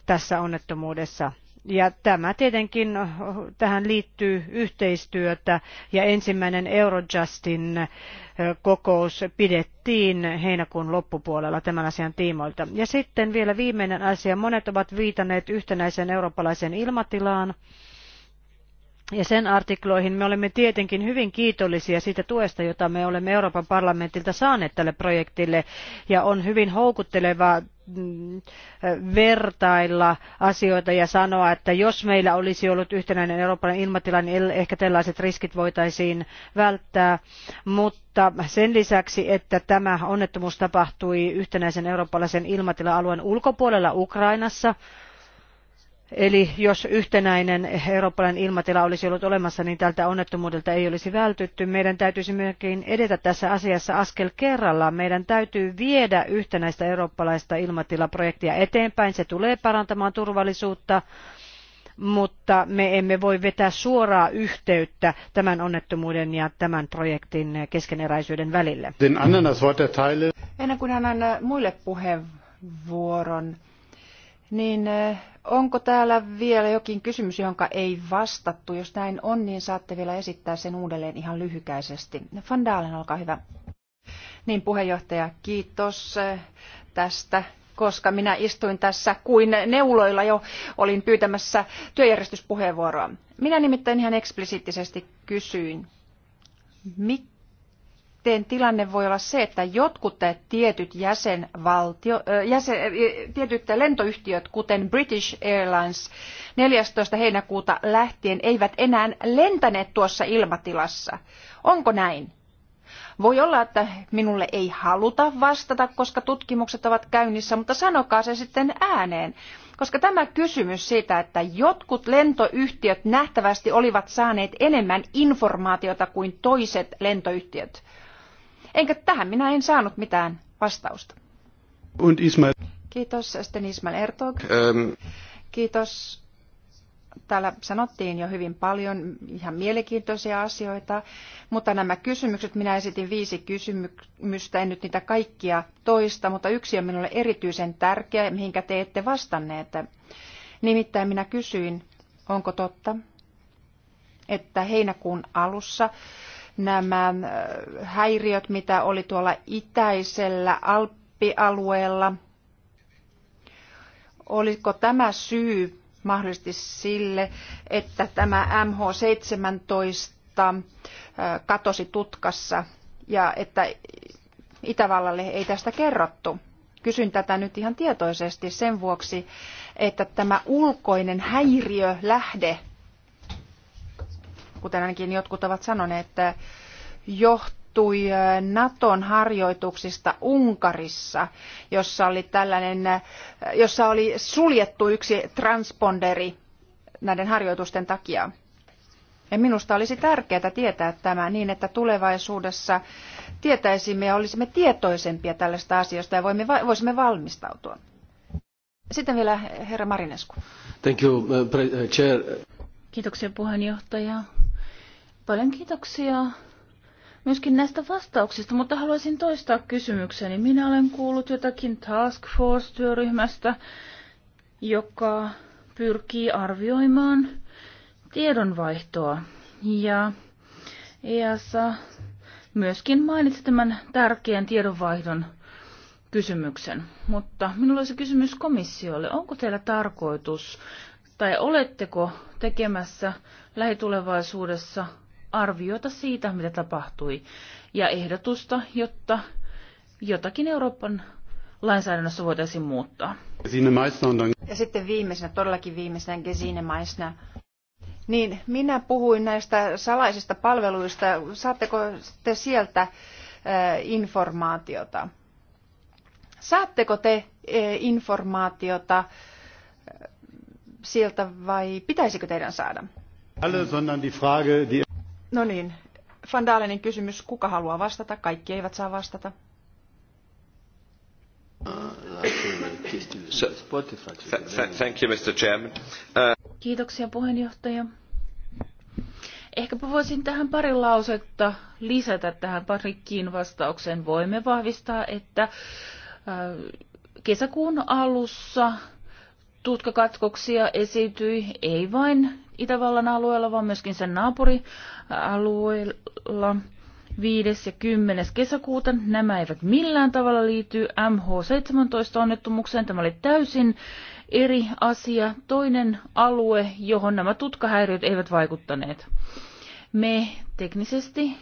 tässä onnettomuudessa. Ja tämä tietenkin, tähän liittyy yhteistyötä ja ensimmäinen Eurojustin kokous pidettiin heinäkuun loppupuolella tämän asian tiimoilta. Ja sitten vielä viimeinen asia. Monet ovat viitanneet yhtenäiseen eurooppalaiseen ilmatilaan ja sen artikloihin. Me olemme tietenkin hyvin kiitollisia siitä tuesta, jota me olemme Euroopan parlamentilta saaneet tälle projektille ja on hyvin houkuttelevaa mm, vertailla asioita ja sanoa, että jos meillä olisi ollut yhtenäinen Euroopan ilmatila, niin ehkä tällaiset riskit voitaisiin välttää. Mutta sen lisäksi, että tämä onnettomuus tapahtui yhtenäisen eurooppalaisen ilmatila-alueen ulkopuolella Ukrainassa, Eli jos yhtenäinen eurooppalainen ilmatila olisi ollut olemassa, niin tältä onnettomuudelta ei olisi vältytty. Meidän täytyisi myöskin edetä tässä asiassa askel kerrallaan. Meidän täytyy viedä yhtenäistä eurooppalaista ilmatilaprojektia eteenpäin. Se tulee parantamaan turvallisuutta, mutta me emme voi vetää suoraa yhteyttä tämän onnettomuuden ja tämän projektin keskeneräisyyden välille. Ennen kuin annan muille puheenvuoron, niin eh, onko täällä vielä jokin kysymys, jonka ei vastattu? Jos näin on, niin saatte vielä esittää sen uudelleen ihan lyhykäisesti. Van Dalen, olkaa hyvä. Niin puheenjohtaja, kiitos eh, tästä koska minä istuin tässä kuin neuloilla jo olin pyytämässä työjärjestyspuheenvuoroa. Minä nimittäin ihan eksplisiittisesti kysyin, mik, sitten tilanne voi olla se, että jotkut tietyt, jäsenvaltio, jäsen, tietyt lentoyhtiöt, kuten British Airlines 14. heinäkuuta lähtien, eivät enää lentäneet tuossa ilmatilassa. Onko näin? Voi olla, että minulle ei haluta vastata, koska tutkimukset ovat käynnissä, mutta sanokaa se sitten ääneen. Koska tämä kysymys siitä, että jotkut lentoyhtiöt nähtävästi olivat saaneet enemmän informaatiota kuin toiset lentoyhtiöt – Enkä tähän minä en saanut mitään vastausta. Und Ismail. Kiitos, Sten Ismail Ertog. Ähm. Kiitos. Täällä sanottiin jo hyvin paljon ihan mielenkiintoisia asioita, mutta nämä kysymykset, minä esitin viisi kysymystä, en nyt niitä kaikkia toista, mutta yksi on minulle erityisen tärkeä, mihinkä te ette vastanneet. Nimittäin minä kysyin, onko totta, että heinäkuun alussa nämä äh, häiriöt, mitä oli tuolla itäisellä Alppialueella. Oliko tämä syy mahdollisesti sille, että tämä MH17 äh, katosi tutkassa ja että Itävallalle ei tästä kerrottu? Kysyn tätä nyt ihan tietoisesti sen vuoksi, että tämä ulkoinen häiriölähde kuten ainakin jotkut ovat sanoneet, että johtui äh, Naton harjoituksista Unkarissa, jossa oli, tällainen, äh, jossa oli suljettu yksi transponderi näiden harjoitusten takia. Ja minusta olisi tärkeää tietää tämä niin, että tulevaisuudessa tietäisimme ja olisimme tietoisempia tällaista asioista ja voimme, voisimme valmistautua. Sitten vielä herra Marinesku. Thank you, uh, uh, chair. Kiitoksia puheenjohtaja. Paljon kiitoksia myöskin näistä vastauksista, mutta haluaisin toistaa kysymykseni. Minä olen kuullut jotakin Task Force-työryhmästä, joka pyrkii arvioimaan tiedonvaihtoa. Ja EASA myöskin mainitsi tämän tärkeän tiedonvaihdon kysymyksen. Mutta minulla olisi kysymys komissiolle. Onko teillä tarkoitus tai oletteko tekemässä lähitulevaisuudessa arviota siitä, mitä tapahtui, ja ehdotusta, jotta jotakin Euroopan lainsäädännössä voitaisiin muuttaa. Ja sitten viimeisenä, todellakin viimeisenä Gesine Meissner. Niin, minä puhuin näistä salaisista palveluista. Saatteko te sieltä eh, informaatiota? Saatteko te eh, informaatiota eh, sieltä vai pitäisikö teidän saada? Alle, sondern die Frage, die No niin, Van Dalenin kysymys, kuka haluaa vastata? Kaikki eivät saa vastata. Thank you, Mr. Chairman. Uh, Kiitoksia puheenjohtaja. Ehkäpä voisin tähän pari lausetta lisätä tähän parikkiin vastaukseen. Voimme vahvistaa, että uh, kesäkuun alussa tutkakatkoksia esiintyi ei vain Itävallan alueella, vaan myöskin sen naapurialueella. 5. ja 10. kesäkuuta. Nämä eivät millään tavalla liity mh 17 onnettomukseen Tämä oli täysin eri asia. Toinen alue, johon nämä tutkahäiriöt eivät vaikuttaneet. Me teknisesti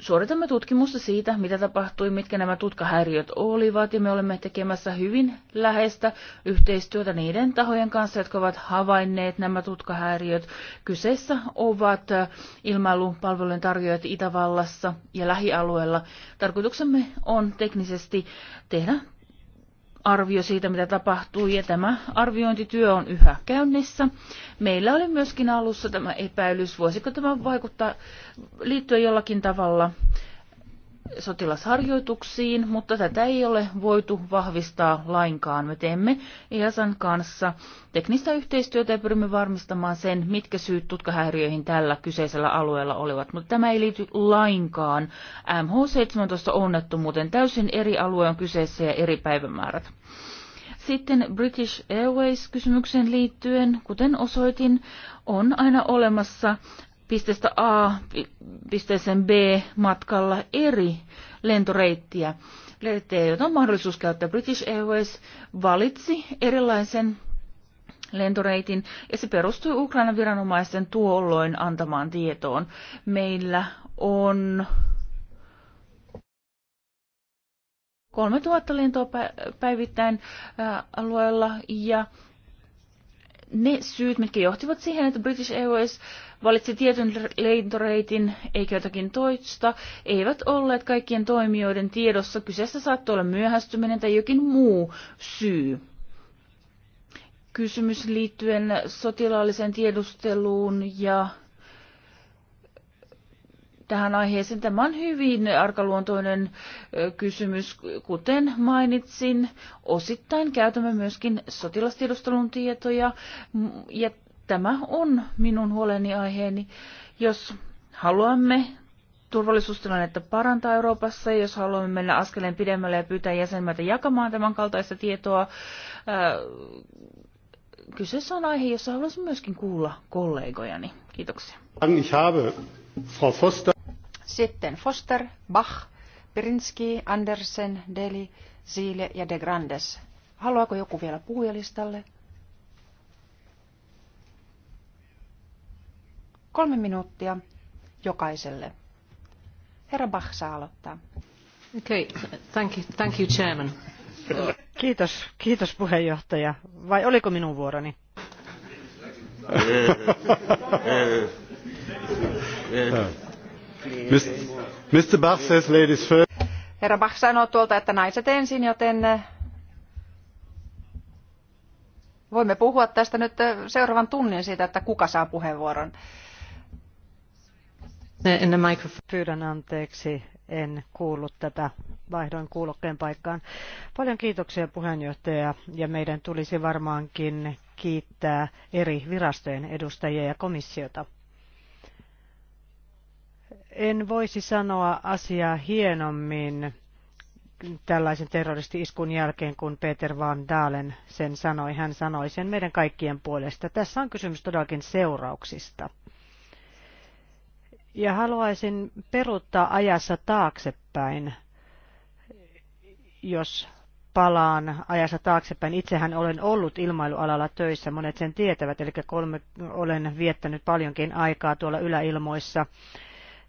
suoritamme tutkimusta siitä, mitä tapahtui, mitkä nämä tutkahäiriöt olivat, ja me olemme tekemässä hyvin läheistä yhteistyötä niiden tahojen kanssa, jotka ovat havainneet nämä tutkahäiriöt. Kyseessä ovat ilmailupalvelujen tarjoajat Itävallassa ja lähialueella. Tarkoituksemme on teknisesti tehdä arvio siitä, mitä tapahtuu ja tämä arviointityö on yhä käynnissä. Meillä oli myöskin alussa tämä epäilys, voisiko tämä vaikuttaa, liittyä jollakin tavalla sotilasharjoituksiin, mutta tätä ei ole voitu vahvistaa lainkaan. Me teemme EASan kanssa teknistä yhteistyötä ja pyrimme varmistamaan sen, mitkä syyt tutkahäiriöihin tällä kyseisellä alueella olivat. Mutta tämä ei liity lainkaan MH17-onnettomuuteen. Täysin eri alue on kyseessä ja eri päivämäärät. Sitten British Airways-kysymykseen liittyen, kuten osoitin, on aina olemassa pisteestä A pisteeseen B matkalla eri lentoreittiä. Lentoreittiä, joita on mahdollisuus käyttää. British Airways valitsi erilaisen lentoreitin ja se perustui Ukrainan viranomaisten tuolloin antamaan tietoon. Meillä on 3000 lentoa päivittäin äh, alueella ja ne syyt, mitkä johtivat siihen, että British Airways valitsi tietyn lentoreitin eikä jotakin toista, eivät olleet kaikkien toimijoiden tiedossa. Kyseessä saattoi olla myöhästyminen tai jokin muu syy. Kysymys liittyen sotilaalliseen tiedusteluun ja tähän aiheeseen. Tämä on hyvin arkaluontoinen kysymys, kuten mainitsin. Osittain käytämme myöskin sotilastiedustelun tietoja ja Tämä on minun huoleni aiheeni. Jos haluamme turvallisuustilannetta parantaa Euroopassa, jos haluamme mennä askeleen pidemmälle ja pyytää jäsenmaita jakamaan tämän kaltaista tietoa, äh, kyseessä on aihe, jossa haluaisin myöskin kuulla kollegojani. Kiitoksia. Sitten Foster, Bach, Perinski, Andersen, Deli, Siile ja De Grandes. Haluaako joku vielä puhujalistalle? Kolme minuuttia jokaiselle. Herra Bach saa aloittaa. Okay. Thank you, thank you chairman. Kiitos, kiitos puheenjohtaja. Vai oliko minun vuoroni? [laughs] Mr. Bach says ladies first. Herra Bach sanoo tuolta, että naiset ensin, joten eh, voimme puhua tästä nyt eh, seuraavan tunnin siitä, että kuka saa puheenvuoron. Pyydän anteeksi, en kuullut tätä, vaihdoin kuulokkeen paikkaan. Paljon kiitoksia puheenjohtaja ja meidän tulisi varmaankin kiittää eri virastojen edustajia ja komissiota. En voisi sanoa asiaa hienommin tällaisen terroristi-iskun jälkeen, kun Peter Van Dalen sen sanoi. Hän sanoi sen meidän kaikkien puolesta. Tässä on kysymys todellakin seurauksista. Ja haluaisin peruuttaa ajassa taaksepäin, jos palaan ajassa taaksepäin. Itsehän olen ollut ilmailualalla töissä, monet sen tietävät, eli kolme, olen viettänyt paljonkin aikaa tuolla yläilmoissa.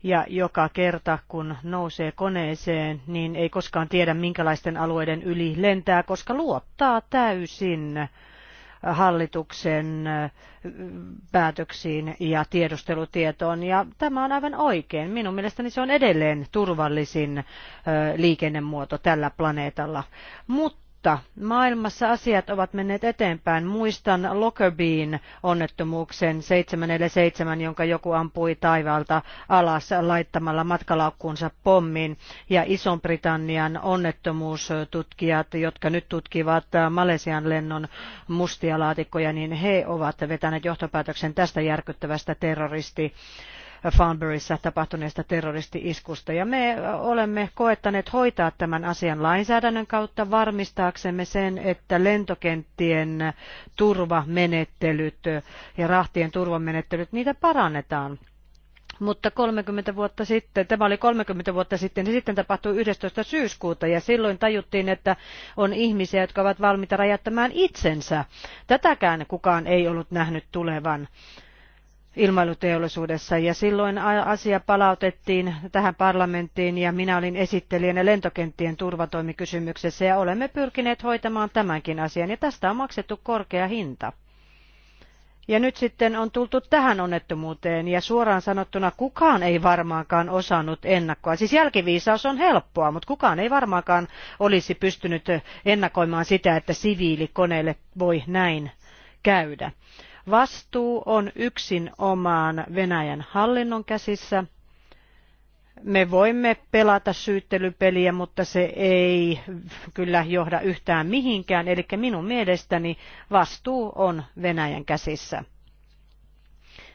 Ja joka kerta, kun nousee koneeseen, niin ei koskaan tiedä, minkälaisten alueiden yli lentää, koska luottaa täysin hallituksen päätöksiin ja tiedustelutietoon. Ja tämä on aivan oikein. Minun mielestäni se on edelleen turvallisin liikennemuoto tällä planeetalla. Mutta mutta maailmassa asiat ovat menneet eteenpäin. Muistan Lockerbien onnettomuuksen 747, jonka joku ampui taivaalta alas laittamalla matkalaukkuunsa pommin, ja Ison-Britannian onnettomuustutkijat, jotka nyt tutkivat Malesian lennon mustia laatikkoja, niin he ovat vetäneet johtopäätöksen tästä järkyttävästä terroristi Farnburyssä tapahtuneesta terroristi-iskusta. Ja me olemme koettaneet hoitaa tämän asian lainsäädännön kautta varmistaaksemme sen, että lentokenttien turvamenettelyt ja rahtien turvamenettelyt, niitä parannetaan mutta 30 vuotta sitten, tämä oli 30 vuotta sitten, niin sitten tapahtui 11. syyskuuta ja silloin tajuttiin, että on ihmisiä, jotka ovat valmiita räjäyttämään itsensä. Tätäkään kukaan ei ollut nähnyt tulevan ilmailuteollisuudessa ja silloin asia palautettiin tähän parlamenttiin ja minä olin esittelijänä lentokenttien turvatoimikysymyksessä ja olemme pyrkineet hoitamaan tämänkin asian ja tästä on maksettu korkea hinta. Ja nyt sitten on tultu tähän onnettomuuteen ja suoraan sanottuna kukaan ei varmaankaan osannut ennakkoa. Siis jälkiviisaus on helppoa, mutta kukaan ei varmaankaan olisi pystynyt ennakoimaan sitä, että siviilikoneelle voi näin käydä. Vastuu on yksin omaan Venäjän hallinnon käsissä. Me voimme pelata syyttelypeliä, mutta se ei kyllä johda yhtään mihinkään. Eli minun mielestäni vastuu on Venäjän käsissä.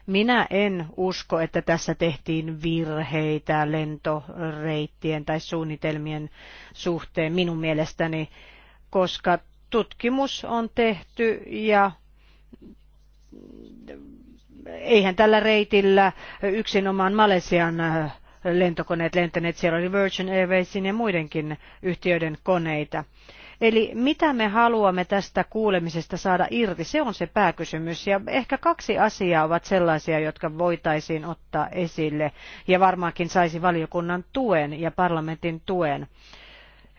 Minä en usko, että tässä tehtiin virheitä lentoreittien tai suunnitelmien suhteen minun mielestäni, koska tutkimus on tehty ja eihän tällä reitillä yksinomaan Malesian äh, lentokoneet lentäneet, siellä oli Virgin Airwaysin ja muidenkin yhtiöiden koneita. Eli mitä me haluamme tästä kuulemisesta saada irti, se on se pääkysymys. Ja ehkä kaksi asiaa ovat sellaisia, jotka voitaisiin ottaa esille ja varmaankin saisi valiokunnan tuen ja parlamentin tuen.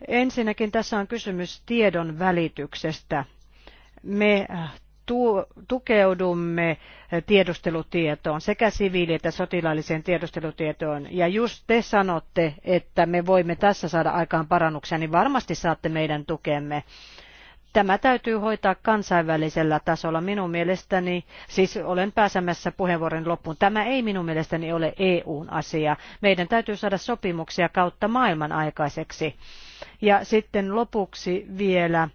Ensinnäkin tässä on kysymys tiedon välityksestä. Me tukeudumme tiedustelutietoon, sekä siviili- että sotilaalliseen tiedustelutietoon. Ja just te sanotte, että me voimme tässä saada aikaan parannuksia, niin varmasti saatte meidän tukemme. Tämä täytyy hoitaa kansainvälisellä tasolla minun mielestäni, siis olen pääsemässä puheenvuoron loppuun. Tämä ei minun mielestäni ole EUn asia. Meidän täytyy saada sopimuksia kautta maailman aikaiseksi. Ja sitten lopuksi vielä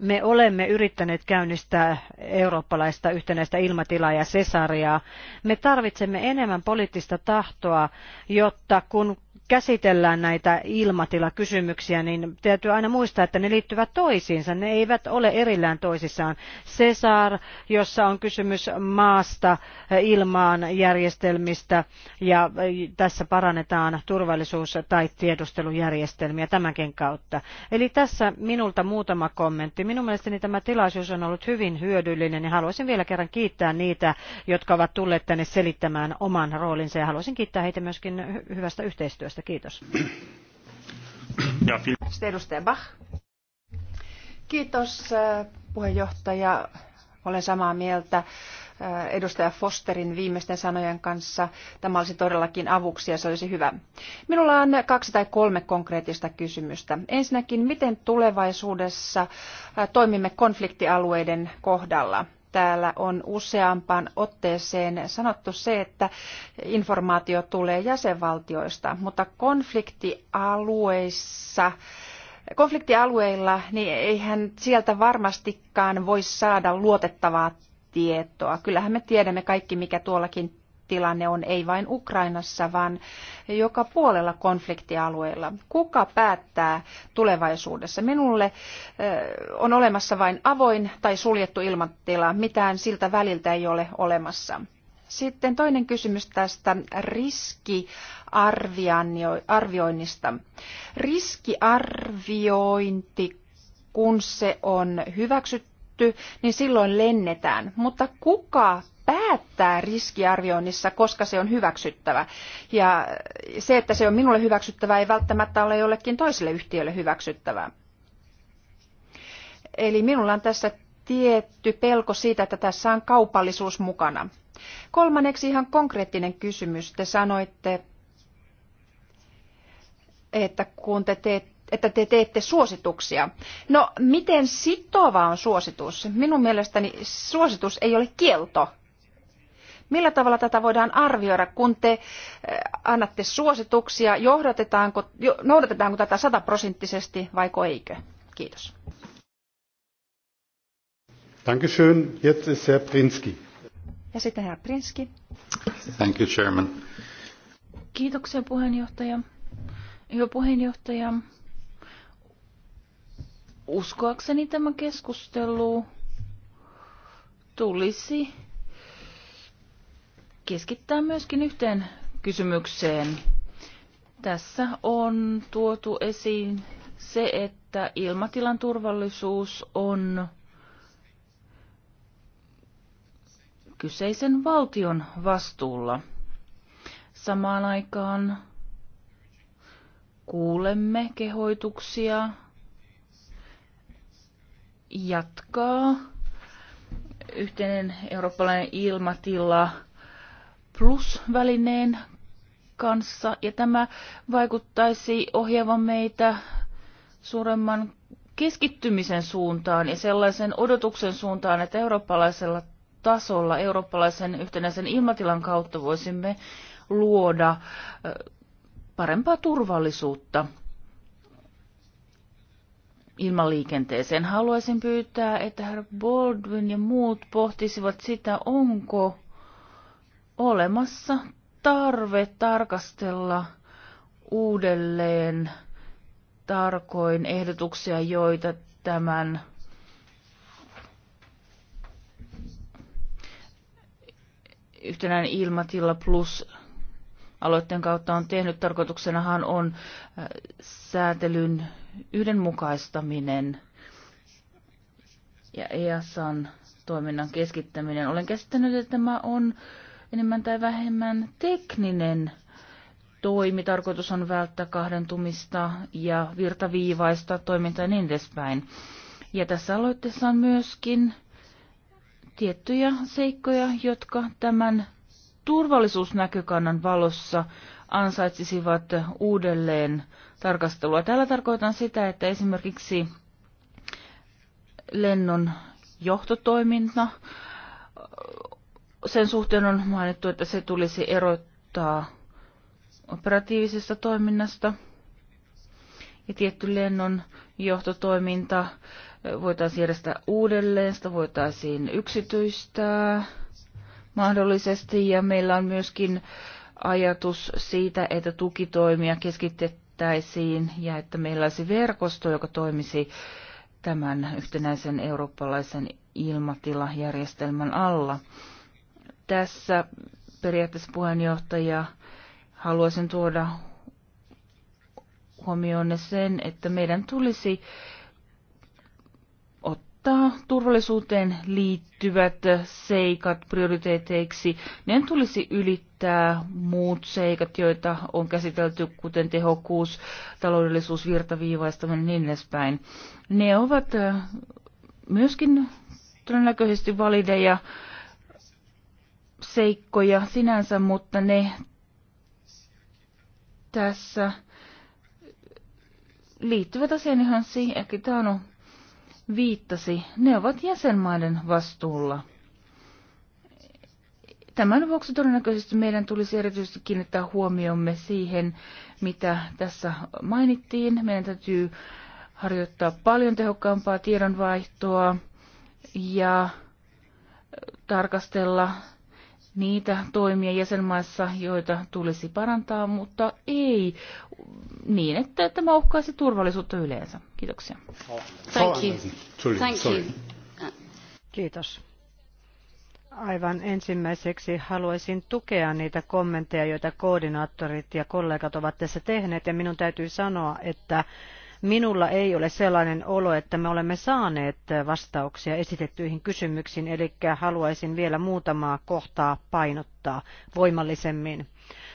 me olemme yrittäneet käynnistää eurooppalaista yhtenäistä ilmatilaa ja sesariaa. Me tarvitsemme enemmän poliittista tahtoa, jotta kun käsitellään näitä ilmatilakysymyksiä, niin täytyy aina muistaa, että ne liittyvät toisiinsa. Ne eivät ole erillään toisissaan. Cesar, jossa on kysymys maasta, ilmaan järjestelmistä ja tässä parannetaan turvallisuus- tai tiedustelujärjestelmiä tämänkin kautta. Eli tässä minulta muutama kommentti. Minun mielestäni tämä tilaisuus on ollut hyvin hyödyllinen ja haluaisin vielä kerran kiittää niitä, jotka ovat tulleet tänne selittämään oman roolinsa ja haluaisin kiittää heitä myöskin hyvästä yhteistyöstä mietinnöstä. Kiitos. edustaja Bach. Kiitos äh, puheenjohtaja. Olen samaa mieltä äh, edustaja Fosterin viimeisten sanojen kanssa. Tämä olisi todellakin avuksi ja se olisi hyvä. Minulla on kaksi tai kolme konkreettista kysymystä. Ensinnäkin, miten tulevaisuudessa äh, toimimme konfliktialueiden kohdalla? täällä on useampaan otteeseen sanottu se, että informaatio tulee jäsenvaltioista, mutta konfliktialueissa konfliktialueilla, niin eihän sieltä varmastikaan voi saada luotettavaa tietoa. Kyllähän me tiedämme kaikki, mikä tuollakin tilanne on ei vain Ukrainassa, vaan joka puolella konfliktialueella. Kuka päättää tulevaisuudessa? Minulle on olemassa vain avoin tai suljettu ilmatila. Mitään siltä väliltä ei ole olemassa. Sitten toinen kysymys tästä riskiarvioinnista. Riskiarviointi, kun se on hyväksytty, niin silloin lennetään. Mutta kuka päättää riskiarvioinnissa, koska se on hyväksyttävä. Ja se, että se on minulle hyväksyttävä, ei välttämättä ole jollekin toiselle yhtiölle hyväksyttävää. Eli minulla on tässä tietty pelko siitä, että tässä on kaupallisuus mukana. Kolmanneksi ihan konkreettinen kysymys. Te sanoitte, että kun te teette että te teette suosituksia. No, miten sitova on suositus? Minun mielestäni suositus ei ole kielto. Millä tavalla tätä voidaan arvioida, kun te eh, annatte suosituksia, johdatetaanko, noudatetaanko tätä sataprosenttisesti vai eikö? Kiitos. Dankeschön. Jetzt ist Herr Prinski. Ja sitten herra Prinski. Thank you, Chairman. Kiitoksia puheenjohtaja. Hyvä puheenjohtaja. Uskoakseni tämä keskustelu tulisi keskittää myöskin yhteen kysymykseen. Tässä on tuotu esiin se, että ilmatilan turvallisuus on kyseisen valtion vastuulla. Samaan aikaan kuulemme kehoituksia jatkaa yhteinen eurooppalainen ilmatila – Plus-välineen kanssa, ja tämä vaikuttaisi ohjaavan meitä suuremman keskittymisen suuntaan ja sellaisen odotuksen suuntaan, että eurooppalaisella tasolla, eurooppalaisen yhtenäisen ilmatilan kautta voisimme luoda parempaa turvallisuutta ilmaliikenteeseen. Haluaisin pyytää, että herra Baldwin ja muut pohtisivat sitä, onko olemassa tarve tarkastella uudelleen tarkoin ehdotuksia, joita tämän yhtenäinen ilmatila plus aloitteen kautta on tehnyt. Tarkoituksenahan on äh, säätelyn yhdenmukaistaminen ja EASAn toiminnan keskittäminen. Olen käsittänyt, että tämä on enemmän tai vähemmän tekninen toimi. Tarkoitus on välttää kahdentumista ja virtaviivaista toimintaa niin edespäin. Ja tässä aloitteessa on myöskin tiettyjä seikkoja, jotka tämän turvallisuusnäkökannan valossa ansaitsisivat uudelleen tarkastelua. Tällä tarkoitan sitä, että esimerkiksi lennon johtotoiminta sen suhteen on mainittu, että se tulisi erottaa operatiivisesta toiminnasta ja tietty lennon johtotoiminta voitaisiin järjestää uudelleen, sitä voitaisiin yksityistää mahdollisesti ja meillä on myöskin ajatus siitä, että tukitoimia keskitettäisiin ja että meillä olisi verkosto, joka toimisi tämän yhtenäisen eurooppalaisen ilmatilajärjestelmän alla tässä periaatteessa puheenjohtaja haluaisin tuoda huomioon sen, että meidän tulisi ottaa turvallisuuteen liittyvät seikat prioriteeteiksi. Ne tulisi ylittää muut seikat, joita on käsitelty, kuten tehokkuus, taloudellisuus, virtaviivaistaminen ja niin edespäin. Ne ovat myöskin todennäköisesti valideja seikkoja sinänsä, mutta ne tässä liittyvät asiaan, johon Siakitano viittasi. Ne ovat jäsenmaiden vastuulla. Tämän vuoksi todennäköisesti meidän tulisi erityisesti kiinnittää huomiomme siihen, mitä tässä mainittiin. Meidän täytyy harjoittaa paljon tehokkaampaa tiedonvaihtoa ja tarkastella niitä toimia jäsenmaissa, joita tulisi parantaa, mutta ei niin, että tämä uhkaisi turvallisuutta yleensä. Kiitoksia. Thank you. Thank you. Kiitos. Aivan ensimmäiseksi haluaisin tukea niitä kommentteja, joita koordinaattorit ja kollegat ovat tässä tehneet. Ja minun täytyy sanoa, että Minulla ei ole sellainen olo, että me olemme saaneet vastauksia esitettyihin kysymyksiin, eli haluaisin vielä muutamaa kohtaa painottaa voimallisemmin.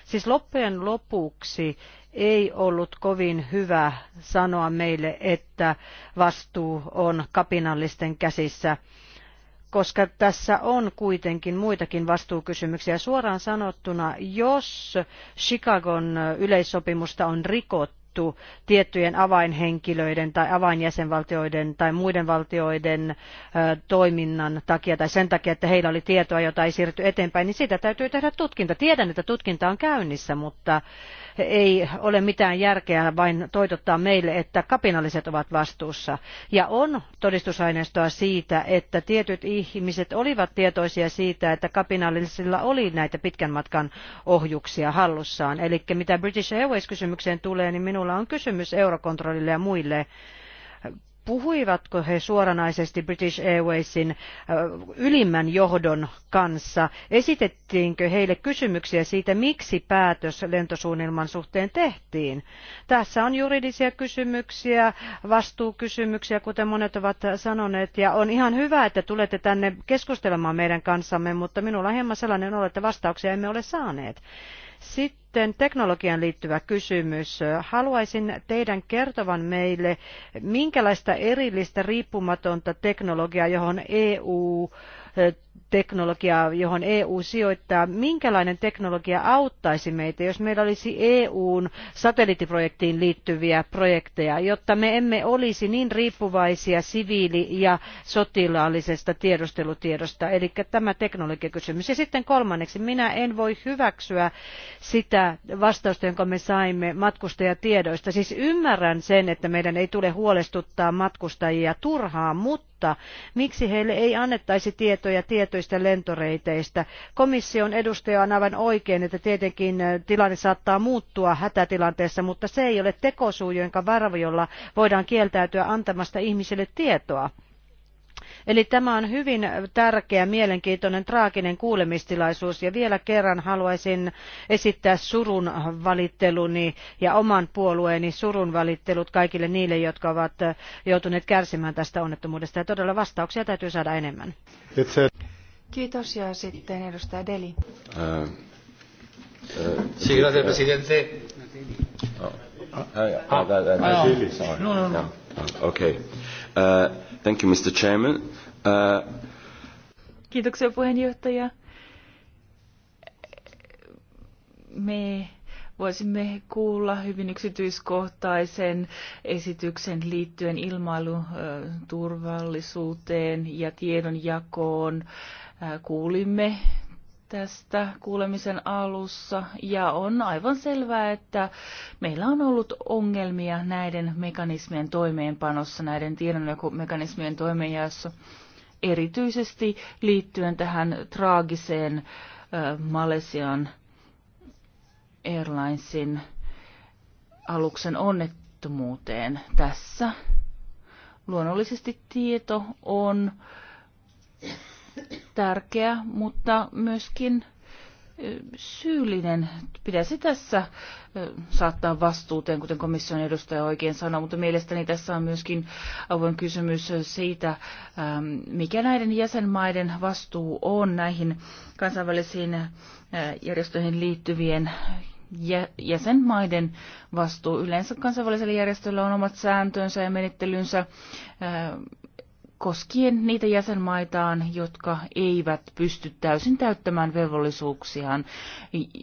Siis loppujen lopuksi ei ollut kovin hyvä sanoa meille, että vastuu on kapinallisten käsissä koska tässä on kuitenkin muitakin vastuukysymyksiä. Suoraan sanottuna, jos Chicagon yleissopimusta on rikottu, sidottu tiettyjen avainhenkilöiden tai avainjäsenvaltioiden tai muiden valtioiden toiminnan takia tai sen takia, että heillä oli tietoa, jota ei siirretty eteenpäin, niin siitä täytyy tehdä tutkinta. Tiedän, että tutkinta on käynnissä, mutta ei ole mitään järkeä vain toitottaa meille, että kapinalliset ovat vastuussa. Ja on todistusaineistoa siitä, että tietyt ihmiset olivat tietoisia siitä, että kapinallisilla oli näitä pitkän matkan ohjuksia hallussaan. Eli mitä British Airways-kysymykseen tulee, niin minulla minulla on kysymys Eurokontrollille ja muille puhuivatko he suoranaisesti British Airwaysin ylimmän johdon kanssa? Esitettiinkö heille kysymyksiä siitä, miksi päätös lentosuunnilman suhteen tehtiin? Tässä on juridisia kysymyksiä, vastuukysymyksiä, kuten monet ovat sanoneet, ja on ihan hyvä, että tulette tänne keskustelemaan meidän kanssamme, mutta minulla on hieman sellainen olo, että vastauksia emme ole saaneet. Sitten sitten teknologian liittyvä kysymys. Haluaisin teidän kertovan meille, minkälaista erillistä riippumatonta teknologiaa, johon EU teknologiaa, johon EU sijoittaa. Minkälainen teknologia auttaisi meitä, jos meillä olisi EUn satelliittiprojektiin liittyviä projekteja, jotta me emme olisi niin riippuvaisia siviili- ja sotilaallisesta tiedustelutiedosta, eli tämä teknologiakysymys. Ja sitten kolmanneksi, minä en voi hyväksyä sitä vastausta, jonka me saimme matkustajatiedoista. Siis ymmärrän sen, että meidän ei tule huolestuttaa matkustajia turhaan, mutta mutta miksi heille ei annettaisi tietoja tietoista lentoreiteistä? Komission edustaja on aivan oikein, että tietenkin tilanne saattaa muuttua hätätilanteessa, mutta se ei ole tekosuu, jonka varvoilla voidaan kieltäytyä antamasta ihmisille tietoa. Eli tämä on hyvin tärkeä, mielenkiintoinen, traaginen kuulemistilaisuus ja vielä kerran haluaisin esittää surun valitteluni ja oman puolueeni surun valittelut kaikille niille, jotka ovat joutuneet kärsimään tästä onnettomuudesta ja todella vastauksia täytyy saada enemmän. Kiitos ja sitten edustaja Deli. uh, sí, gracias, Presidente, no, no, no. Thank you, Mr. Chairman. Uh, Kiitoksia puheenjohtaja. Me voisimme kuulla hyvin yksityiskohtaisen esityksen liittyen ilmailuturvallisuuteen ja tiedonjakoon. Uh, kuulimme tästä kuulemisen alussa ja on aivan selvää, että meillä on ollut ongelmia näiden mekanismien toimeenpanossa, näiden tiedonjakomekanismien toimeenjaossa, erityisesti liittyen tähän traagiseen Malesian Airlinesin aluksen onnettomuuteen tässä. Luonnollisesti tieto on tärkeä, mutta myöskin syyllinen pitäisi tässä saattaa vastuuteen, kuten komission edustaja oikein sanoi, mutta mielestäni tässä on myöskin avoin kysymys siitä, mikä näiden jäsenmaiden vastuu on näihin kansainvälisiin järjestöihin liittyvien jäsenmaiden vastuu. Yleensä kansainvälisellä järjestöllä on omat sääntönsä ja menettelynsä koskien niitä jäsenmaitaan, jotka eivät pysty täysin täyttämään velvollisuuksiaan,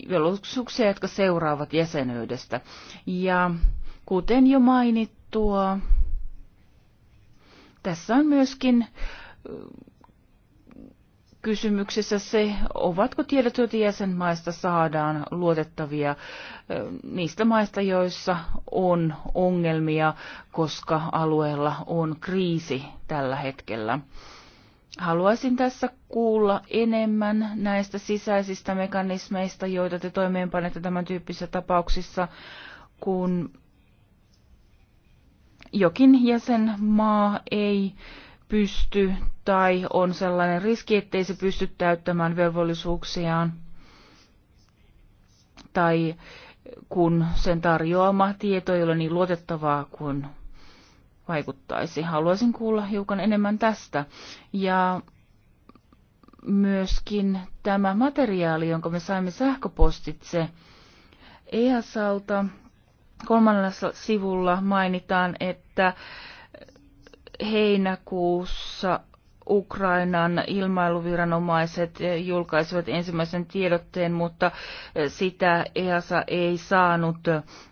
velvollisuuksia, jotka seuraavat jäsenyydestä. Ja kuten jo mainittua, tässä on myöskin kysymyksessä se, ovatko tiedot, joita jäsenmaista saadaan luotettavia niistä maista, joissa on ongelmia, koska alueella on kriisi tällä hetkellä. Haluaisin tässä kuulla enemmän näistä sisäisistä mekanismeista, joita te toimeenpanette tämän tyyppisissä tapauksissa, kun jokin jäsenmaa ei pysty tai on sellainen riski, ettei se pysty täyttämään velvollisuuksiaan tai kun sen tarjoama tieto ei ole niin luotettavaa kuin vaikuttaisi. Haluaisin kuulla hiukan enemmän tästä. Ja myöskin tämä materiaali, jonka me saimme sähköpostitse EASalta, kolmannella sivulla mainitaan, että heinäkuussa Ukrainan ilmailuviranomaiset julkaisivat ensimmäisen tiedotteen, mutta sitä EASA ei saanut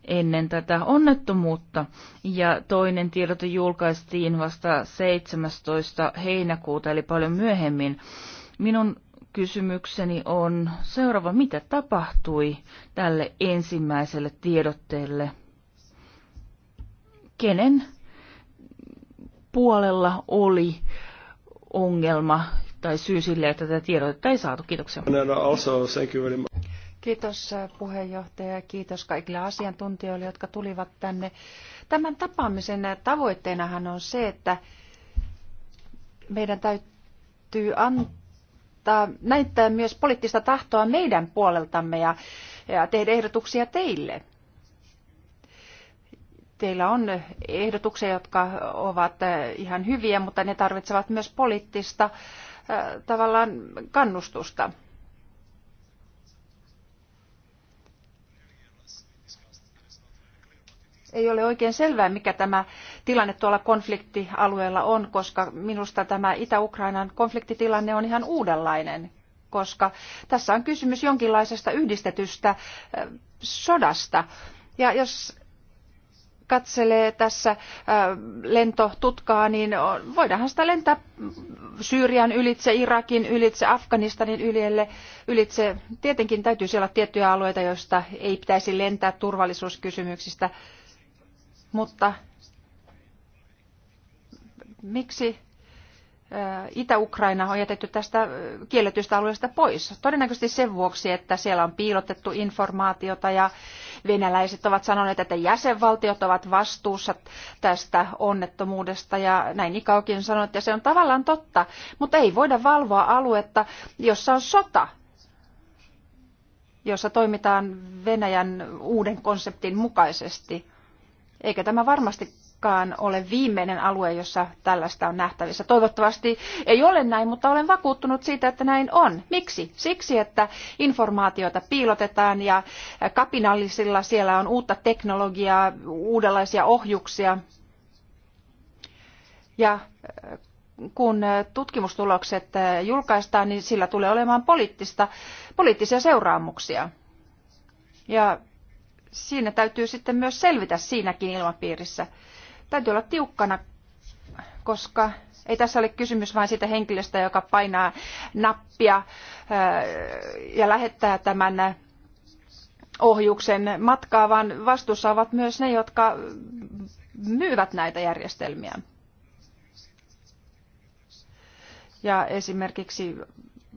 ennen tätä onnettomuutta. Ja toinen tiedote julkaistiin vasta 17. heinäkuuta, eli paljon myöhemmin. Minun kysymykseni on seuraava. Mitä tapahtui tälle ensimmäiselle tiedotteelle? Kenen puolella oli ongelma tai syy sille, että tätä tiedotetta ei saatu. Kiitoksia. No, no, kiitos äh, puheenjohtaja ja kiitos kaikille asiantuntijoille, jotka tulivat tänne. Tämän tapaamisen tavoitteenahan on se, että meidän täytyy antaa, näyttää myös poliittista tahtoa meidän puoleltamme ja, ja tehdä ehdotuksia teille teillä on ehdotuksia, jotka ovat eh, ihan hyviä, mutta ne tarvitsevat myös poliittista eh, tavallaan kannustusta. Ei ole oikein selvää, mikä tämä tilanne tuolla konfliktialueella on, koska minusta tämä Itä-Ukrainan konfliktitilanne on ihan uudenlainen, koska tässä on kysymys jonkinlaisesta yhdistetystä eh, sodasta. Ja jos katselee tässä lentotutkaa, niin voidaanhan sitä lentää Syyrian ylitse, Irakin ylitse, Afganistanin yljelle, ylitse. Tietenkin täytyy olla tiettyjä alueita, joista ei pitäisi lentää turvallisuuskysymyksistä, mutta miksi Itä-Ukraina on jätetty tästä kielletystä alueesta pois. Todennäköisesti sen vuoksi, että siellä on piilotettu informaatiota ja venäläiset ovat sanoneet, että jäsenvaltiot ovat vastuussa tästä onnettomuudesta ja näin Nikaukin on sanonut, että se on tavallaan totta, mutta ei voida valvoa aluetta, jossa on sota jossa toimitaan Venäjän uuden konseptin mukaisesti. Eikä tämä varmasti koskaan ole viimeinen alue, jossa tällaista on nähtävissä. Toivottavasti ei ole näin, mutta olen vakuuttunut siitä, että näin on. Miksi? Siksi, että informaatiota piilotetaan ja kapinallisilla siellä on uutta teknologiaa, uudenlaisia ohjuksia. Ja äh, kun tutkimustulokset äh, julkaistaan, niin sillä tulee olemaan poliittista, poliittisia seuraamuksia. Ja siinä täytyy sitten myös selvitä siinäkin ilmapiirissä. Täytyy olla tiukkana, koska ei tässä ole kysymys vain siitä henkilöstä, joka painaa nappia ja lähettää tämän ohjuksen matkaa, vaan vastuussa ovat myös ne, jotka myyvät näitä järjestelmiä. Ja esimerkiksi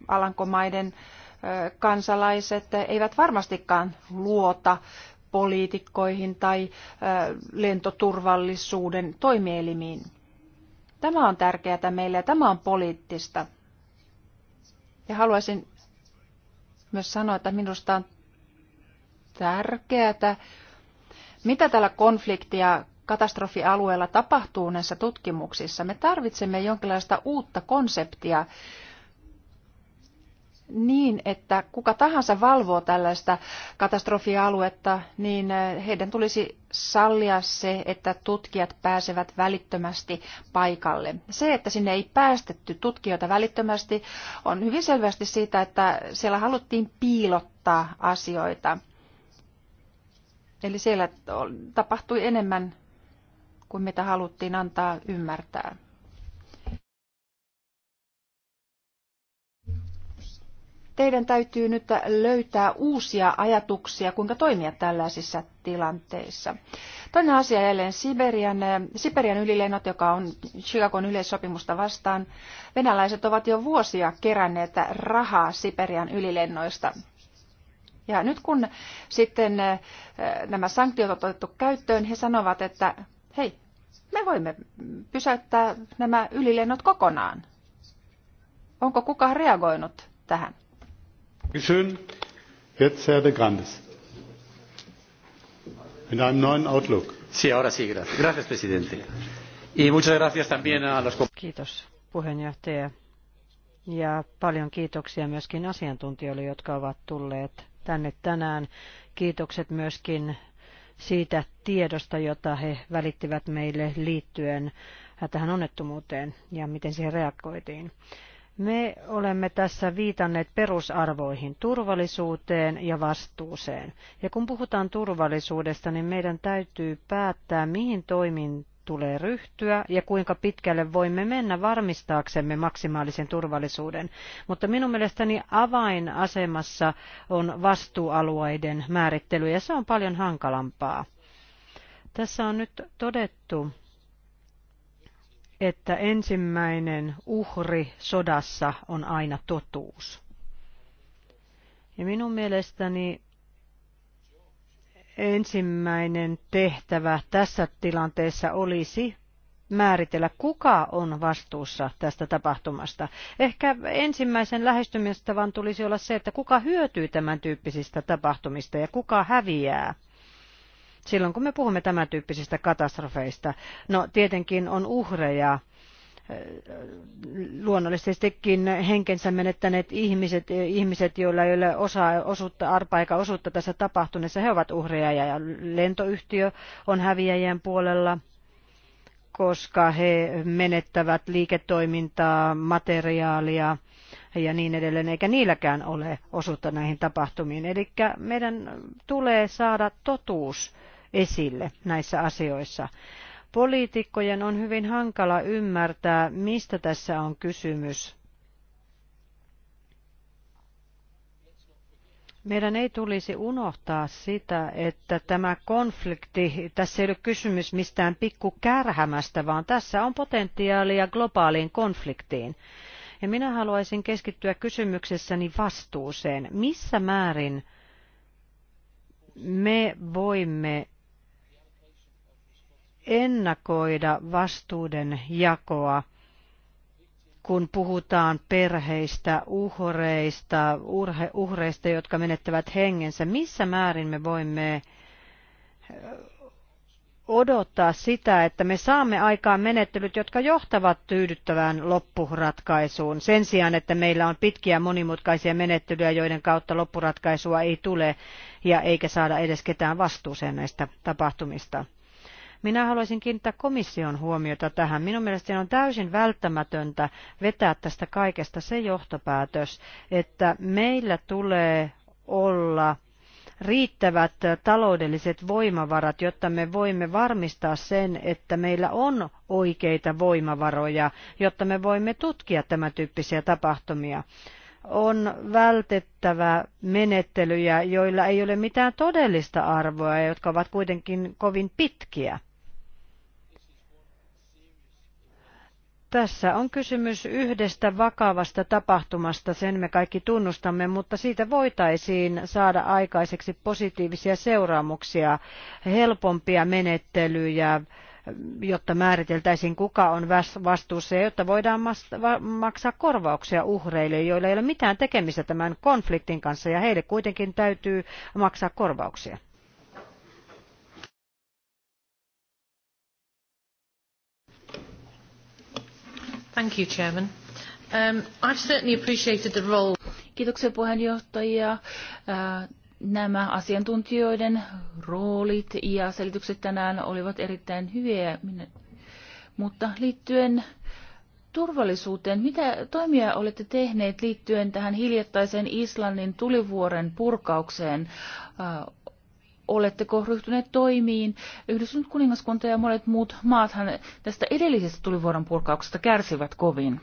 Alankomaiden kansalaiset eivät varmastikaan luota poliitikkoihin tai lentoturvallisuuden toimielimiin. Tämä on tärkeää meille ja tämä on poliittista. Ja haluaisin myös sanoa, että minusta on tärkeää, mitä tällä konflikti- ja katastrofialueella tapahtuu näissä tutkimuksissa. Me tarvitsemme jonkinlaista uutta konseptia, niin, että kuka tahansa valvoo tällaista katastrofialuetta, niin eh, heidän tulisi sallia se, että tutkijat pääsevät välittömästi paikalle. Se, että sinne ei päästetty tutkijoita välittömästi, on hyvin selvästi siitä, että siellä haluttiin piilottaa asioita. Eli siellä tapahtui enemmän kuin mitä haluttiin antaa ymmärtää. Teidän täytyy nyt löytää uusia ajatuksia, kuinka toimia tällaisissa tilanteissa. Toinen asia jälleen Siberian, Siberian ylilennot, joka on Chicagon yleissopimusta vastaan. Venäläiset ovat jo vuosia keränneet rahaa Siberian ylilennoista. Ja nyt kun sitten eh, nämä sanktiot on otettu käyttöön, he sanovat, että hei, me voimme pysäyttää nämä ylilennot kokonaan. Onko kukaan reagoinut tähän? muchas gracias también a los... Kiitos, puheenjohtaja. Ja paljon kiitoksia myöskin asiantuntijoille, jotka ovat tulleet tänne tänään. Kiitokset myöskin siitä tiedosta, jota he välittivät meille liittyen tähän onnettomuuteen ja miten siihen reagoitiin. Me olemme tässä viitanneet perusarvoihin, turvallisuuteen ja vastuuseen. Ja kun puhutaan turvallisuudesta, niin meidän täytyy päättää, mihin toimin tulee ryhtyä ja kuinka pitkälle voimme mennä varmistaaksemme maksimaalisen turvallisuuden. Mutta minun mielestäni avainasemassa on vastuualueiden määrittely ja se on paljon hankalampaa. Tässä on nyt todettu, että ensimmäinen uhri sodassa on aina totuus. Ja minun mielestäni ensimmäinen tehtävä tässä tilanteessa olisi määritellä, kuka on vastuussa tästä tapahtumasta. Ehkä ensimmäisen lähestymistavan tulisi olla se, että kuka hyötyy tämän tyyppisistä tapahtumista ja kuka häviää silloin kun me puhumme tämän tyyppisistä katastrofeista. No tietenkin on uhreja, äh, luonnollisestikin henkensä menettäneet ihmiset, ihmiset joilla ei ole osa osuutta, arpa eikä osuutta tässä tapahtuneessa, he ovat uhreja ja lentoyhtiö on häviäjien puolella koska he menettävät liiketoimintaa, materiaalia ja niin edelleen, eikä niilläkään ole osuutta näihin tapahtumiin. Eli meidän tulee saada totuus esille näissä asioissa. Poliitikkojen on hyvin hankala ymmärtää, mistä tässä on kysymys. Meidän ei tulisi unohtaa sitä, että tämä konflikti, tässä ei ole kysymys mistään pikkukärhämästä, vaan tässä on potentiaalia globaaliin konfliktiin. Ja minä haluaisin keskittyä kysymyksessäni vastuuseen. Missä määrin me voimme ennakoida vastuuden jakoa, kun puhutaan perheistä, uhreista, urhe, uhreista, jotka menettävät hengensä. Missä määrin me voimme odottaa sitä, että me saamme aikaan menettelyt, jotka johtavat tyydyttävään loppuratkaisuun, sen sijaan, että meillä on pitkiä monimutkaisia menettelyjä, joiden kautta loppuratkaisua ei tule ja eikä saada edes ketään vastuuseen näistä tapahtumista. Minä haluaisin kiinnittää komission huomiota tähän. Minun mielestäni on täysin välttämätöntä vetää tästä kaikesta se johtopäätös, että meillä tulee olla riittävät taloudelliset voimavarat, jotta me voimme varmistaa sen, että meillä on oikeita voimavaroja, jotta me voimme tutkia tämän tyyppisiä tapahtumia. On vältettävä menettelyjä, joilla ei ole mitään todellista arvoa ja jotka ovat kuitenkin kovin pitkiä. Tässä on kysymys yhdestä vakavasta tapahtumasta, sen me kaikki tunnustamme, mutta siitä voitaisiin saada aikaiseksi positiivisia seuraamuksia, helpompia menettelyjä, jotta määriteltäisiin, kuka on vastuussa ja jotta voidaan maksaa korvauksia uhreille, joilla ei ole mitään tekemistä tämän konfliktin kanssa ja heille kuitenkin täytyy maksaa korvauksia. Thank you, Chairman. Um, I've certainly appreciated the role. Kiitoksia puheenjohtajia. Äh, nämä asiantuntijoiden roolit ja selitykset tänään olivat erittäin hyviä, mutta liittyen turvallisuuteen, mitä toimia olette tehneet liittyen tähän hiljattaisen Islannin tulivuoren purkaukseen? Äh, oletteko ryhtyneet toimiin? Yhdistynyt kuningaskunta ja monet muut maathan tästä edellisestä tulivuoron purkauksesta kärsivät kovin.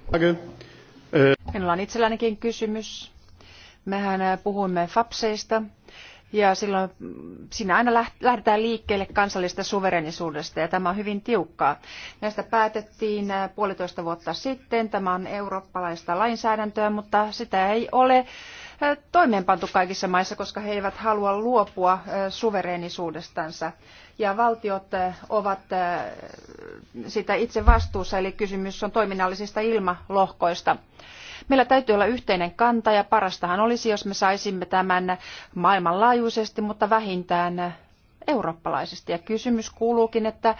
Minulla on itsellänikin kysymys. Mehän puhuimme FAPSeista ja silloin siinä aina lähdetään liikkeelle kansallista suverenisuudesta ja tämä on hyvin tiukkaa. Näistä päätettiin äh, puolitoista vuotta sitten. Tämä on eurooppalaista lainsäädäntöä, mutta sitä ei ole toimeenpantu kaikissa maissa, koska he eivät halua luopua suvereenisuudestansa. Ja valtiot ovat sitä itse vastuussa, eli kysymys on toiminnallisista ilmalohkoista. Meillä täytyy olla yhteinen kanta ja parastahan olisi, jos me saisimme tämän maailmanlaajuisesti, mutta vähintään eurooppalaisesti. Ja kysymys kuuluukin, että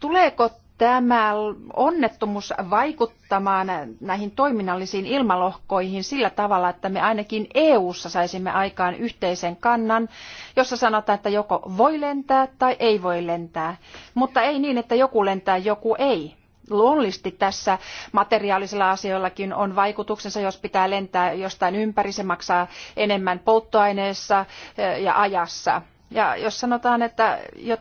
tuleeko tämä onnettomuus vaikuttamaan näihin toiminnallisiin ilmalohkoihin sillä tavalla, että me ainakin EU-ssa saisimme aikaan yhteisen kannan, jossa sanotaan, että joko voi lentää tai ei voi lentää, mutta ei niin, että joku lentää, joku ei. Luonnollisesti tässä materiaalisilla asioillakin on vaikutuksensa, jos pitää lentää jostain ympäri, se maksaa enemmän polttoaineessa eh, ja ajassa ja jos sanotaan, että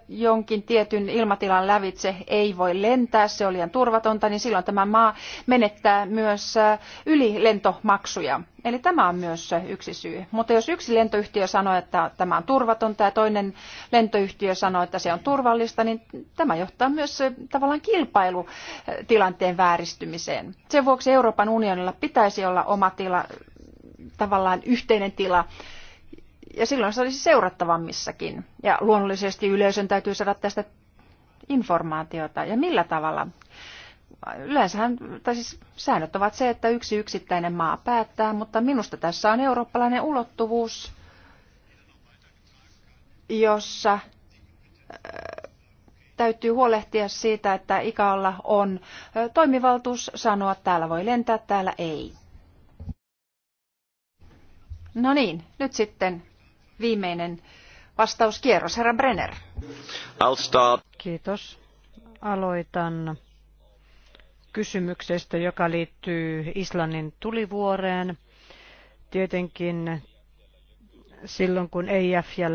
jonkin tietyn ilmatilan lävitse ei voi lentää, se on liian turvatonta, niin silloin tämä maa menettää myös ylilentomaksuja. Eli tämä on myös yksi syy. Mutta jos yksi lentoyhtiö sanoo, että tämä on turvatonta ja toinen lentoyhtiö sanoo, että se on turvallista, niin tämä johtaa myös tavallaan kilpailutilanteen vääristymiseen. Sen vuoksi Euroopan unionilla pitäisi olla oma tila, tavallaan yhteinen tila ja silloin se olisi seurattavammissakin. Ja luonnollisesti yleisön täytyy saada tästä informaatiota. Ja millä tavalla? Yleensähän, tai siis säännöt ovat se, että yksi yksittäinen maa päättää, mutta minusta tässä on eurooppalainen ulottuvuus, jossa äh, täytyy huolehtia siitä, että ikäalla on äh, toimivaltuus sanoa, että täällä voi lentää, täällä ei. No niin, nyt sitten viimeinen vastauskierros. Herra Brenner. I'll start. Kiitos. Aloitan kysymyksestä, joka liittyy Islannin tulivuoreen. Tietenkin silloin, kun EIF ja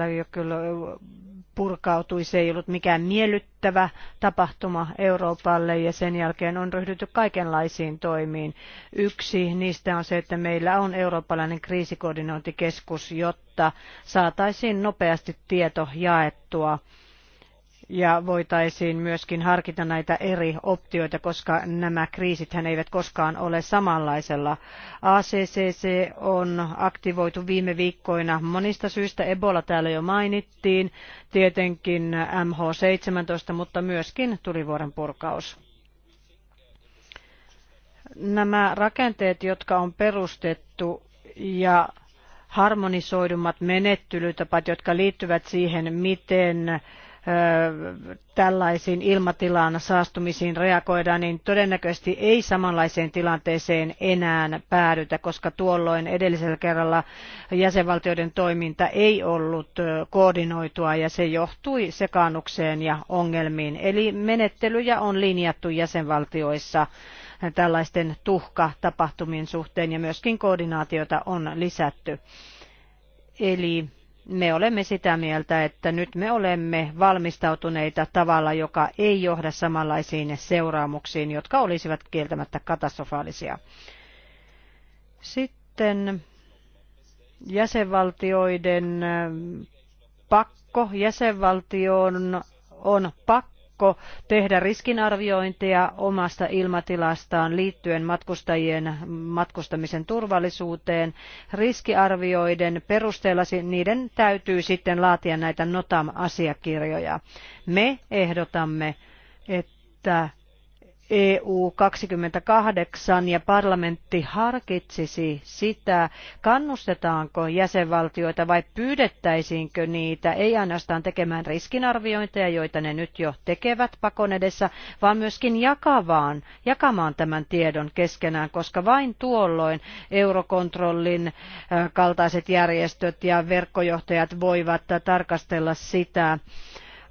purkautui. Se ei ollut mikään miellyttävä tapahtuma Euroopalle ja sen jälkeen on ryhdytty kaikenlaisiin toimiin. Yksi niistä on se, että meillä on eurooppalainen kriisikoordinointikeskus, jotta saataisiin nopeasti tieto jaettua ja voitaisiin myöskin harkita näitä eri optioita, koska nämä kriisit eivät koskaan ole samanlaisella. ACCC on aktivoitu viime viikkoina monista syistä. Ebola täällä jo mainittiin, tietenkin MH17, mutta myöskin tulivuoren purkaus. Nämä rakenteet, jotka on perustettu ja harmonisoidummat menettelytapat, jotka liittyvät siihen, miten tällaisiin ilmatilaan saastumisiin reagoidaan, niin todennäköisesti ei samanlaiseen tilanteeseen enää päädytä, koska tuolloin edellisellä kerralla jäsenvaltioiden toiminta ei ollut koordinoitua ja se johtui sekaannukseen ja ongelmiin. Eli menettelyjä on linjattu jäsenvaltioissa tällaisten tuhkatapahtumien suhteen ja myöskin koordinaatiota on lisätty. Eli me olemme sitä mieltä, että nyt me olemme valmistautuneita tavalla, joka ei johda samanlaisiin seuraamuksiin, jotka olisivat kieltämättä katastrofaalisia. Sitten jäsenvaltioiden äh, pakko. jäsenvaltioon on pakko pakko tehdä riskinarviointeja omasta ilmatilastaan liittyen matkustajien matkustamisen turvallisuuteen. Riskiarvioiden perusteella niiden täytyy sitten laatia näitä NOTAM-asiakirjoja. Me ehdotamme, että EU 28 ja parlamentti harkitsisi sitä, kannustetaanko jäsenvaltioita vai pyydettäisiinkö niitä ei ainoastaan tekemään riskinarviointeja, joita ne nyt jo tekevät pakon edessä, vaan myöskin jakavaan, jakamaan tämän tiedon keskenään, koska vain tuolloin eurokontrollin äh, kaltaiset järjestöt ja verkkojohtajat voivat tarkastella sitä,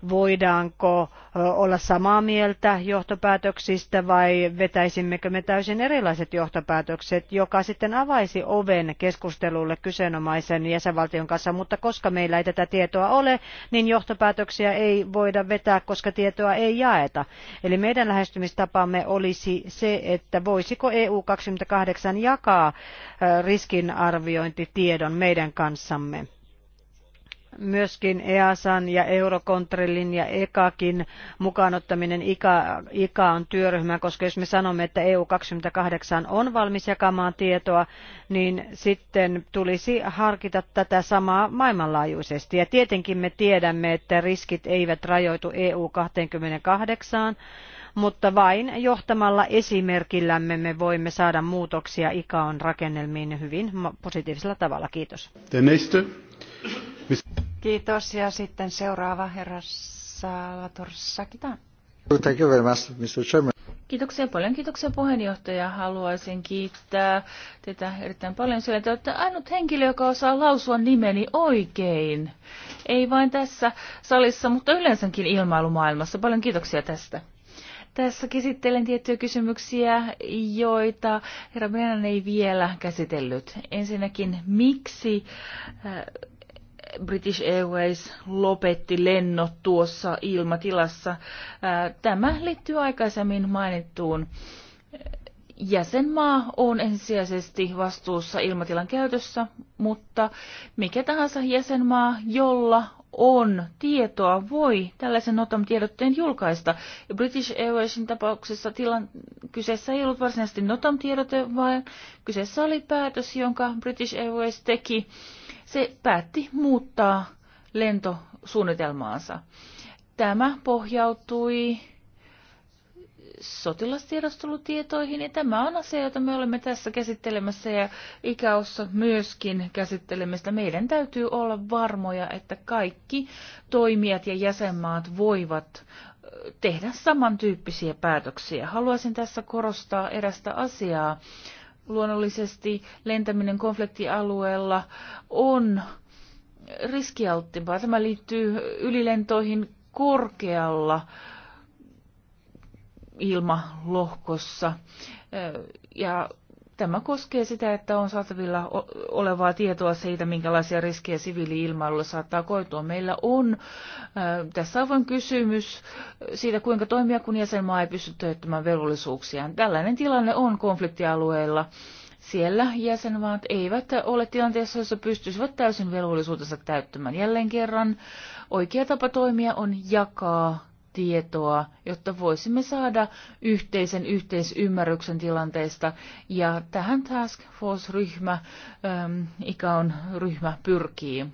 voidaanko olla samaa mieltä johtopäätöksistä vai vetäisimmekö me täysin erilaiset johtopäätökset, joka sitten avaisi oven keskustelulle kyseenomaisen jäsenvaltion kanssa, mutta koska meillä ei tätä tietoa ole, niin johtopäätöksiä ei voida vetää, koska tietoa ei jaeta. Eli meidän lähestymistapamme olisi se, että voisiko EU28 jakaa riskinarviointitiedon meidän kanssamme myöskin EASAN ja Eurokontrollin ja EKAkin mukaanottaminen IKA, työryhmään, on työryhmä, koska jos me sanomme, että EU28 on valmis jakamaan tietoa, niin sitten tulisi harkita tätä samaa maailmanlaajuisesti. Ja tietenkin me tiedämme, että riskit eivät rajoitu EU28, mutta vain johtamalla esimerkillämme me voimme saada muutoksia ICAOn rakennelmiin hyvin positiivisella tavalla. Kiitos. Kiitos. Ja sitten seuraava herra Salvatore Sakitan. Kiitoksia paljon. Kiitoksia puheenjohtaja. Haluaisin kiittää teitä erittäin paljon sillä, että olette ainut henkilö, joka osaa lausua nimeni oikein. Ei vain tässä salissa, mutta yleensäkin ilmailumaailmassa. Paljon kiitoksia tästä. Tässä käsittelen tiettyjä kysymyksiä, joita herra Brennan ei vielä käsitellyt. Ensinnäkin, miksi äh, British Airways lopetti lennot tuossa ilmatilassa. Tämä liittyy aikaisemmin mainittuun. Jäsenmaa on ensisijaisesti vastuussa ilmatilan käytössä, mutta mikä tahansa jäsenmaa, jolla on tietoa, voi tällaisen NOTAM-tiedotteen julkaista. British Airwaysin tapauksessa tilan kyseessä ei ollut varsinaisesti NOTAM-tiedote, vaan kyseessä oli päätös, jonka British Airways teki äh, se päätti muuttaa lentosuunnitelmaansa. Tämä pohjautui sotilastiedostelutietoihin, ja tämä on asia, jota me olemme tässä käsittelemässä ja ikäossa myöskin käsittelemässä. Meidän täytyy olla varmoja, että kaikki toimijat ja jäsenmaat voivat tehdä samantyyppisiä päätöksiä. Haluaisin tässä korostaa erästä asiaa luonnollisesti lentäminen konfliktialueella on riskialttimpaa. Tämä liittyy ylilentoihin korkealla ilmalohkossa. Ja Tämä koskee sitä, että on saatavilla olevaa tietoa siitä, minkälaisia riskejä siviiliilmailulle saattaa koitua. Meillä on tässä avoin kysymys siitä, kuinka toimia, kun jäsenmaa ei pysty täyttämään velvollisuuksiaan. Tällainen tilanne on konfliktialueilla. Siellä jäsenmaat eivät ole tilanteessa, jossa pystyisivät täysin velvollisuutensa täyttämään. Jälleen kerran oikea tapa toimia on jakaa tietoa, jotta voisimme saada yhteisen yhteisymmärryksen tilanteesta. Ja tähän Task Force-ryhmä, ähm, on ryhmä pyrkii.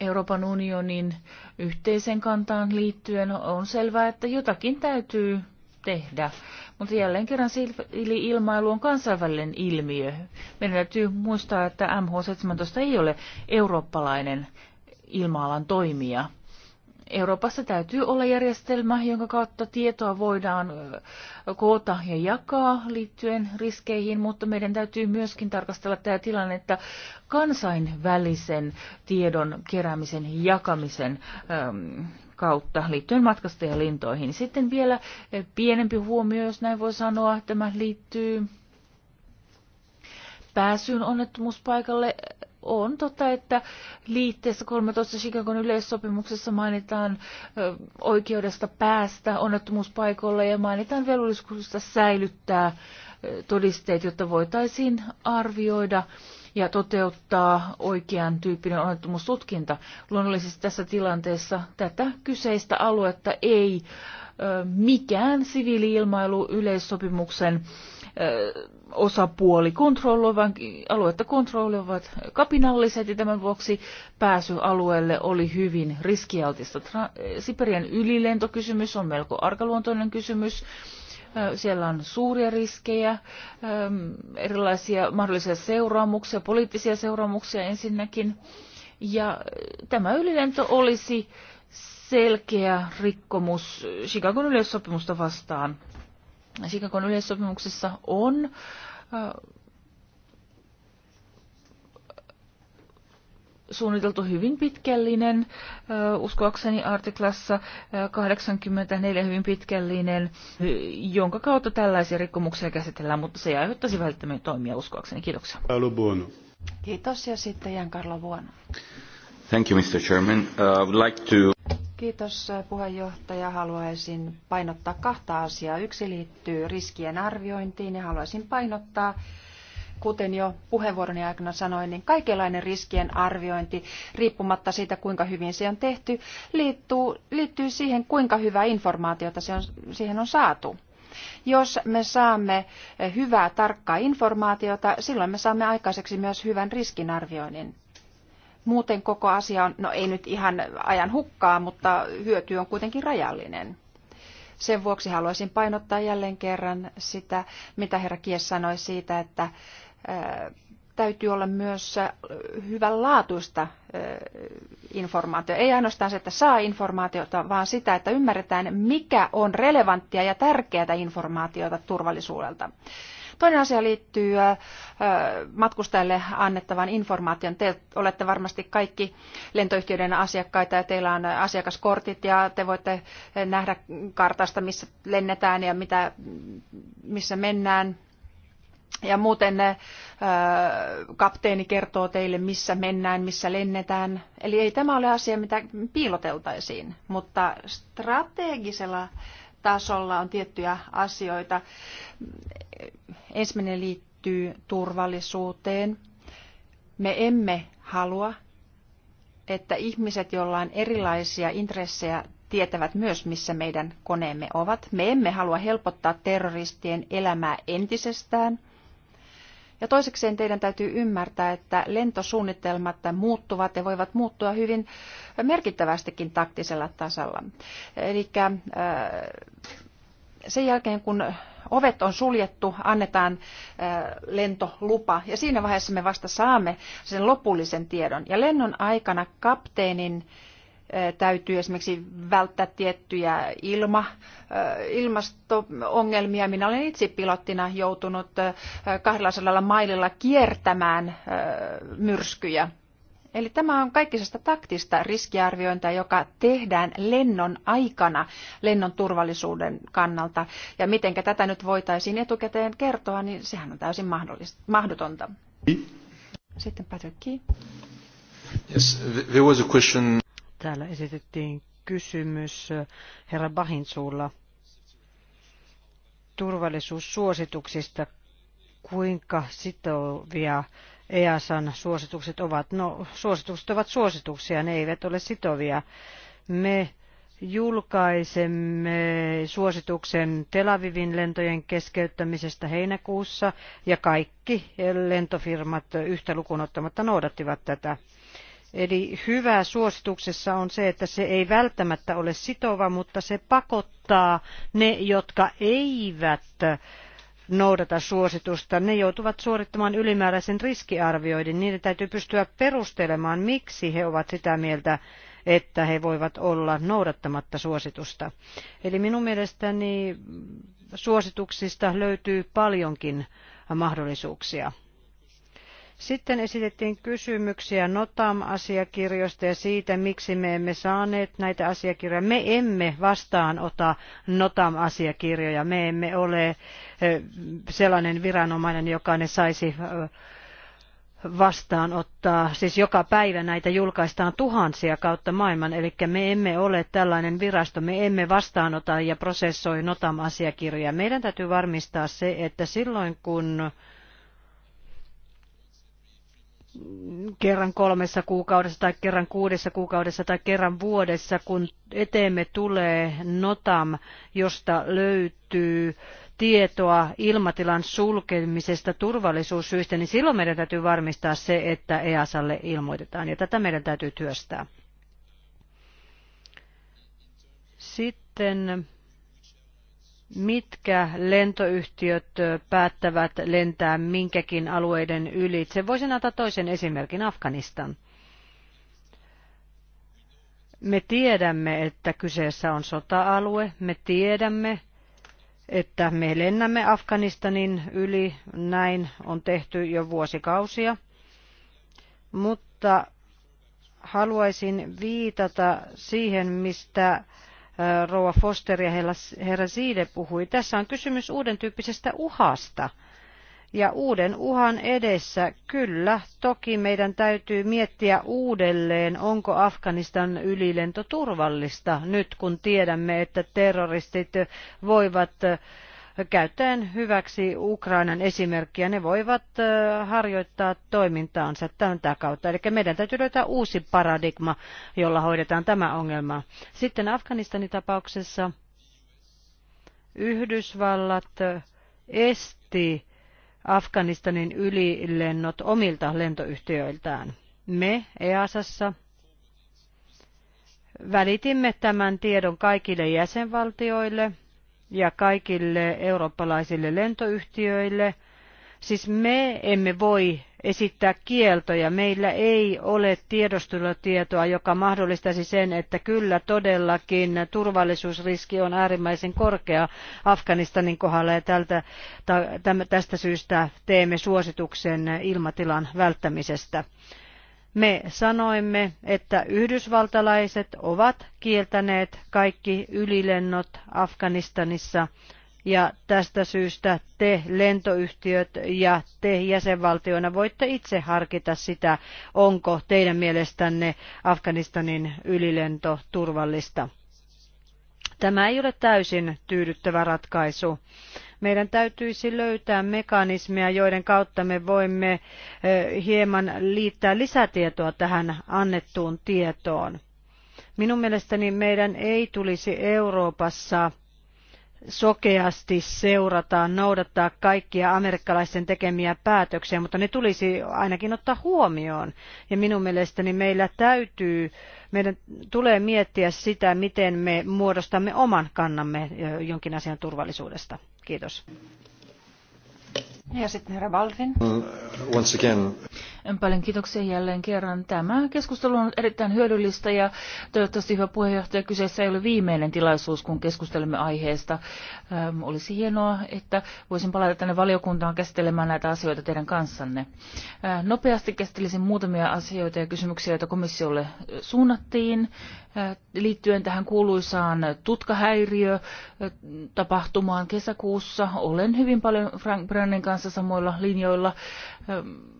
Euroopan unionin yhteisen kantaan liittyen on selvää, että jotakin täytyy tehdä. Mutta jälleen kerran ilmailu on kansainvälinen ilmiö. Meidän täytyy muistaa, että MH17 ei ole eurooppalainen ilmaalan toimija. Euroopassa täytyy olla järjestelmä, jonka kautta tietoa voidaan koota ja jakaa liittyen riskeihin, mutta meidän täytyy myöskin tarkastella tämä tilannetta kansainvälisen tiedon keräämisen ja jakamisen kautta liittyen matkustajalintoihin. Sitten vielä pienempi huomio, jos näin voi sanoa, tämä liittyy pääsyyn onnettomuuspaikalle on totta, että liitteessä 13 Chicagon yleissopimuksessa mainitaan oikeudesta päästä onnettomuuspaikalle ja mainitaan velvollisuudesta säilyttää todisteet, jotta voitaisiin arvioida ja toteuttaa oikean tyyppinen onnettomuustutkinta. Luonnollisesti tässä tilanteessa tätä kyseistä aluetta ei mikään siviiliilmailu yleissopimuksen osapuoli kontrolloivan, aluetta kontrolloivat kapinalliset ja tämän vuoksi pääsy alueelle oli hyvin riskialtista. Siperian ylilentokysymys on melko arkaluontoinen kysymys. Siellä on suuria riskejä, erilaisia mahdollisia seuraamuksia, poliittisia seuraamuksia ensinnäkin. Ja tämä ylilento olisi selkeä rikkomus Chicagon yleissopimusta vastaan. Chicagon yleissopimuksessa on äh, suunniteltu hyvin pitkällinen, äh, uskoakseni artiklassa 84 äh, hyvin pitkällinen, jonka kautta tällaisia rikkomuksia käsitellään, mutta se ei aiheuttaisi välttämättä toimia uskoakseni. Kiitoksia. Kiitos ja sitten Jan Carlo Vuono. Thank you, Mr. Chairman. Uh, I would like to... Kiitos äh, puheenjohtaja. Haluaisin painottaa kahta asiaa. Yksi liittyy riskien arviointiin ja haluaisin painottaa, kuten jo puheenvuoroni aikana sanoin, niin kaikenlainen riskien arviointi, riippumatta siitä kuinka hyvin se on tehty, liittyy, liittyy siihen kuinka hyvää informaatiota se on, siihen on saatu. Jos me saamme äh, hyvää tarkkaa informaatiota, silloin me saamme aikaiseksi myös hyvän riskinarvioinnin Muuten koko asia on, no ei nyt ihan ajan hukkaa, mutta hyöty on kuitenkin rajallinen. Sen vuoksi haluaisin painottaa jälleen kerran sitä, mitä herra Kies sanoi siitä, että äh, täytyy olla myös äh, hyvänlaatuista äh, informaatiota. Ei ainoastaan se, että saa informaatiota, vaan sitä, että ymmärretään, mikä on relevanttia ja tärkeää informaatiota turvallisuudelta. Toinen asia liittyy matkustajille annettavan informaation. Te olette varmasti kaikki lentoyhtiöiden asiakkaita ja teillä on asiakaskortit ja te voitte nähdä kartasta, missä lennetään ja mitä, missä mennään. Ja muuten kapteeni kertoo teille, missä mennään, missä lennetään. Eli ei tämä ole asia, mitä piiloteltaisiin, mutta strategisella tasolla on tiettyjä asioita. Ensimmäinen liittyy turvallisuuteen. Me emme halua, että ihmiset, joilla on erilaisia intressejä, tietävät myös, missä meidän koneemme ovat. Me emme halua helpottaa terroristien elämää entisestään – ja toisekseen teidän täytyy ymmärtää, että lentosuunnitelmat muuttuvat ja voivat muuttua hyvin merkittävästikin taktisella tasolla. Eli äh, sen jälkeen, kun ovet on suljettu, annetaan äh, lentolupa ja siinä vaiheessa me vasta saamme sen lopullisen tiedon. Ja lennon aikana kapteenin täytyy esimerkiksi välttää tiettyjä ilma, ilmasto-ongelmia. Minä olen itse pilottina joutunut 200 maililla kiertämään myrskyjä. Eli tämä on kaikkisesta taktista riskiarviointia, joka tehdään lennon aikana lennon turvallisuuden kannalta. Ja miten tätä nyt voitaisiin etukäteen kertoa, niin sehän on täysin mahdotonta. Sitten Patrick Key. Yes, there was a question Täällä esitettiin kysymys herra Bahin suulla turvallisuussuosituksista. Kuinka sitovia EASan suositukset ovat? No, suositukset ovat suosituksia, ne eivät ole sitovia. Me julkaisemme suosituksen Tel Avivin lentojen keskeyttämisestä heinäkuussa ja kaikki lentofirmat yhtä ottamatta noudattivat tätä. Eli hyvää suosituksessa on se, että se ei välttämättä ole sitova, mutta se pakottaa ne, jotka eivät noudata suositusta. Ne joutuvat suorittamaan ylimääräisen riskiarvioiden. Niiden täytyy pystyä perustelemaan, miksi he ovat sitä mieltä, että he voivat olla noudattamatta suositusta. Eli minun mielestäni suosituksista löytyy paljonkin mahdollisuuksia. Sitten esitettiin kysymyksiä Notam-asiakirjoista ja siitä, miksi me emme saaneet näitä asiakirjoja. Me emme vastaanota Notam-asiakirjoja. Me emme ole eh, sellainen viranomainen, joka ne saisi eh, vastaanottaa. Siis joka päivä näitä julkaistaan tuhansia kautta maailman, eli me emme ole tällainen virasto, me emme vastaanota ja prosessoi Notam-asiakirjoja. Meidän täytyy varmistaa se, että silloin kun kerran kolmessa kuukaudessa tai kerran kuudessa kuukaudessa tai kerran vuodessa, kun eteemme tulee NOTAM, josta löytyy tietoa ilmatilan sulkemisesta turvallisuussyistä, niin silloin meidän täytyy varmistaa se, että EASalle ilmoitetaan, ja tätä meidän täytyy työstää. Sitten mitkä lentoyhtiöt päättävät lentää minkäkin alueiden ylitse. Voisin antaa toisen esimerkin, Afganistan. Me tiedämme, että kyseessä on sota-alue. Me tiedämme, että me lennämme Afganistanin yli. Näin on tehty jo vuosikausia. Mutta haluaisin viitata siihen, mistä Roa Foster ja herra Siide puhui. Tässä on kysymys uuden tyyppisestä uhasta. Ja uuden uhan edessä, kyllä, toki meidän täytyy miettiä uudelleen, onko Afganistan ylilento turvallista nyt, kun tiedämme, että terroristit voivat käyttäen hyväksi Ukrainan esimerkkiä. Ne voivat harjoittaa toimintaansa tätä kautta. Eli meidän täytyy löytää uusi paradigma, jolla hoidetaan tämä ongelma. Sitten Afganistanin tapauksessa Yhdysvallat esti Afganistanin ylilennot omilta lentoyhtiöiltään. Me EASassa välitimme tämän tiedon kaikille jäsenvaltioille – ja kaikille eurooppalaisille lentoyhtiöille. Siis me emme voi esittää kieltoja. Meillä ei ole tiedostelutietoa, joka mahdollistaisi sen, että kyllä todellakin turvallisuusriski on äärimmäisen korkea Afganistanin kohdalla ja tältä, tästä syystä teemme suosituksen ilmatilan välttämisestä. Me sanoimme, että yhdysvaltalaiset ovat kieltäneet kaikki ylilennot Afganistanissa ja tästä syystä te lentoyhtiöt ja te jäsenvaltioina voitte itse harkita sitä, onko teidän mielestänne Afganistanin ylilento turvallista. Tämä ei ole täysin tyydyttävä ratkaisu. Meidän täytyisi löytää mekanismeja, joiden kautta me voimme eh, hieman liittää lisätietoa tähän annettuun tietoon. Minun mielestäni meidän ei tulisi Euroopassa sokeasti seurata, noudattaa kaikkia amerikkalaisten tekemiä päätöksiä, mutta ne tulisi ainakin ottaa huomioon. Ja minun mielestäni meillä täytyy, meidän tulee miettiä sitä, miten me muodostamme oman kannamme jonkin asian turvallisuudesta. Kiitos. Ja sitten herra Baldwin. Mm, once again. Paljon kiitoksia jälleen kerran. Tämä keskustelu on erittäin hyödyllistä ja toivottavasti hyvä puheenjohtaja kyseessä ei ole viimeinen tilaisuus, kun keskustelemme aiheesta. Ähm, olisi hienoa, että voisin palata tänne valiokuntaan käsittelemään näitä asioita teidän kanssanne. Äh, nopeasti käsittelisin muutamia asioita ja kysymyksiä, joita komissiolle äh, suunnattiin äh, liittyen tähän kuuluisaan tutkahäiriö tapahtumaan kesäkuussa. Olen hyvin paljon Frank Brannin kanssa samoilla linjoilla. Ähm,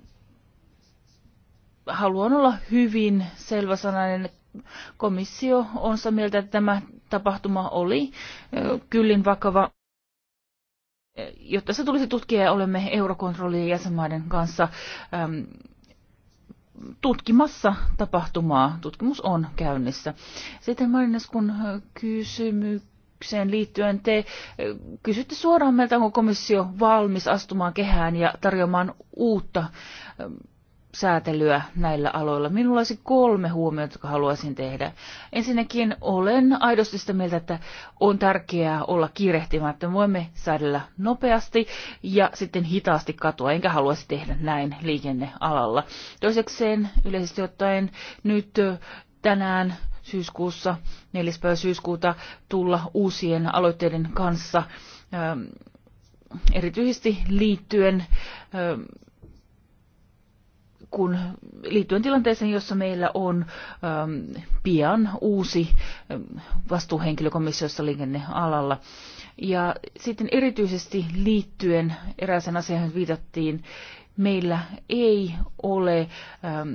haluan olla hyvin selväsanainen. Komissio on sitä mieltä, että tämä tapahtuma oli kyllin vakava, jotta se tulisi tutkia ja olemme eurokontrollien jäsenmaiden kanssa äm, tutkimassa tapahtumaa. Tutkimus on käynnissä. Sitten Marineskun kysymys kysymykseen liittyen te kysytte suoraan meiltä, onko komissio valmis astumaan kehään ja tarjoamaan uutta säätelyä näillä aloilla. Minulla olisi kolme huomiota, jotka haluaisin tehdä. Ensinnäkin olen aidosti sitä mieltä, että on tärkeää olla kiirehtimättä. Voimme säädellä nopeasti ja sitten hitaasti katua, enkä haluaisi tehdä näin liikennealalla. Toisekseen yleisesti ottaen nyt tänään syyskuussa, 4. päivä syyskuuta, tulla uusien aloitteiden kanssa erityisesti liittyen kun liittyen tilanteeseen, jossa meillä on äm, pian uusi äm, vastuuhenkilö liikennealalla. Ja sitten erityisesti liittyen erääseen asiaan viitattiin, meillä ei ole äm,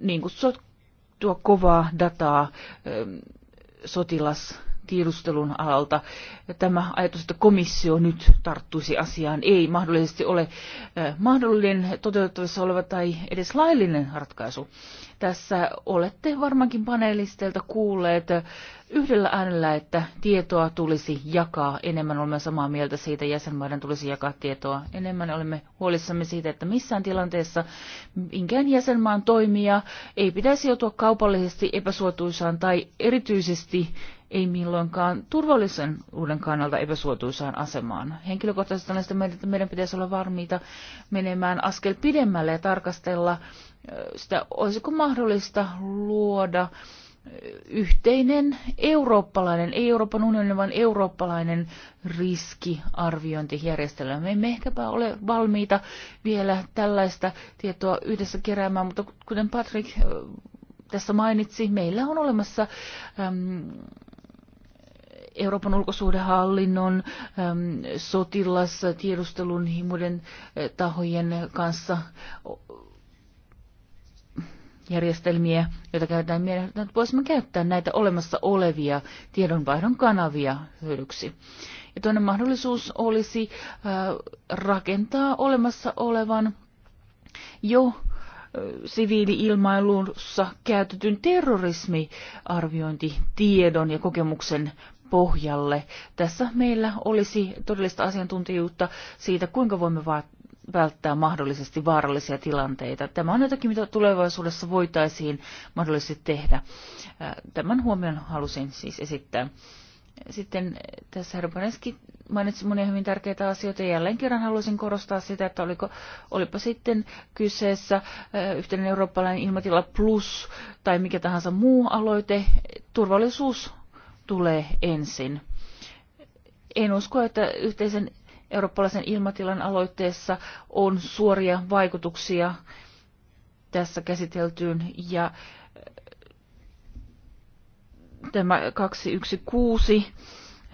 niin tuo kovaa dataa äm, sotilas tiedustelun alalta. Tämä ajatus, että komissio nyt tarttuisi asiaan, ei mahdollisesti ole mahdollinen toteutettavissa oleva tai edes laillinen ratkaisu. Tässä olette varmaankin paneelisteilta kuulleet yhdellä äänellä, että tietoa tulisi jakaa enemmän. Olemme samaa mieltä siitä, jäsenmaiden tulisi jakaa tietoa enemmän. Olemme huolissamme siitä, että missään tilanteessa minkään jäsenmaan toimija ei pitäisi joutua kaupallisesti epäsuotuisaan tai erityisesti ei milloinkaan turvallisen uuden kannalta epäsuotuisaan asemaan. Henkilökohtaisesti näistä meidän, meidän pitäisi olla varmiita menemään askel pidemmälle ja tarkastella sitä, olisiko mahdollista luoda yhteinen eurooppalainen, ei Euroopan unionin, vaan eurooppalainen riskiarviointijärjestelmä. Me emme ehkäpä ole valmiita vielä tällaista tietoa yhdessä keräämään, mutta kuten Patrick tässä mainitsi, meillä on olemassa äm, Euroopan ulkosuhdehallinnon, ähm, sotilastiedustelun tiedustelun muiden äh, tahojen kanssa järjestelmiä, joita käytetään mielessä, että voisimme käyttää näitä olemassa olevia tiedonvaihdon kanavia hyödyksi. Ja toinen mahdollisuus olisi äh, rakentaa olemassa olevan jo äh, siviiliilmailussa käytetyn terrorismiarviointitiedon ja kokemuksen pohjalle. Tässä meillä olisi todellista asiantuntijuutta siitä, kuinka voimme välttää mahdollisesti vaarallisia tilanteita. Tämä on jotakin, mitä tulevaisuudessa voitaisiin mahdollisesti tehdä. Äh, tämän huomion halusin siis esittää. Sitten tässä Herbaneski mainitsi monia hyvin tärkeitä asioita. Jälleen kerran haluaisin korostaa sitä, että oliko, olipa sitten kyseessä äh, yhteinen eurooppalainen ilmatila plus tai mikä tahansa muu aloite, turvallisuus tulee ensin. En usko, että yhteisen eurooppalaisen ilmatilan aloitteessa on suoria vaikutuksia tässä käsiteltyyn ja äh, tämä 216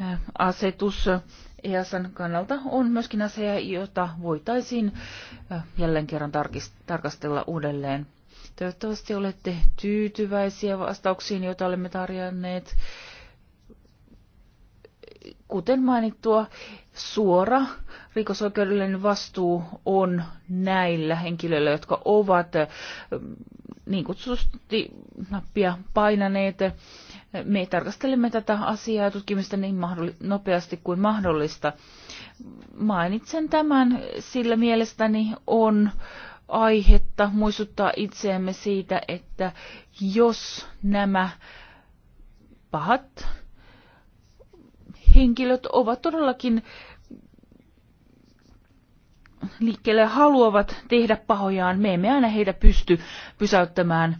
äh, asetus äh, EASan kannalta on myöskin asia, jota voitaisiin jälleen kerran tarkastella uudelleen. Toivottavasti olette tyytyväisiä vastauksiin, joita olemme tarjonneet kuten mainittua, suora rikosoikeudellinen vastuu on näillä henkilöillä, jotka ovat niin kutsutusti nappia painaneet. Me tarkastelemme tätä asiaa ja tutkimista niin nopeasti kuin mahdollista. Mainitsen tämän, sillä mielestäni on aihetta muistuttaa itseämme siitä, että jos nämä pahat henkilöt ovat todellakin liikkeelle haluavat tehdä pahojaan. Me emme aina heitä pysty pysäyttämään.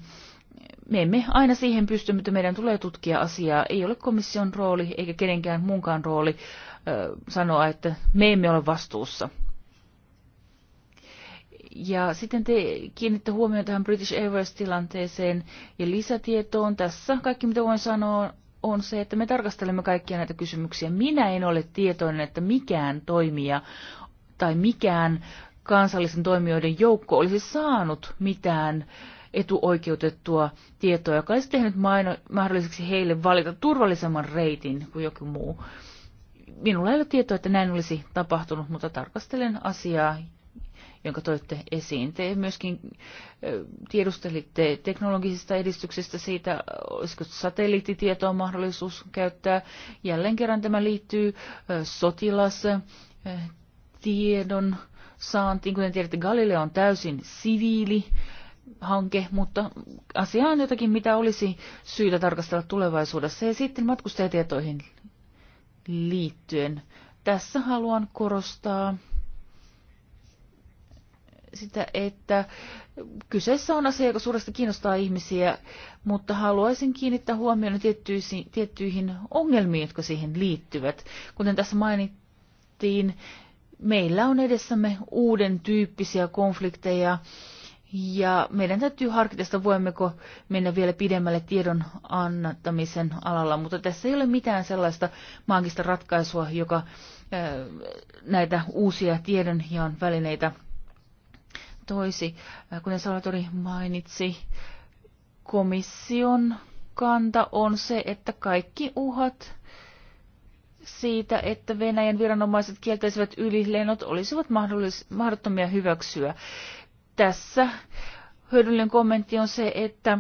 Me emme aina siihen pysty, mutta meidän tulee tutkia asiaa. Ei ole komission rooli eikä kenenkään muunkaan rooli ö, sanoa, että me emme ole vastuussa. Ja sitten te kiinnitte huomioon tähän British Airways-tilanteeseen ja lisätietoon. Tässä kaikki, mitä voin sanoa, on se, että me tarkastelemme kaikkia näitä kysymyksiä. Minä en ole tietoinen, että mikään toimija tai mikään kansallisen toimijoiden joukko olisi saanut mitään etuoikeutettua tietoa, joka olisi tehnyt mahdolliseksi heille valita turvallisemman reitin kuin joku muu. Minulla ei ole tietoa, että näin olisi tapahtunut, mutta tarkastelen asiaa jonka toitte esiin. Te myöskin tiedustelitte teknologisista edistyksestä siitä, olisiko satelliittitietoa mahdollisuus käyttää. Jälleen kerran tämä liittyy sotilastiedon saantiin. Kuten tiedätte, Galileo on täysin siviili hanke, mutta asia on jotakin, mitä olisi syytä tarkastella tulevaisuudessa. Ja sitten matkustajatietoihin liittyen. Tässä haluan korostaa sitä, että kyseessä on asia, joka suuresti kiinnostaa ihmisiä, mutta haluaisin kiinnittää huomioon tiettyihin, tiettyihin ongelmiin, jotka siihen liittyvät. Kuten tässä mainittiin, meillä on edessämme uuden tyyppisiä konflikteja, ja meidän täytyy harkita sitä, voimmeko mennä vielä pidemmälle tiedon annattamisen alalla, mutta tässä ei ole mitään sellaista maagista ratkaisua, joka näitä uusia tiedonjaon välineitä toisi. Äh, kuten Salvatori mainitsi, komission kanta on se, että kaikki uhat siitä, että Venäjän viranomaiset kieltäisivät ylilennot, olisivat mahdollis- mahdottomia hyväksyä. Tässä hyödyllinen kommentti on se, että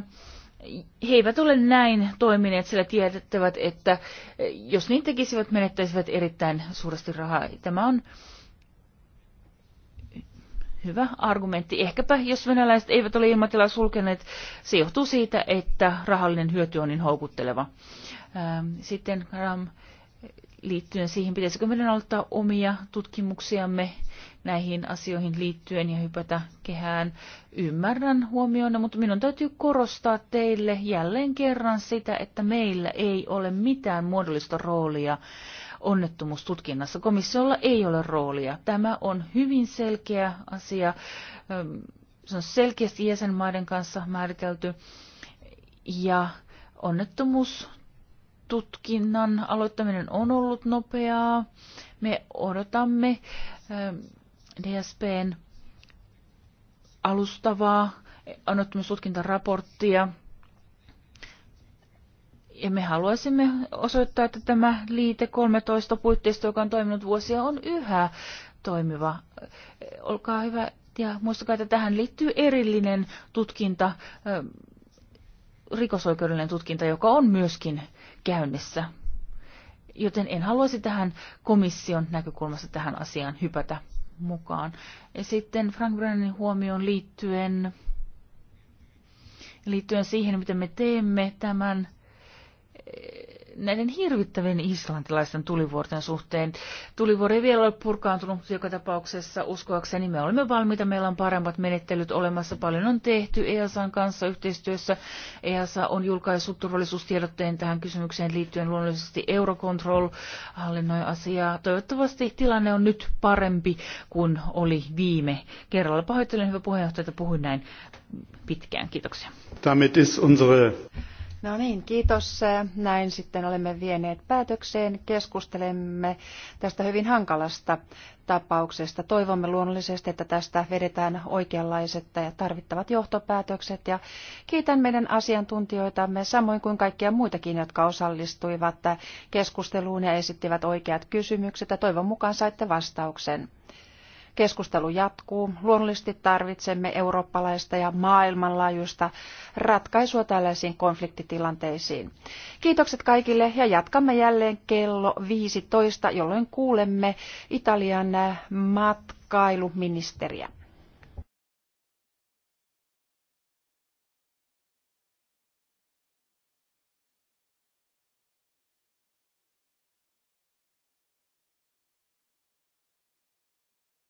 he eivät ole näin toimineet, sillä tiedettävät, että jos niin tekisivät, menettäisivät erittäin suuresti rahaa. Tämä on äh, hyvä argumentti. Ehkäpä, jos venäläiset eivät ole ilmatilaa sulkeneet, se johtuu siitä, että rahallinen hyöty on niin houkutteleva. Ähm, sitten RAM, liittyen siihen, pitäisikö meidän aloittaa omia tutkimuksiamme näihin asioihin liittyen ja hypätä kehään. Ymmärrän huomioon, mutta minun täytyy korostaa teille jälleen kerran sitä, että meillä ei ole mitään muodollista roolia onnettomuustutkinnassa. Komissiolla ei ole roolia. Tämä on hyvin selkeä asia. Se on selkeästi jäsenmaiden kanssa määritelty. Ja onnettomuustutkinnan aloittaminen on ollut nopeaa. Me odotamme DSPn alustavaa onnettomuustutkintaraporttia ja me haluaisimme osoittaa, että tämä liite 13 puitteista, joka on toiminut vuosia, on yhä toimiva. Olkaa hyvä ja muistakaa, että tähän liittyy erillinen tutkinta, rikosoikeudellinen tutkinta, joka on myöskin käynnissä. Joten en haluaisi tähän komission näkökulmasta tähän asiaan hypätä mukaan. Ja sitten Frank Brennanin huomioon liittyen, liittyen siihen, miten me teemme tämän näiden hirvittävien islantilaisten tulivuorten suhteen. Tulivuori ei vielä ole purkaantunut, mutta joka tapauksessa uskoakseni me olemme valmiita. Meillä on paremmat menettelyt olemassa. Paljon on tehty EASAn kanssa yhteistyössä. EASA on julkaissut turvallisuustiedotteen tähän kysymykseen liittyen luonnollisesti Eurocontrol hallinnoi asiaa. Toivottavasti tilanne on nyt parempi kuin oli viime kerralla. Pahoittelen hyvä puheenjohtaja, että puhuin näin pitkään. Kiitoksia. Damit ist unsere No niin, kiitos. Näin sitten olemme vieneet päätökseen. Keskustelemme tästä hyvin hankalasta tapauksesta. Toivomme luonnollisesti, että tästä vedetään oikeanlaiset ja tarvittavat johtopäätökset. Ja kiitän meidän asiantuntijoitamme samoin kuin kaikkia muitakin, jotka osallistuivat keskusteluun ja esittivät oikeat kysymykset. Ja toivon mukaan saitte vastauksen. Keskustelu jatkuu. Luonnollisesti tarvitsemme eurooppalaista ja maailmanlaajuista ratkaisua tällaisiin konfliktitilanteisiin. Kiitokset kaikille ja jatkamme jälleen kello 15, jolloin kuulemme Italian matkailuministeriä.